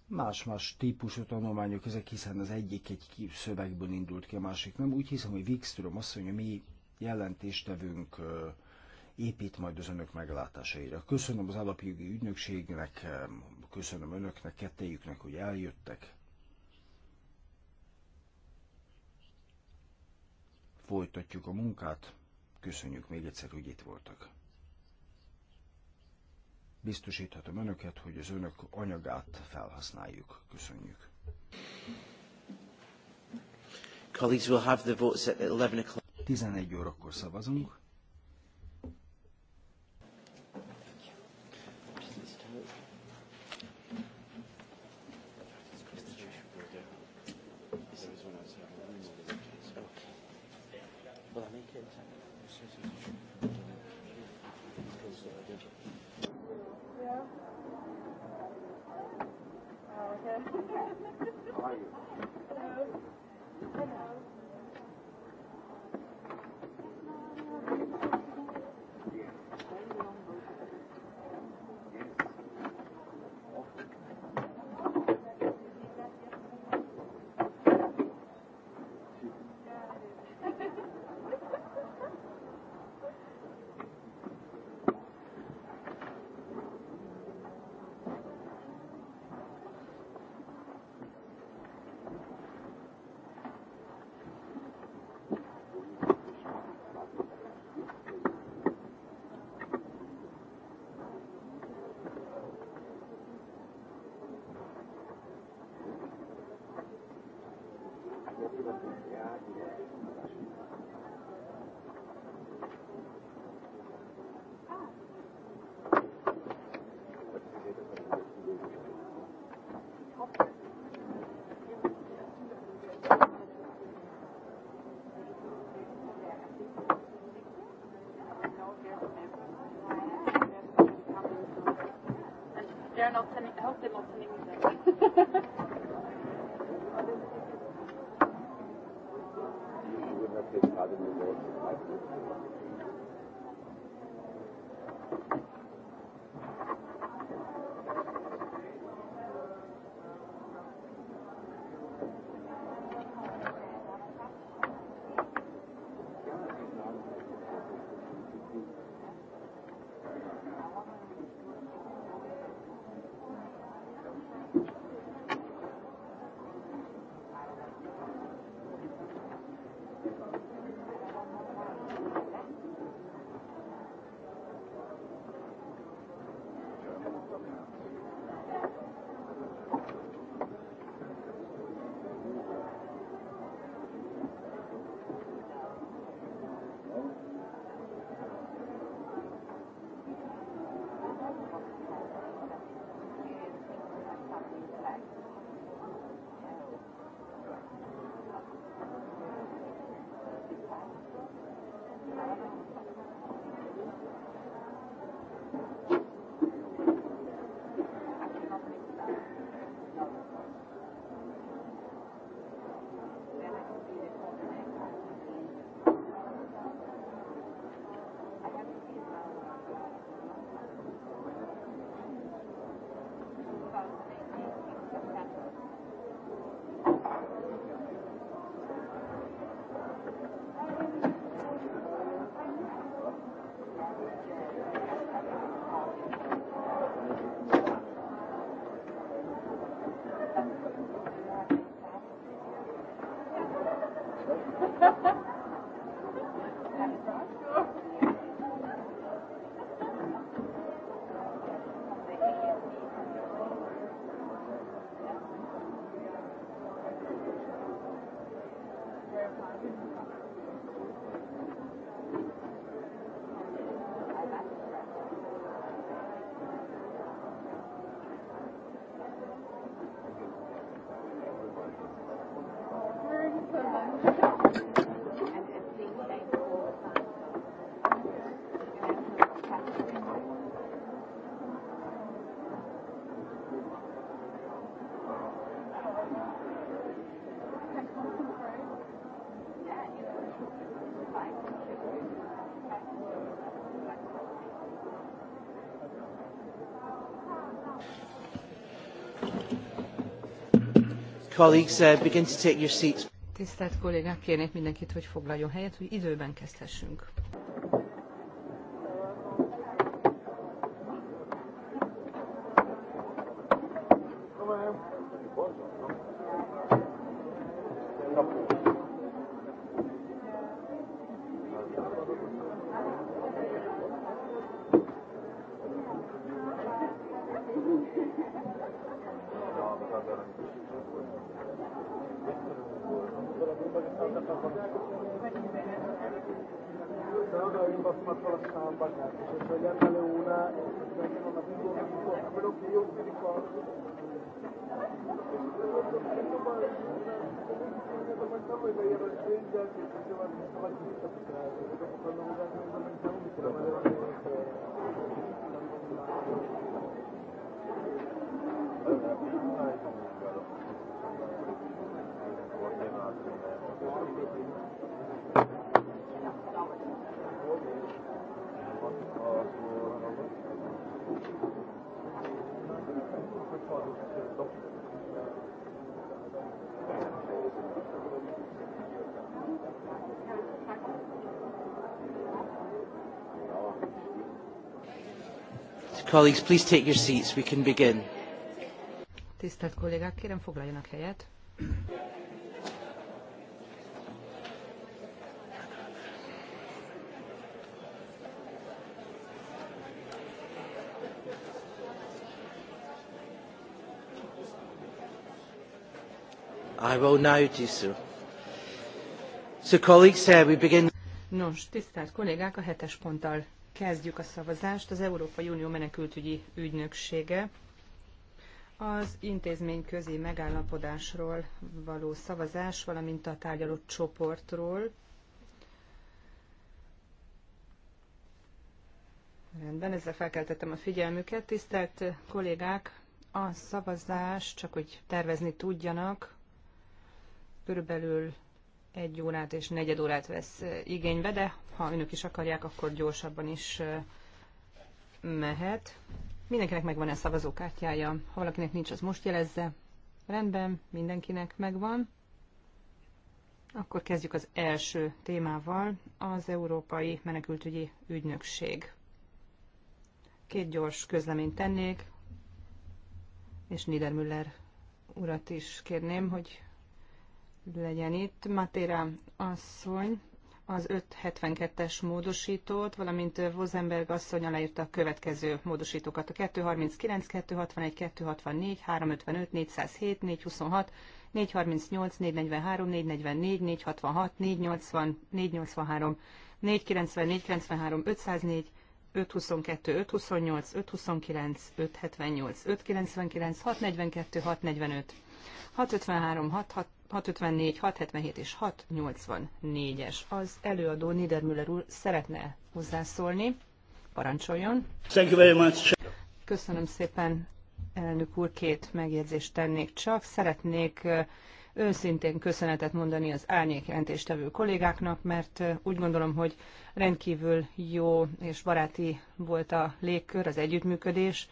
Más-más típusú tanulmányok ezek, hiszen az egyik egy szövegből indult ki, a másik nem. Úgy hiszem, hogy Wikström azt mondja, mi jelentéstevünk épít majd az önök meglátásaira. Köszönöm az alapjogi ügynökségnek, köszönöm önöknek, kettejüknek, hogy eljöttek folytatjuk a munkát. Köszönjük még egyszer, hogy itt voltak. Biztosíthatom önöket, hogy az önök anyagát felhasználjuk. Köszönjük. Colleagues, will have the votes at 11 o'clock. 11 órakor szavazunk. Colleagues, uh, begin to take your seats. Tisztelt kollégák, kérnék mindenkit, hogy foglaljon helyet, hogy időben kezdhessünk. Colleagues, please take your seats. We can begin. Tisztelt kollégák, kérem foglaljanak helyet. I will now do so. So colleagues, uh, we begin. Nos, tisztelt kollégák, a hetes ponttal Kezdjük a szavazást. Az Európai Unió menekültügyi ügynöksége az intézmény intézményközi megállapodásról való szavazás, valamint a tárgyaló csoportról. Rendben, ezzel felkeltettem a figyelmüket. Tisztelt kollégák, a szavazás, csak hogy tervezni tudjanak, körülbelül egy órát és negyed órát vesz igénybe, de ha önök is akarják, akkor gyorsabban is mehet. Mindenkinek megvan-e szavazókártyája? Ha valakinek nincs, az most jelezze. Rendben, mindenkinek megvan. Akkor kezdjük az első témával, az Európai Menekültügyi Ügynökség. Két gyors közleményt tennék, és Niedermüller urat is kérném, hogy legyen itt. Matéra asszony az 572-es módosítót, valamint Vozenberg asszony aláírta a következő módosítókat. A 239, 261, 264, 355, 407, 426, 438, 443, 444, 466, 480, 483, 490, 493, 504, 522, 528, 529, 578, 599, 642, 645, 653, 664, 654, 677 és 684-es. Az előadó Niedermüller úr szeretne hozzászólni. Parancsoljon. Thank you very much. Köszönöm szépen, elnök úr. Két megjegyzést tennék csak. Szeretnék őszintén köszönetet mondani az árnyék jelentéstevő kollégáknak, mert úgy gondolom, hogy rendkívül jó és baráti volt a légkör, az együttműködés.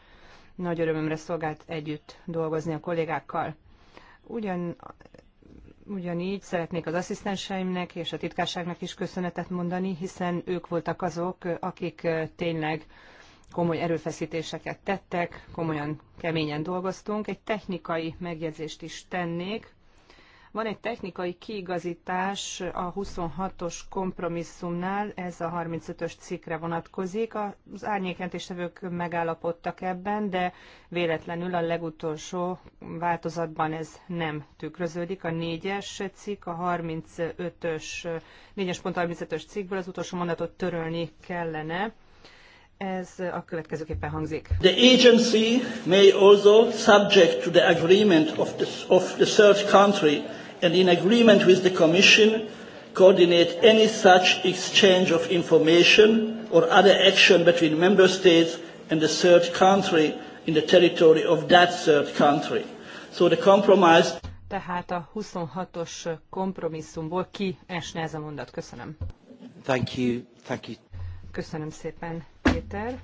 Nagy örömömre szolgált együtt dolgozni a kollégákkal. Ugyan Ugyanígy szeretnék az asszisztenseimnek és a titkárságnak is köszönetet mondani, hiszen ők voltak azok, akik tényleg komoly erőfeszítéseket tettek, komolyan, keményen dolgoztunk. Egy technikai megjegyzést is tennék. Van egy technikai kiigazítás a 26-os kompromisszumnál, ez a 35-ös cikkre vonatkozik. Az árnyékentéstevők megállapodtak ebben, de véletlenül a legutolsó változatban ez nem tükröződik. A 4-es cikk, a 35-ös, 35 ös cikkből az utolsó mondatot törölni kellene. Ez a következőképpen hangzik. The agency may also subject to the agreement of the, of the third country and in agreement with the Commission, coordinate any such exchange of information or other action between Member States and the third country in the territory of that third country. So the compromise tehát a 26-os kompromisszumból ki esne ez a mondat. Köszönöm. Thank you. Thank you. Köszönöm szépen, Péter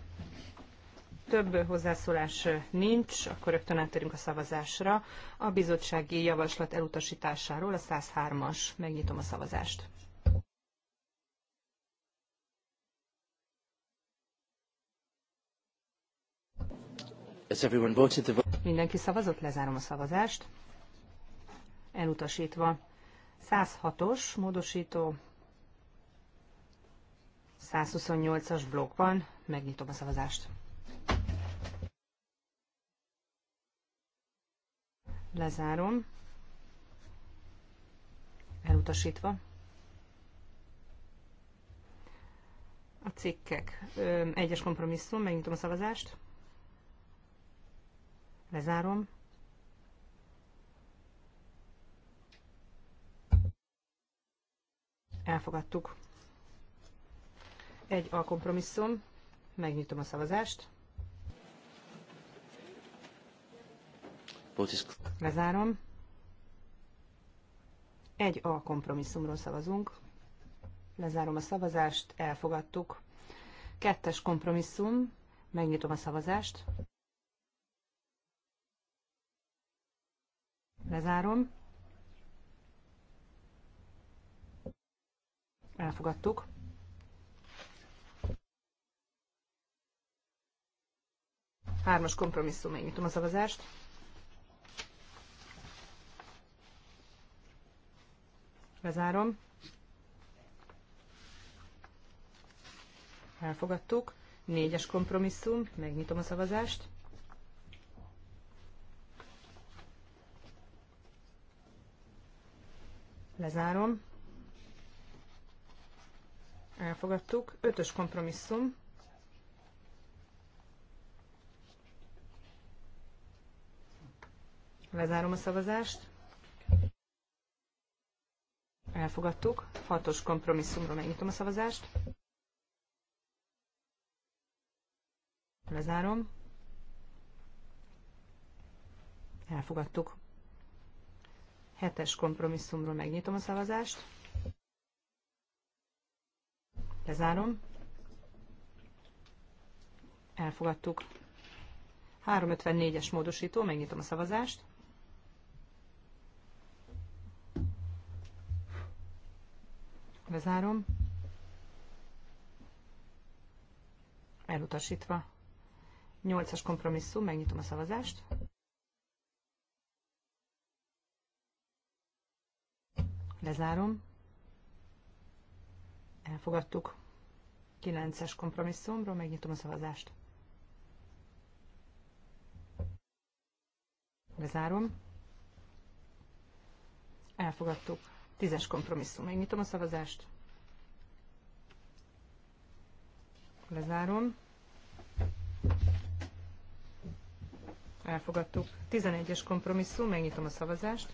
több hozzászólás nincs, akkor rögtön átérünk a szavazásra. A bizottsági javaslat elutasításáról a 103-as. Megnyitom a szavazást. Mindenki szavazott, lezárom a szavazást. Elutasítva. 106-os módosító, 128-as blokkban megnyitom a szavazást. Lezárom. Elutasítva. A cikkek. Ö, egyes kompromisszum. Megnyitom a szavazást. Lezárom. Elfogadtuk. Egy a kompromisszum. Megnyitom a szavazást. Lezárom. Egy A kompromisszumról szavazunk. Lezárom a szavazást, elfogadtuk. Kettes kompromisszum, megnyitom a szavazást. Lezárom. Elfogadtuk. Hármas kompromisszum, megnyitom a szavazást. Lezárom. Elfogadtuk. Négyes kompromisszum. Megnyitom a szavazást. Lezárom. Elfogadtuk. Ötös kompromisszum. Lezárom a szavazást. Elfogadtuk. Hatos kompromisszumról megnyitom a szavazást. Lezárom. Elfogadtuk. Hetes kompromisszumról megnyitom a szavazást. Lezárom. Elfogadtuk. 354-es módosító, megnyitom a szavazást. Lezárom. Elutasítva. 8-as kompromisszum, megnyitom a szavazást. Lezárom. Elfogadtuk. 9-es kompromisszumról megnyitom a szavazást. Lezárom. Elfogadtuk. Tízes kompromisszum. Megnyitom a szavazást. Lezárom. Elfogadtuk. 11-es kompromisszum. Megnyitom a szavazást.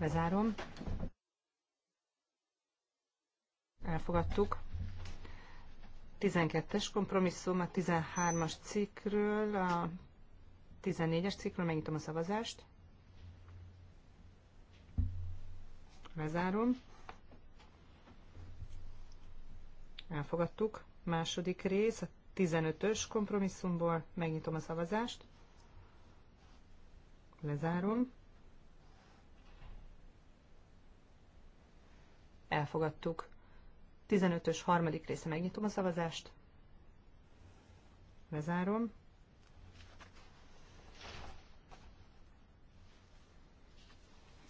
Lezárom. Elfogadtuk. 12-es kompromisszum a 13-as cikkről, a 14-es cikkről megnyitom a szavazást. Lezárom. Elfogadtuk. Második rész a 15-ös kompromisszumból. Megnyitom a szavazást. Lezárom. Elfogadtuk. 15-ös harmadik része megnyitom a szavazást. Lezárom.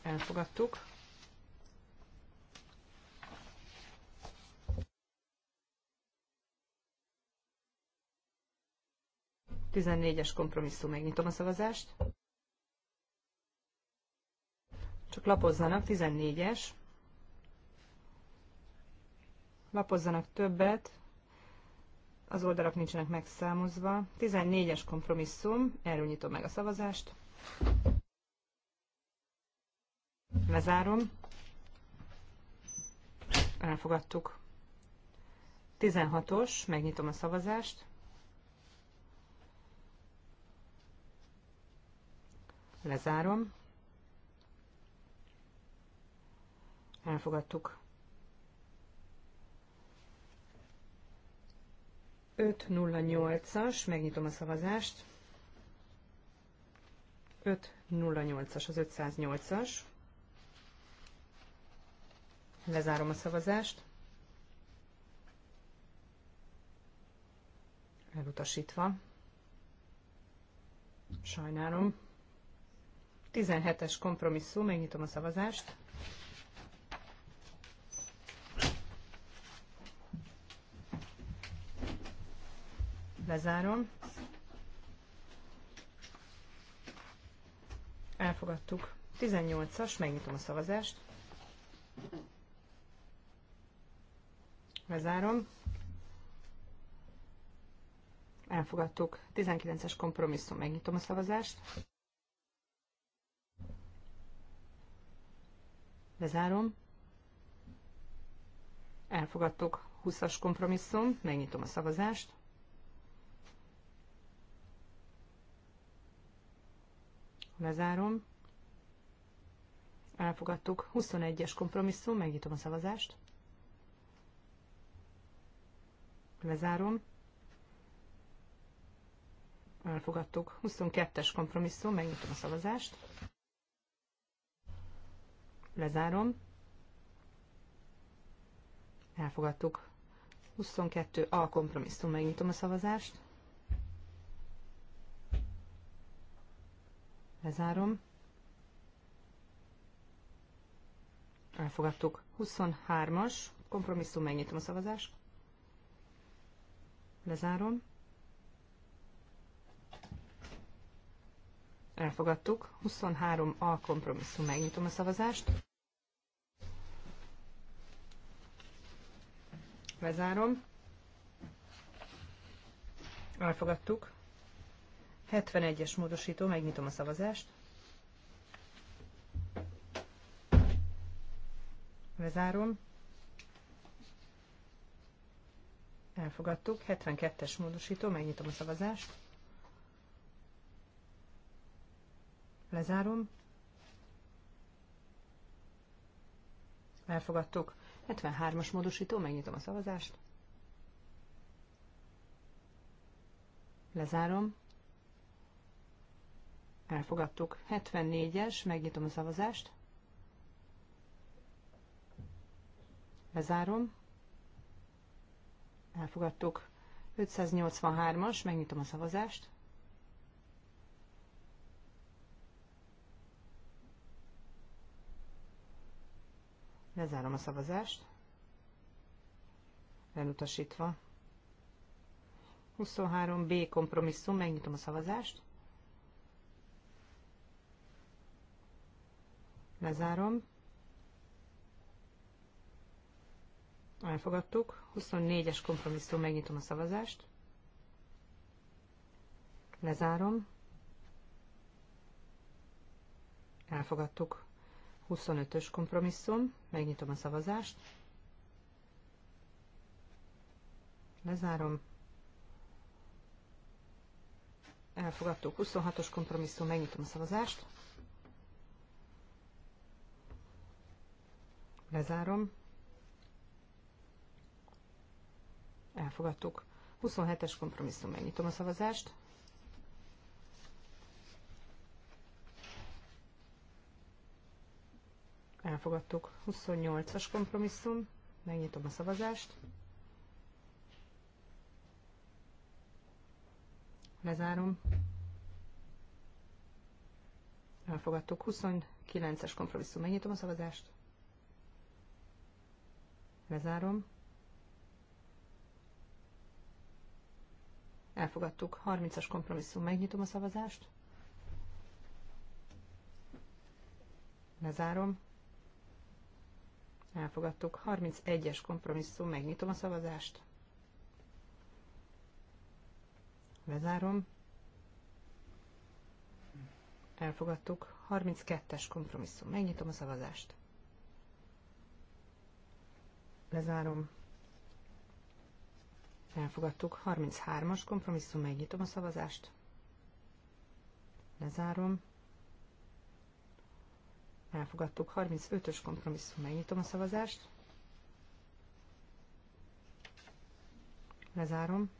Elfogadtuk. 14-es kompromisszum, megnyitom a szavazást. Csak lapozzanak, 14-es. Lapozzanak többet, az oldalak nincsenek megszámozva. 14-es kompromisszum, erről nyitom meg a szavazást. Lezárom. Elfogadtuk. 16-os, megnyitom a szavazást. Lezárom. Elfogadtuk. 508-as, megnyitom a szavazást. 508-as, az 508-as. Lezárom a szavazást. Elutasítva. Sajnálom. 17-es kompromisszum, megnyitom a szavazást. Lezárom. Elfogadtuk. 18-as, megnyitom a szavazást. Lezárom. Elfogadtuk. 19-es kompromisszum, megnyitom a szavazást. Lezárom. Elfogadtok 20-as kompromisszum. Megnyitom a szavazást. Lezárom. Elfogadtuk 21-es kompromisszum. Megnyitom a szavazást. Lezárom. Elfogadtuk 22-es kompromisszum. Megnyitom a szavazást. Lezárom. Elfogadtuk. 22 a kompromisszum. Megnyitom a szavazást. Lezárom. Elfogadtuk. 23-as kompromisszum. Megnyitom a szavazást. Lezárom. elfogadtuk. 23 a kompromisszum, megnyitom a szavazást. Bezárom. Elfogadtuk. 71-es módosító, megnyitom a szavazást. Bezárom. Elfogadtuk. 72-es módosító, megnyitom a szavazást. Lezárom. Elfogadtuk. 73-as módosító, megnyitom a szavazást. Lezárom. Elfogadtuk. 74-es, megnyitom a szavazást. Lezárom. Elfogadtuk. 583-as, megnyitom a szavazást. Lezárom a szavazást. Elutasítva. 23B kompromisszum, megnyitom a szavazást. Lezárom. Elfogadtuk. 24-es kompromisszum, megnyitom a szavazást. Lezárom. Elfogadtuk. 25-ös kompromisszum, megnyitom a szavazást, lezárom, elfogadtuk 26-os kompromisszum, megnyitom a szavazást, lezárom, elfogadtuk 27-es kompromisszum, megnyitom a szavazást, Elfogadtuk. 28-as kompromisszum. Megnyitom a szavazást. Lezárom. Elfogadtuk. 29-es kompromisszum. Megnyitom a szavazást. Lezárom. Elfogadtuk. 30-as kompromisszum. Megnyitom a szavazást. Lezárom. Elfogadtuk. 31-es kompromisszum. Megnyitom a szavazást. Lezárom. Elfogadtuk. 32-es kompromisszum. Megnyitom a szavazást. Lezárom. Elfogadtuk. 33-as kompromisszum. Megnyitom a szavazást. Lezárom elfogadtuk. 35-ös kompromisszum, megnyitom a szavazást. Lezárom.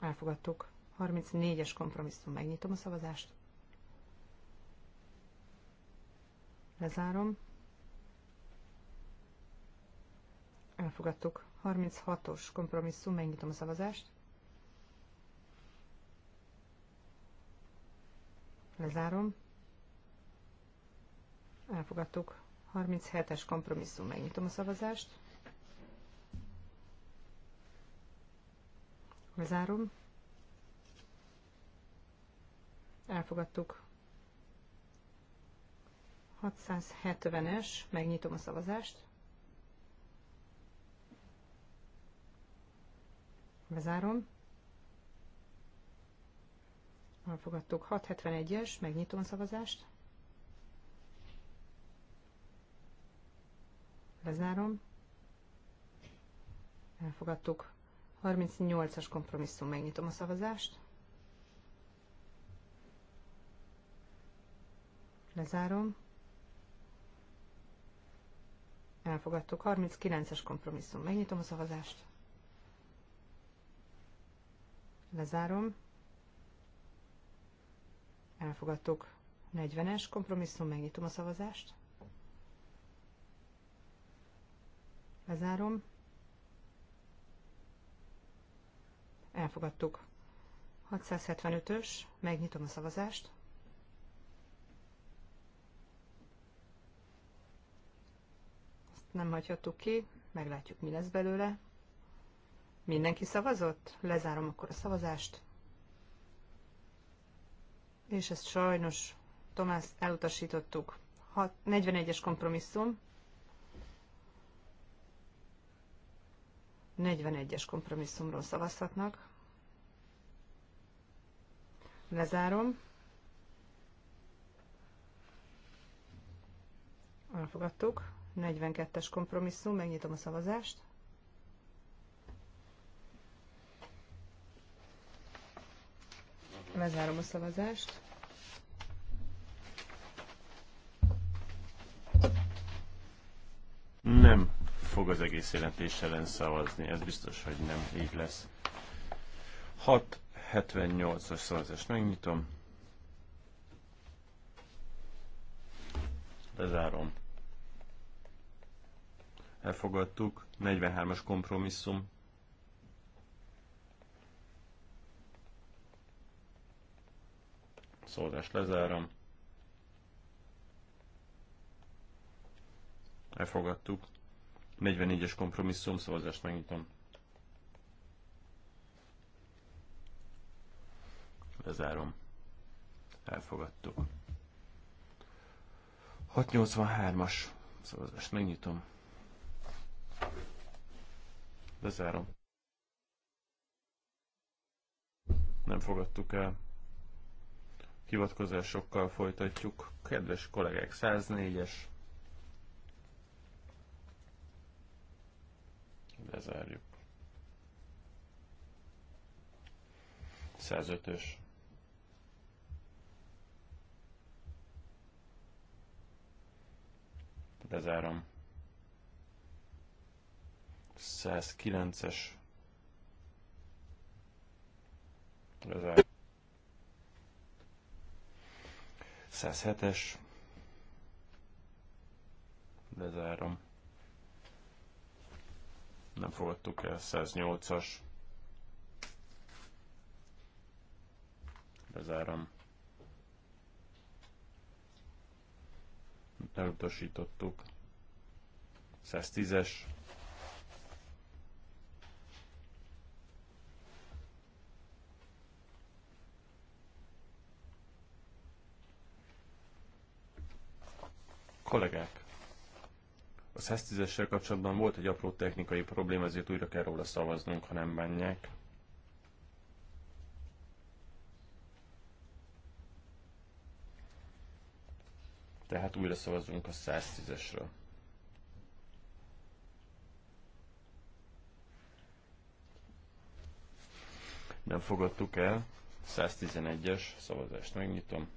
Elfogadtuk. 34-es kompromisszum, megnyitom a szavazást. Lezárom. Elfogadtuk. 36-os kompromisszum, megnyitom a szavazást. Lezárom. Elfogadtuk. 37-es kompromisszum. Megnyitom a szavazást. Lezárom. Elfogadtuk. 670-es. Megnyitom a szavazást. Lezárom. Elfogadtuk. 671-es, megnyitom a szavazást. Lezárom. Elfogadtuk. 38-as kompromisszum, megnyitom a szavazást. Lezárom. Elfogadtuk. 39-es kompromisszum. Megnyitom a szavazást. Lezárom elfogadtuk. 40-es kompromisszum, megnyitom a szavazást. Lezárom. Elfogadtuk. 675-ös, megnyitom a szavazást. Ezt nem hagyhattuk ki, meglátjuk mi lesz belőle. Mindenki szavazott? Lezárom akkor a szavazást és ezt sajnos, Tomás, elutasítottuk. 41-es kompromisszum. 41-es kompromisszumról szavazhatnak. Lezárom. Elfogadtuk. 42-es kompromisszum, megnyitom a szavazást. Lezárom a szavazást. Nem fog az egész jelentés ellen szavazni, ez biztos, hogy nem így lesz. 678-as szavazást megnyitom. Lezárom. Elfogadtuk. 43-as kompromisszum szavazást lezárom. Elfogadtuk. 44-es kompromisszum, szavazást megnyitom. Lezárom. Elfogadtuk. 683-as szavazást megnyitom. Lezárom. Nem fogadtuk el hivatkozásokkal folytatjuk. Kedves kollégák, 104-es. Lezárjuk. 105-ös. Lezárom. 109-es. Lezárom. 107-es. Lezárom. Nem fogadtuk el. 108-as. Lezárom. Elutasítottuk. 110-es. Kollégák, a 110-essel kapcsolatban volt egy apró technikai probléma, ezért újra kell róla szavaznunk, ha nem bánják. Tehát újra szavazunk a 110-esről. Nem fogadtuk el. 111-es szavazást megnyitom.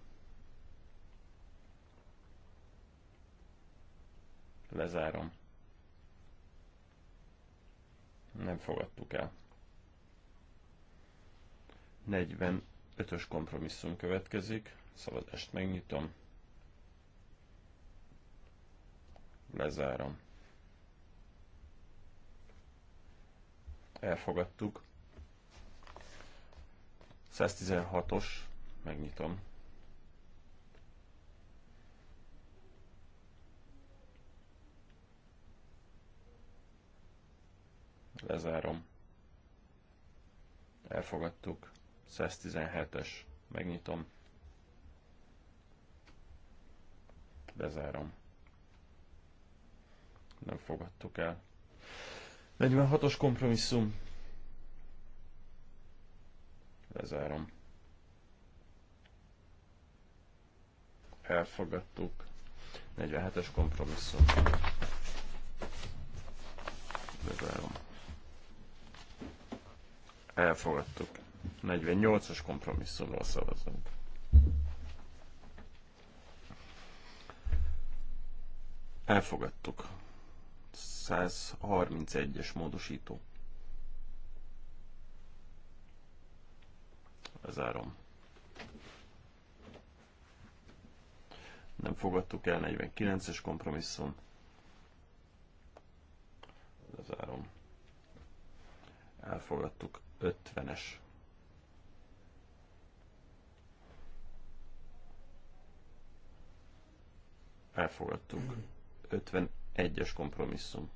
Lezárom. Nem fogadtuk el. 45-ös kompromisszum következik. Szavazást megnyitom. Lezárom. Elfogadtuk. 116-os. Megnyitom. lezárom. Elfogadtuk. 117-es. Megnyitom. Bezárom. Nem fogadtuk el. 46-os kompromisszum. Lezárom. Elfogadtuk. 47-es kompromisszum. Bezárom elfogadtuk. 48-as kompromisszumról szavazunk. Elfogadtuk. 131-es módosító. Lezárom. Nem fogadtuk el 49-es kompromisszum. Lezárom. Elfogadtuk 50-es. Elfogadtuk. 51-es kompromisszum.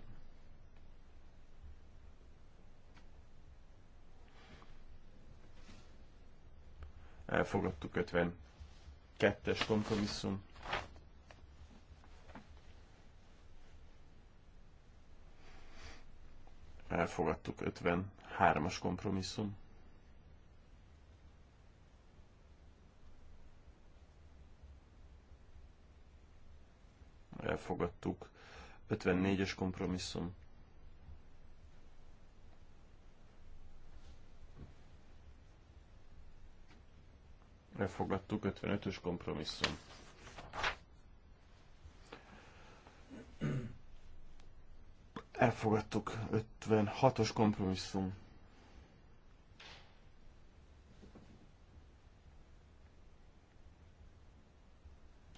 Elfogadtuk 52-es kompromisszum. Elfogadtuk Hármas kompromisszum. Elfogadtuk. 54-es kompromisszum. Elfogadtuk 55-ös kompromisszum. Elfogadtuk 56-os kompromisszum.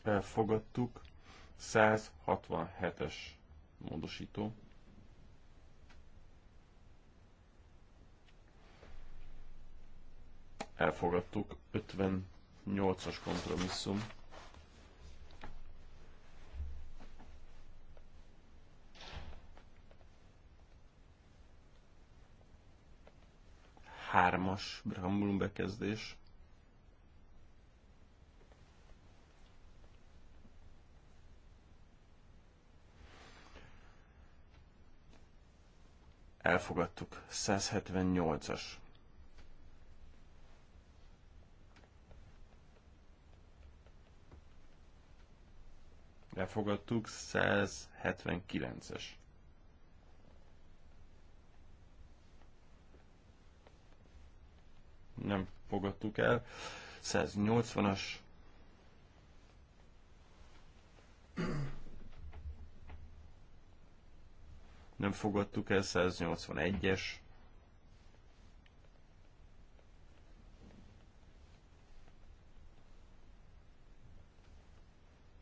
Elfogadtuk 167-es módosító. Elfogadtuk 58-as kompromisszum. hármas Brambulum bekezdés. Elfogadtuk. 178-as. Elfogadtuk. 179-es. nem fogadtuk el. 180-as nem fogadtuk el, 181-es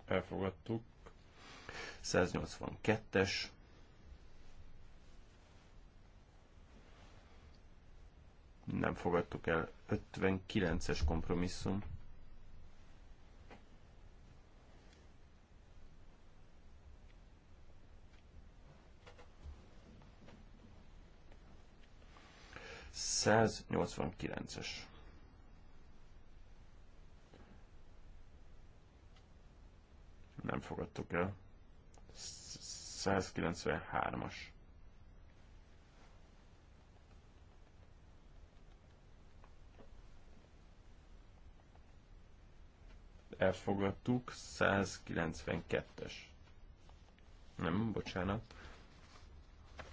elfogadtuk, 182-es nem fogadtuk el. 59-es kompromisszum. Száz nyolcvan kilences. Nem fogadtuk el. 193-as. elfogadtuk, 192-es. Nem, bocsánat.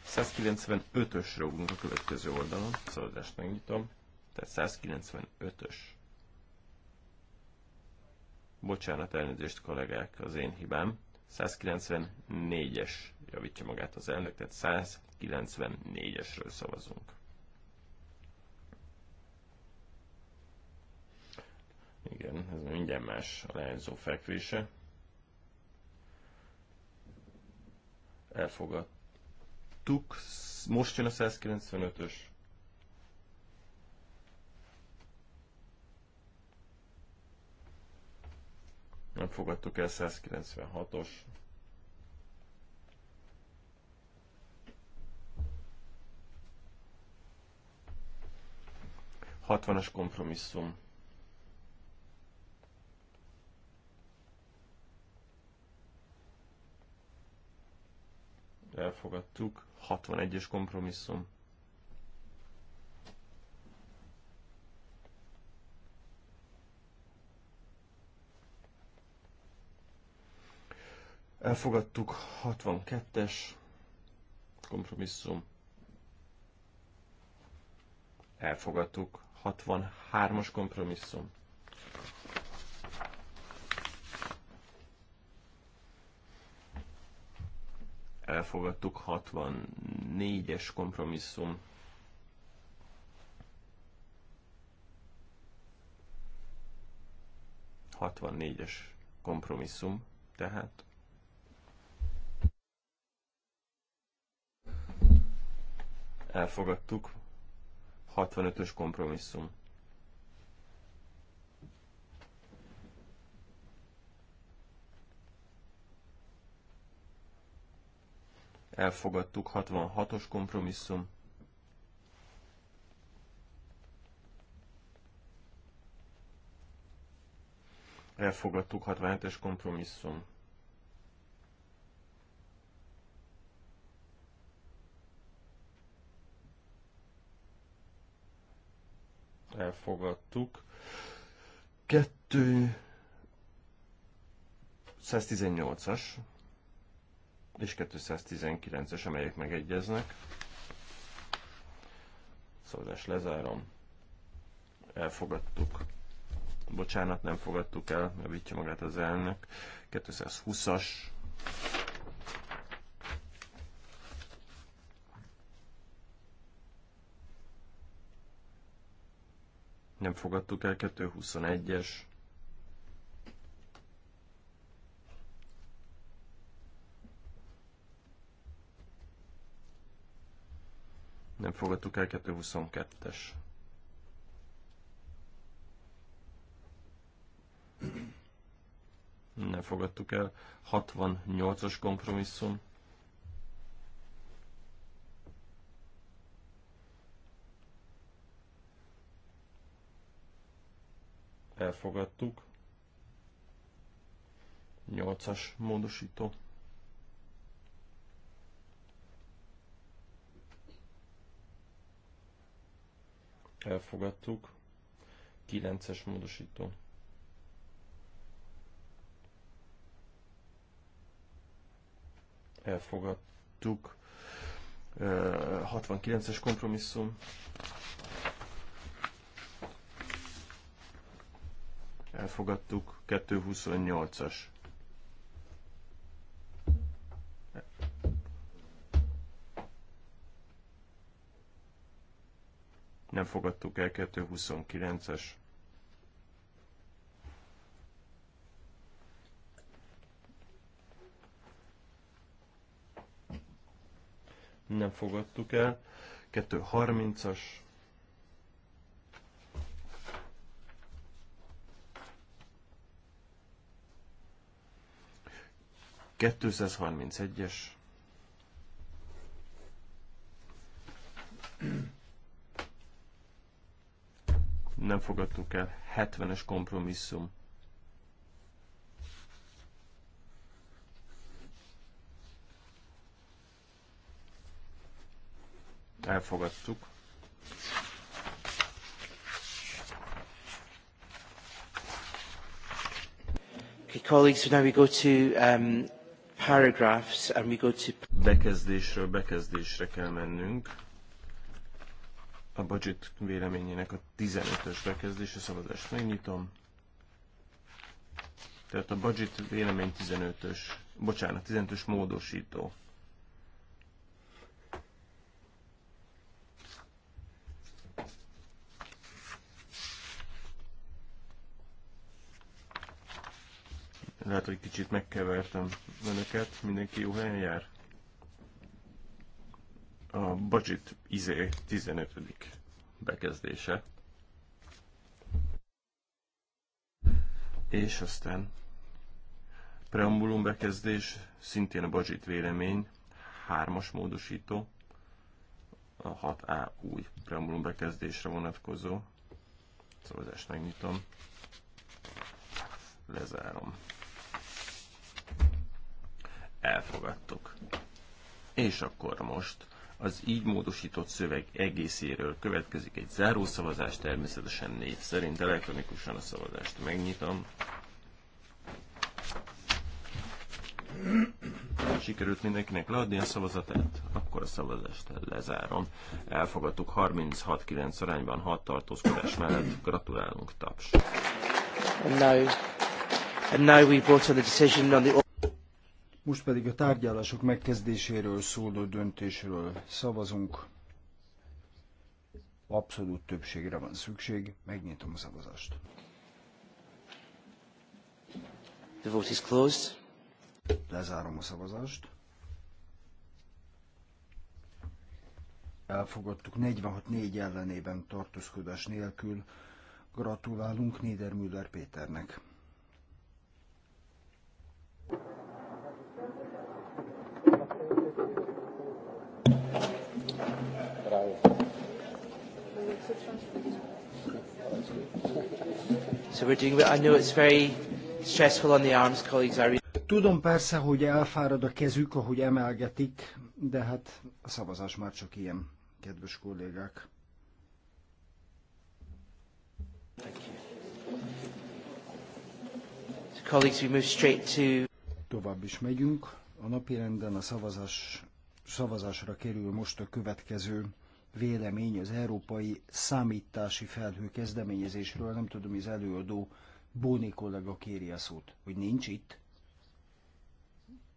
195-ösre ugrunk a következő oldalon, ezt megnyitom. Tehát 195-ös. Bocsánat, elnézést kollégák, az én hibám. 194-es javítja magát az elnök, tehát 194-esről szavazunk. Igen, ez már mindjárt más a leányzó fekvése. Elfogadtuk. Most jön a 195-ös. Nem fogadtuk el 196-os. Hatvanas kompromisszum. elfogadtuk. 61-es kompromisszum. Elfogadtuk 62-es kompromisszum. Elfogadtuk 63-as kompromisszum. elfogadtuk 64-es kompromisszum. Hatvannégyes kompromisszum, tehát elfogadtuk 65-ös kompromisszum. elfogadtuk, 66-os kompromisszum. Elfogadtuk, 67-es kompromisszum. Elfogadtuk. 2 118-as és 219-es, amelyek megegyeznek. Szavazást lezárom. Elfogadtuk. Bocsánat, nem fogadtuk el, javítja magát az elnök. 220-as. Nem fogadtuk el, 221-es. nem fogadtuk el 222-es. Nem fogadtuk el 68-as kompromisszum. Elfogadtuk. 8-as módosító. elfogadtuk. 9-es módosító. Elfogadtuk. 69-es kompromisszum. Elfogadtuk. 228-as. nem fogadtuk el 229-es. Nem fogadtuk el. 230-as. Kettőszázharmincegyes. es nem fogadtuk el. 70-es kompromisszum. Elfogadtuk. Okay, colleagues, now we go to um, paragraphs and we go to... Bekezdésről bekezdésre kell mennünk. A budget véleményének a 15-ös bekezdése szavazást megnyitom. Tehát a budget vélemény 15-ös, bocsánat, 15-ös módosító. Lehet, hogy kicsit megkevertem önöket, mindenki jó helyen jár a budget izé 15. bekezdése. És aztán preambulum bekezdés, szintén a budget vélemény, hármas módosító, a 6A új preambulum bekezdésre vonatkozó. Szavazást megnyitom. Lezárom. Elfogadtuk. És akkor most az így módosított szöveg egészéről következik egy zárószavazás, természetesen név szerint elektronikusan a szavazást megnyitom. Sikerült mindenkinek leadni a szavazatát, akkor a szavazást lezárom. Elfogadtuk 36-9 arányban 6 tartózkodás mellett. Gratulálunk, Taps! And now, and now we brought on the decision on the most pedig a tárgyalások megkezdéséről szóló döntésről szavazunk. Abszolút többségre van szükség. Megnyitom a szavazást. The vote is closed. Lezárom a szavazást. Elfogadtuk 46-4 ellenében tartózkodás nélkül. Gratulálunk Niedermüller Péternek. So we're doing, I know it's very stressful on the arms, colleagues. Are... Tudom persze, hogy elfárad a kezük, ahogy emelgetik, de hát a szavazás már csak ilyen, kedves kollégák. Thank you. So colleagues, we move straight to... Tovább is megyünk. A napirenden a szavazás, szavazásra kerül most a következő vélemény az európai számítási felhő kezdeményezésről. Nem tudom, hogy az előadó Bóni kollega kéri a szót, hogy nincs itt.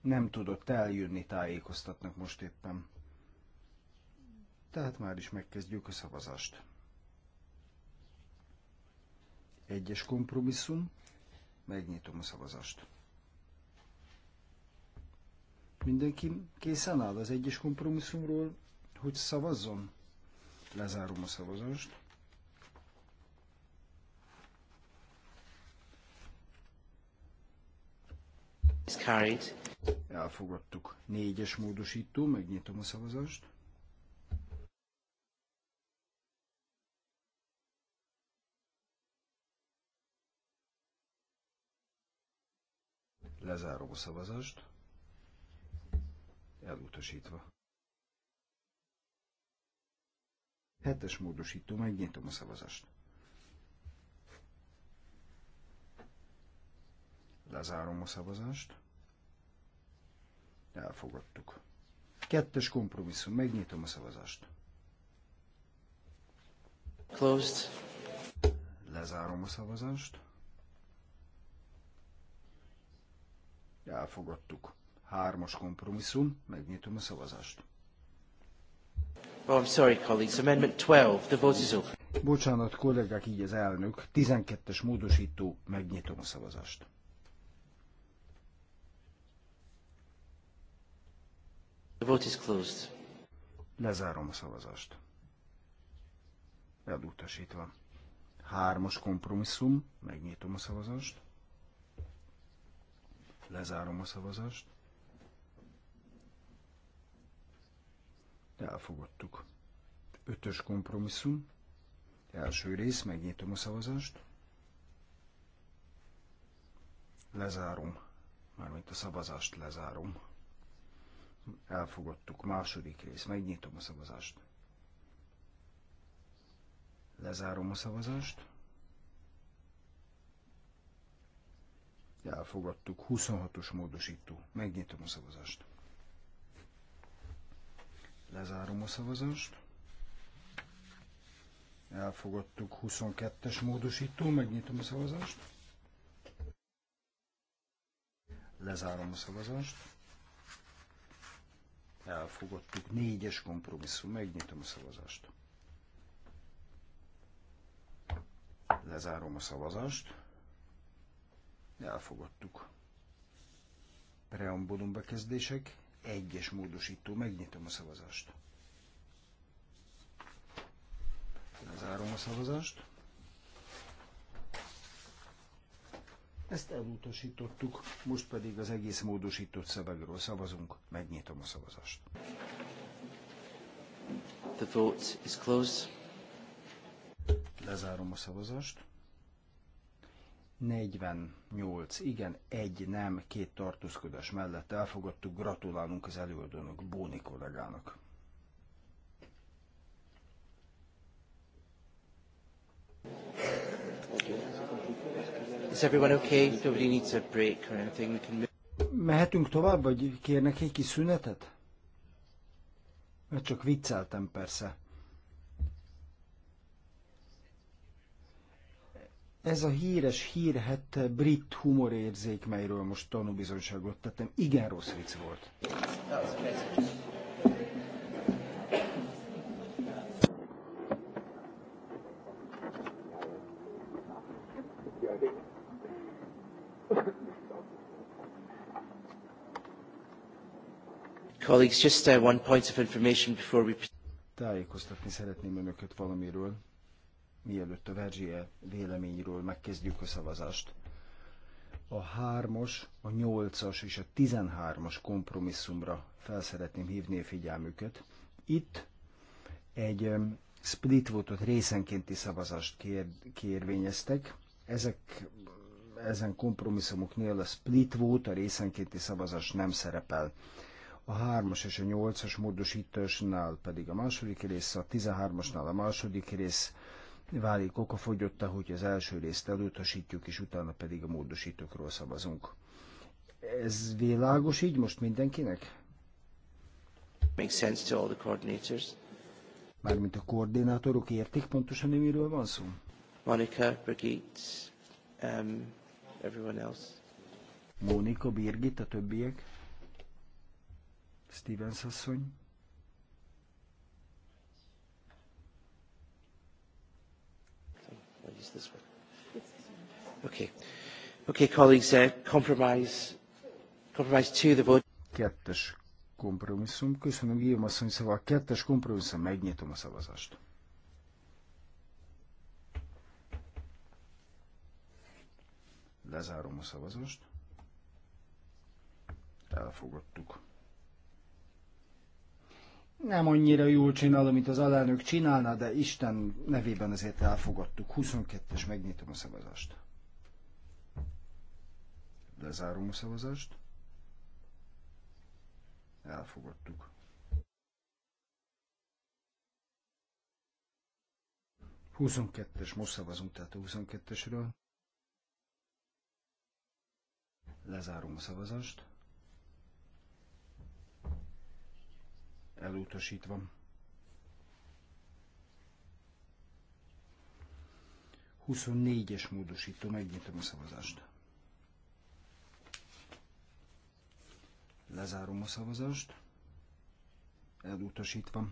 Nem tudott eljönni, tájékoztatnak most éppen. Tehát már is megkezdjük a szavazást. Egyes kompromisszum, megnyitom a szavazást. Mindenki készen áll az egyes kompromisszumról, hogy szavazzon? Lezárom a szavazást. Elfogadtuk. Négyes módosító, megnyitom a szavazást. Lezárom a szavazást. Elutasítva. Hetes módosító, megnyitom a szavazást. Lezárom a szavazást. Elfogadtuk. Kettes kompromisszum, megnyitom a szavazást. Closed. Lezárom a szavazást. Elfogadtuk. Hármas kompromisszum, megnyitom a szavazást. Oh, I'm sorry, colleagues. Amendment 12. The vote is Bocsánat, kollégák, így az elnök. 12-es módosító, megnyitom a szavazást. The vote is closed. Lezárom a szavazást. Elutasítva. Hármas kompromisszum, megnyitom a szavazást. Lezárom a szavazást. Elfogadtuk. Ötös kompromisszum. Első rész, megnyitom a szavazást. Lezárom. Mármint a szavazást lezárom. Elfogadtuk. Második rész, megnyitom a szavazást. Lezárom a szavazást. Elfogadtuk. 26-os módosító. Megnyitom a szavazást. Lezárom a szavazást. Elfogadtuk 22-es módosító, megnyitom a szavazást. Lezárom a szavazást. Elfogadtuk 4-es kompromisszum, megnyitom a szavazást. Lezárom a szavazást. Elfogadtuk. Preambulum bekezdések, egyes módosító. Megnyitom a szavazást. Lezárom a szavazást. Ezt elutasítottuk, most pedig az egész módosított szövegről szavazunk. Megnyitom a szavazást. The vote is closed. Lezárom a szavazást. 48, igen, egy nem, két tartózkodás mellett elfogadtuk, gratulálunk az előadónak, Bóni kollégának. Is everyone okay? Nobody needs a break or anything. We can Mehetünk tovább, vagy kérnek egy kis szünetet? Mert csak vicceltem persze. Ez a híres, hírhet brit humorérzék, melyről most tanúbizonyságot tettem, igen rossz vicc volt. Colleagues, just uh, one point of information before we... Tájékoztatni szeretném önöket valamiről mielőtt a Verzsie véleményről megkezdjük a szavazást. A 3-as, a 8-as és a 13-as kompromisszumra felszeretném hívni a figyelmüket. Itt egy split votot részenkénti szavazást kér, kérvényeztek. Ezek, ezen kompromisszumoknél a split vote, a részenkénti szavazás nem szerepel. A 3-as és a 8-as módosításnál pedig a második rész, a 13-asnál a második rész, válik okafogyotta, hogy az első részt elutasítjuk, és utána pedig a módosítókról szavazunk. Ez világos így most mindenkinek? Makes sense to all the coordinators. Mármint a koordinátorok értik pontosan, hogy miről van szó? Monica, Brigitte, um, everyone else. Monika, Birgit, a többiek. Stevens asszony. is this one. Okay. Okay, colleagues, uh, compromise, compromise to the vote. Kettes kompromisszum. Köszönöm, Guillaume asszony, szóval kettes kompromisszum, megnyitom a szavazást. Lezárom a szavazást. Elfogadtuk nem annyira jól csinálom, mint az alelnök csinálna, de Isten nevében azért elfogadtuk. 22-es, megnyitom a szavazást. Lezárom a szavazást. Elfogadtuk. Huszonkettes, most szavazunk tehát a 22-esről. Lezárom a szavazást. elutasítva. Huszonnégyes módosító, megnyitom a szavazást. Lezárom a szavazást. Elutasítva.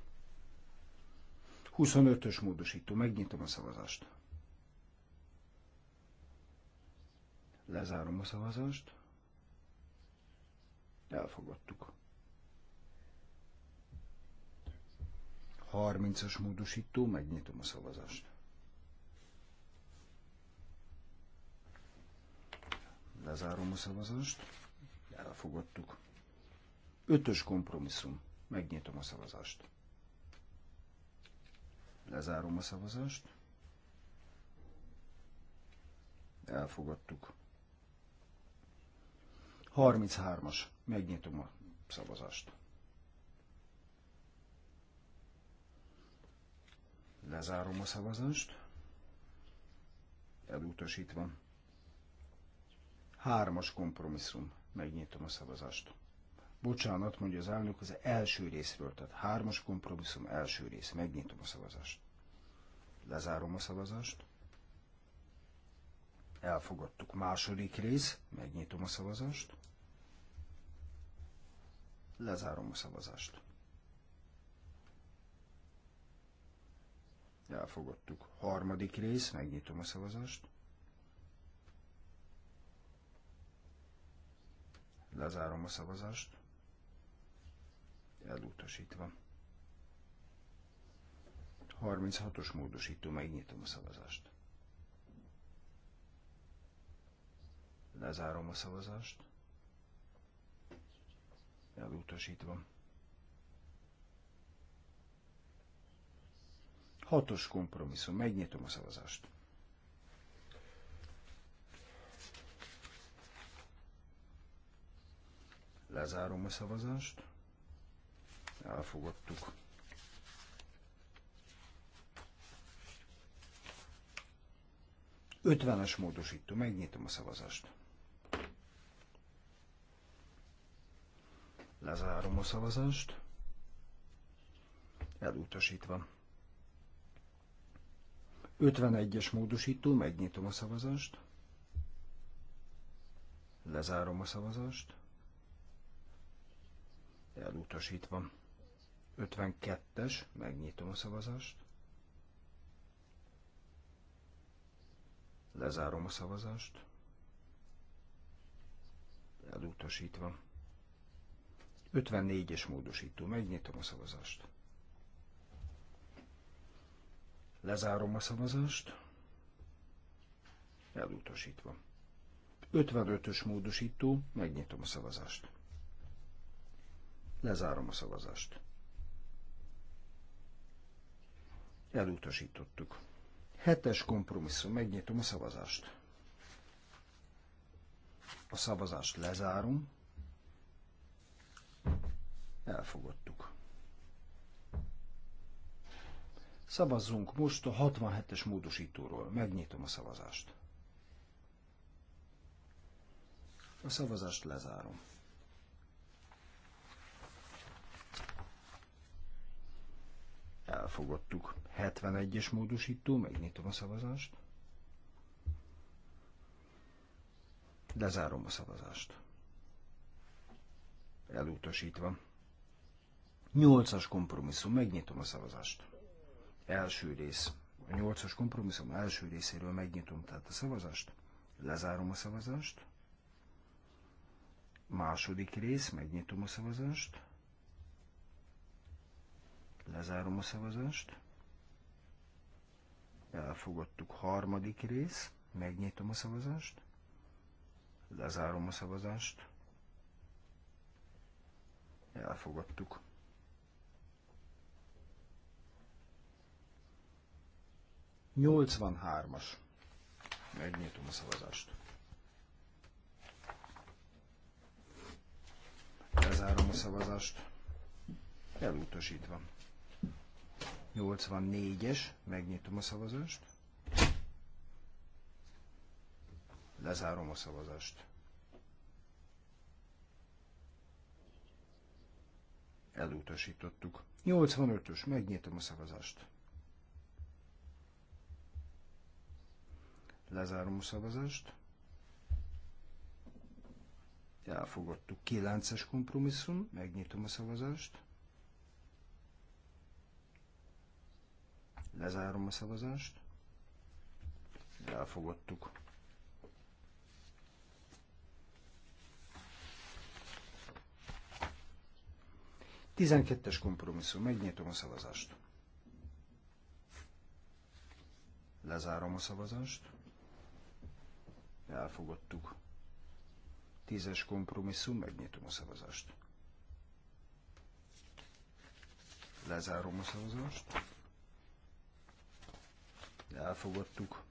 25-ös módosító, megnyitom a szavazást. Lezárom a szavazást. Elfogadtuk. 30-as módosító, megnyitom a szavazást. Lezárom a szavazást, elfogadtuk. Ötös kompromisszum, megnyitom a szavazást. Lezárom a szavazást. Elfogadtuk. 33-as, megnyitom a szavazást. Lezárom a szavazást. Elutasítva. Hármas kompromisszum. Megnyitom a szavazást. Bocsánat, mondja az elnök, az első részről, tehát hármas kompromisszum első rész. Megnyitom a szavazást. Lezárom a szavazást. Elfogadtuk második rész. Megnyitom a szavazást. Lezárom a szavazást. elfogadtuk. Harmadik rész, megnyitom a szavazást. Lezárom a szavazást. Elutasítva. 36-os módosító, megnyitom a szavazást. Lezárom a szavazást. Elutasítva. Hatos kompromisszum. Megnyitom a szavazást. Lezárom a szavazást. Elfogadtuk. Ötvenes módosító. Megnyitom a szavazást. Lezárom a szavazást. Elutasítva. 51-es módosító, megnyitom a szavazást. Lezárom a szavazást. Elutasítva. 52-es, megnyitom a szavazást. Lezárom a szavazást. Elutasítva. 54-es módosító, megnyitom a szavazást. Lezárom a szavazást. Elutasítva. 55-ös módosító, megnyitom a szavazást. Lezárom a szavazást. Elutasítottuk. Hetes kompromisszum, megnyitom a szavazást. A szavazást lezárom. Elfogadtuk. Szavazzunk most a 67-es módosítóról. Megnyitom a szavazást. A szavazást lezárom. Elfogadtuk. 71-es módosító, megnyitom a szavazást. Lezárom a szavazást. Elutasítva. 8-as kompromisszum, megnyitom a szavazást. Első rész. A nyolcas kompromisszum első részéről megnyitom tehát a szavazást. Lezárom a szavazást. Második rész, megnyitom a szavazást. Lezárom a szavazást. Elfogadtuk harmadik rész, megnyitom a szavazást. Lezárom a szavazást. Elfogadtuk. 83-as. Megnyitom a szavazást. Lezárom a szavazást. Elutasítva. 84-es. Megnyitom a szavazást. Lezárom a szavazást. Elutasítottuk. 85-ös. Megnyitom a szavazást. Lezárom a szavazást. Elfogadtuk 9-es kompromisszum, megnyitom a szavazást. Lezárom a szavazást. Elfogadtuk. Tizenkettes kompromisszum, megnyitom a szavazást. Lezárom a szavazást elfogadtuk. Tízes kompromisszum, megnyitom a szavazást. Lezárom a szavazást. Elfogadtuk.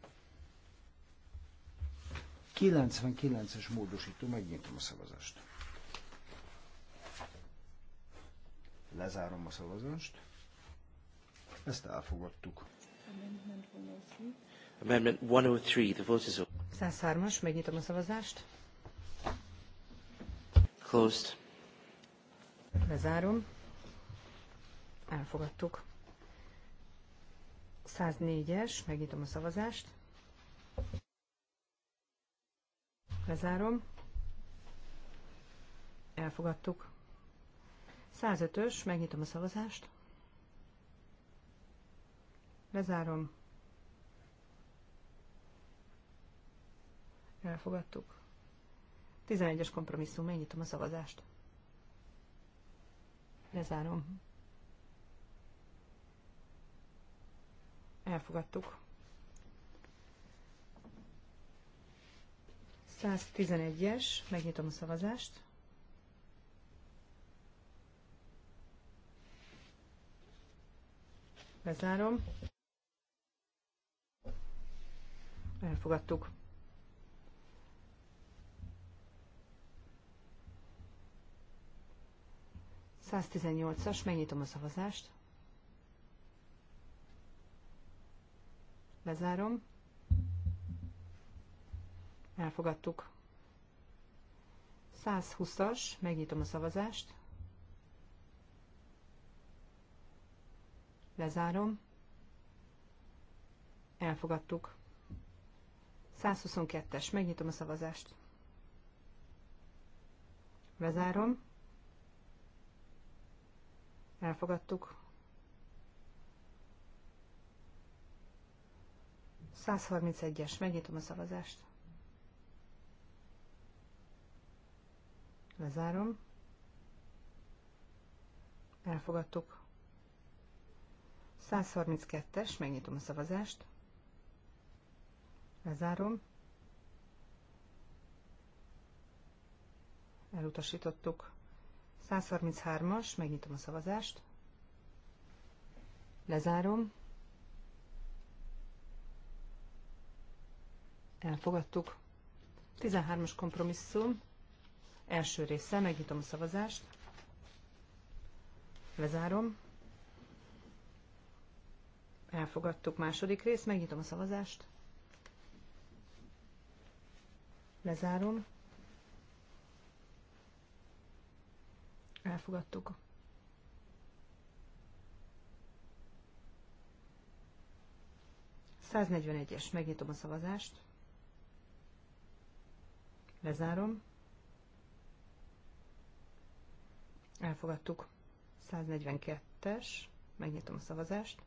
99-es módosító, megnyitom a szavazást. Lezárom a szavazást. Ezt elfogadtuk. Amendment 103. Amendment 103, the vote is open. 203 as megnyitom a szavazást. Closed. Lezárom. Elfogadtuk. 104-es, megnyitom a szavazást. Lezárom. Elfogadtuk. 105-ös, megnyitom a szavazást. Lezárom. Elfogadtuk. 11-es kompromisszum, megnyitom a szavazást. Lezárom. Elfogadtuk. 111-es, megnyitom a szavazást. Lezárom. Elfogadtuk. 118-as, megnyitom a szavazást. Lezárom. Elfogadtuk. 120-as, megnyitom a szavazást. Lezárom. Elfogadtuk. 122-es, megnyitom a szavazást. Lezárom elfogadtuk. 131-es, megnyitom a szavazást. Lezárom. Elfogadtuk. 132-es, megnyitom a szavazást. Lezárom. Elutasítottuk. 133-as, megnyitom a szavazást. Lezárom. Elfogadtuk. 13-as kompromisszum. Első része, megnyitom a szavazást. Lezárom. Elfogadtuk második rész, megnyitom a szavazást. Lezárom. elfogadtuk. es megnyitom a szavazást. Lezárom. Elfogadtuk. 142-es, megnyitom a szavazást.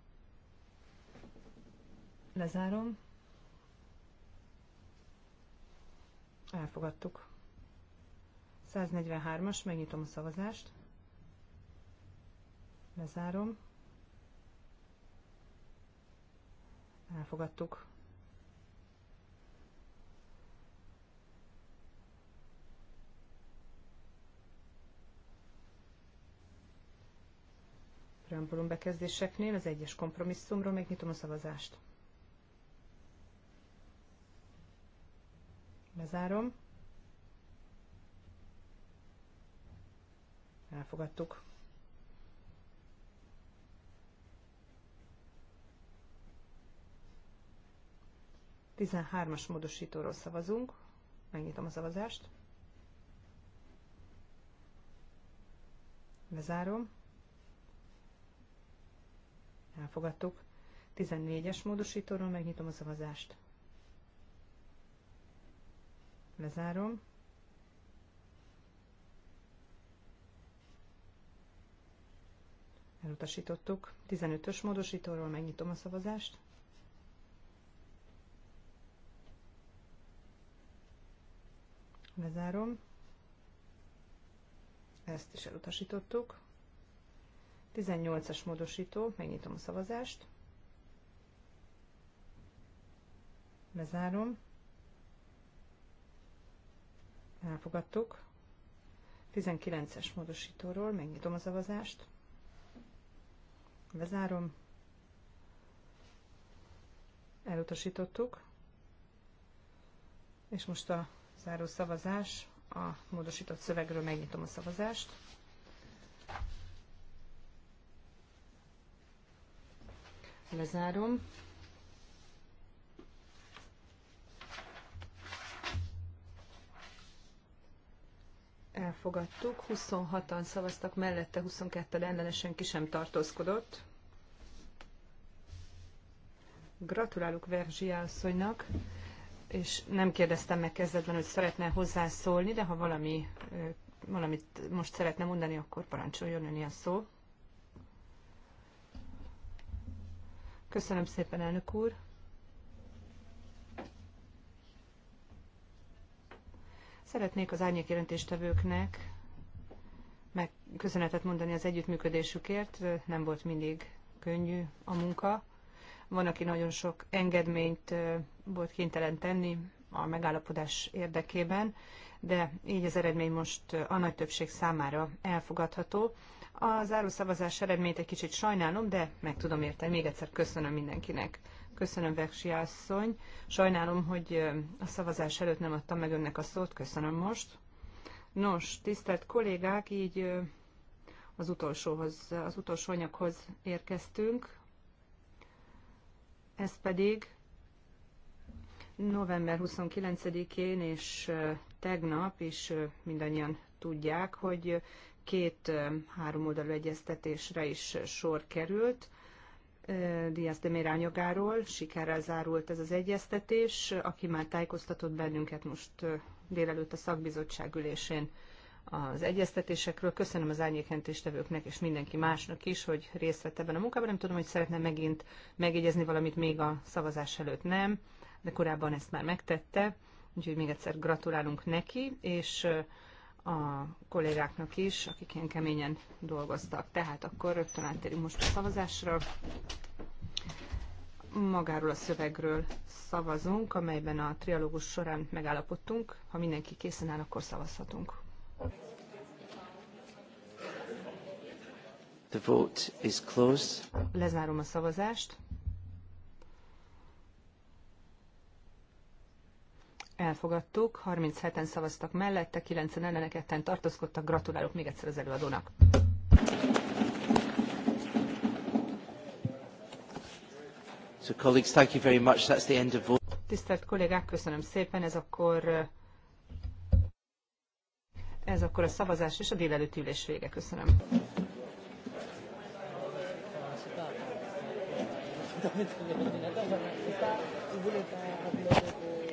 Lezárom. Elfogadtuk. 143-as, megnyitom a szavazást. Lezárom. Elfogadtuk. Preambulum bekezdéseknél az egyes kompromisszumról megnyitom a szavazást. Lezárom. Elfogadtuk. Tizenhármas módosítóról szavazunk. Megnyitom a szavazást. Lezárom. Elfogadtuk. 14-es módosítóról megnyitom a szavazást. Lezárom. elutasítottuk. 15-ös módosítóról megnyitom a szavazást. Lezárom. Ezt is elutasítottuk. 18-as módosító, megnyitom a szavazást. Lezárom. Elfogadtuk. 19-es módosítóról megnyitom a szavazást. Lezárom. Elutasítottuk. És most a záró szavazás. A módosított szövegről megnyitom a szavazást. Lezárom. elfogadtuk, 26-an szavaztak mellette, 22 tel ellenesen ki sem tartózkodott. Gratulálok Verzsi asszonynak, és nem kérdeztem meg kezdetben, hogy szeretne hozzászólni, de ha valami, valamit most szeretne mondani, akkor parancsoljon öni a szó. Köszönöm szépen, elnök úr! Szeretnék az árnyék jelentéstevőknek megköszönetet mondani az együttműködésükért. Nem volt mindig könnyű a munka. Van, aki nagyon sok engedményt volt kénytelen tenni a megállapodás érdekében, de így az eredmény most a nagy többség számára elfogadható. A záró szavazás eredményt egy kicsit sajnálom, de meg tudom érteni. Még egyszer köszönöm mindenkinek. Köszönöm, Veksi asszony. Sajnálom, hogy a szavazás előtt nem adtam meg önnek a szót. Köszönöm most. Nos, tisztelt kollégák, így az utolsóhoz, az utolsó anyaghoz érkeztünk. Ez pedig november 29-én és tegnap is mindannyian tudják, hogy két oldalú egyeztetésre is sor került Díaz de Mérányogáról. Sikerrel zárult ez az egyeztetés, aki már tájékoztatott bennünket most délelőtt a szakbizottság ülésén az egyeztetésekről. Köszönöm az árnyékentéstevőknek és mindenki másnak is, hogy részt vett ebben a munkában. Nem tudom, hogy szeretne megint megjegyezni valamit még a szavazás előtt nem, de korábban ezt már megtette. Úgyhogy még egyszer gratulálunk neki, és a kollégáknak is, akik ilyen keményen dolgoztak. Tehát akkor rögtön áttérünk most a szavazásra. Magáról a szövegről szavazunk, amelyben a trialógus során megállapodtunk. Ha mindenki készen áll, akkor szavazhatunk. The vote is closed. Lezárom a szavazást. Elfogadtuk, 37-en szavaztak mellette, 90 en tartózkodtak. Gratulálok még egyszer az előadónak. So colleagues, thank you very much. That's the end of vote. Tisztelt kollégák, köszönöm szépen. Ez akkor ez akkor a szavazás és a délelőtt ülés vége. Köszönöm. Köszönöm.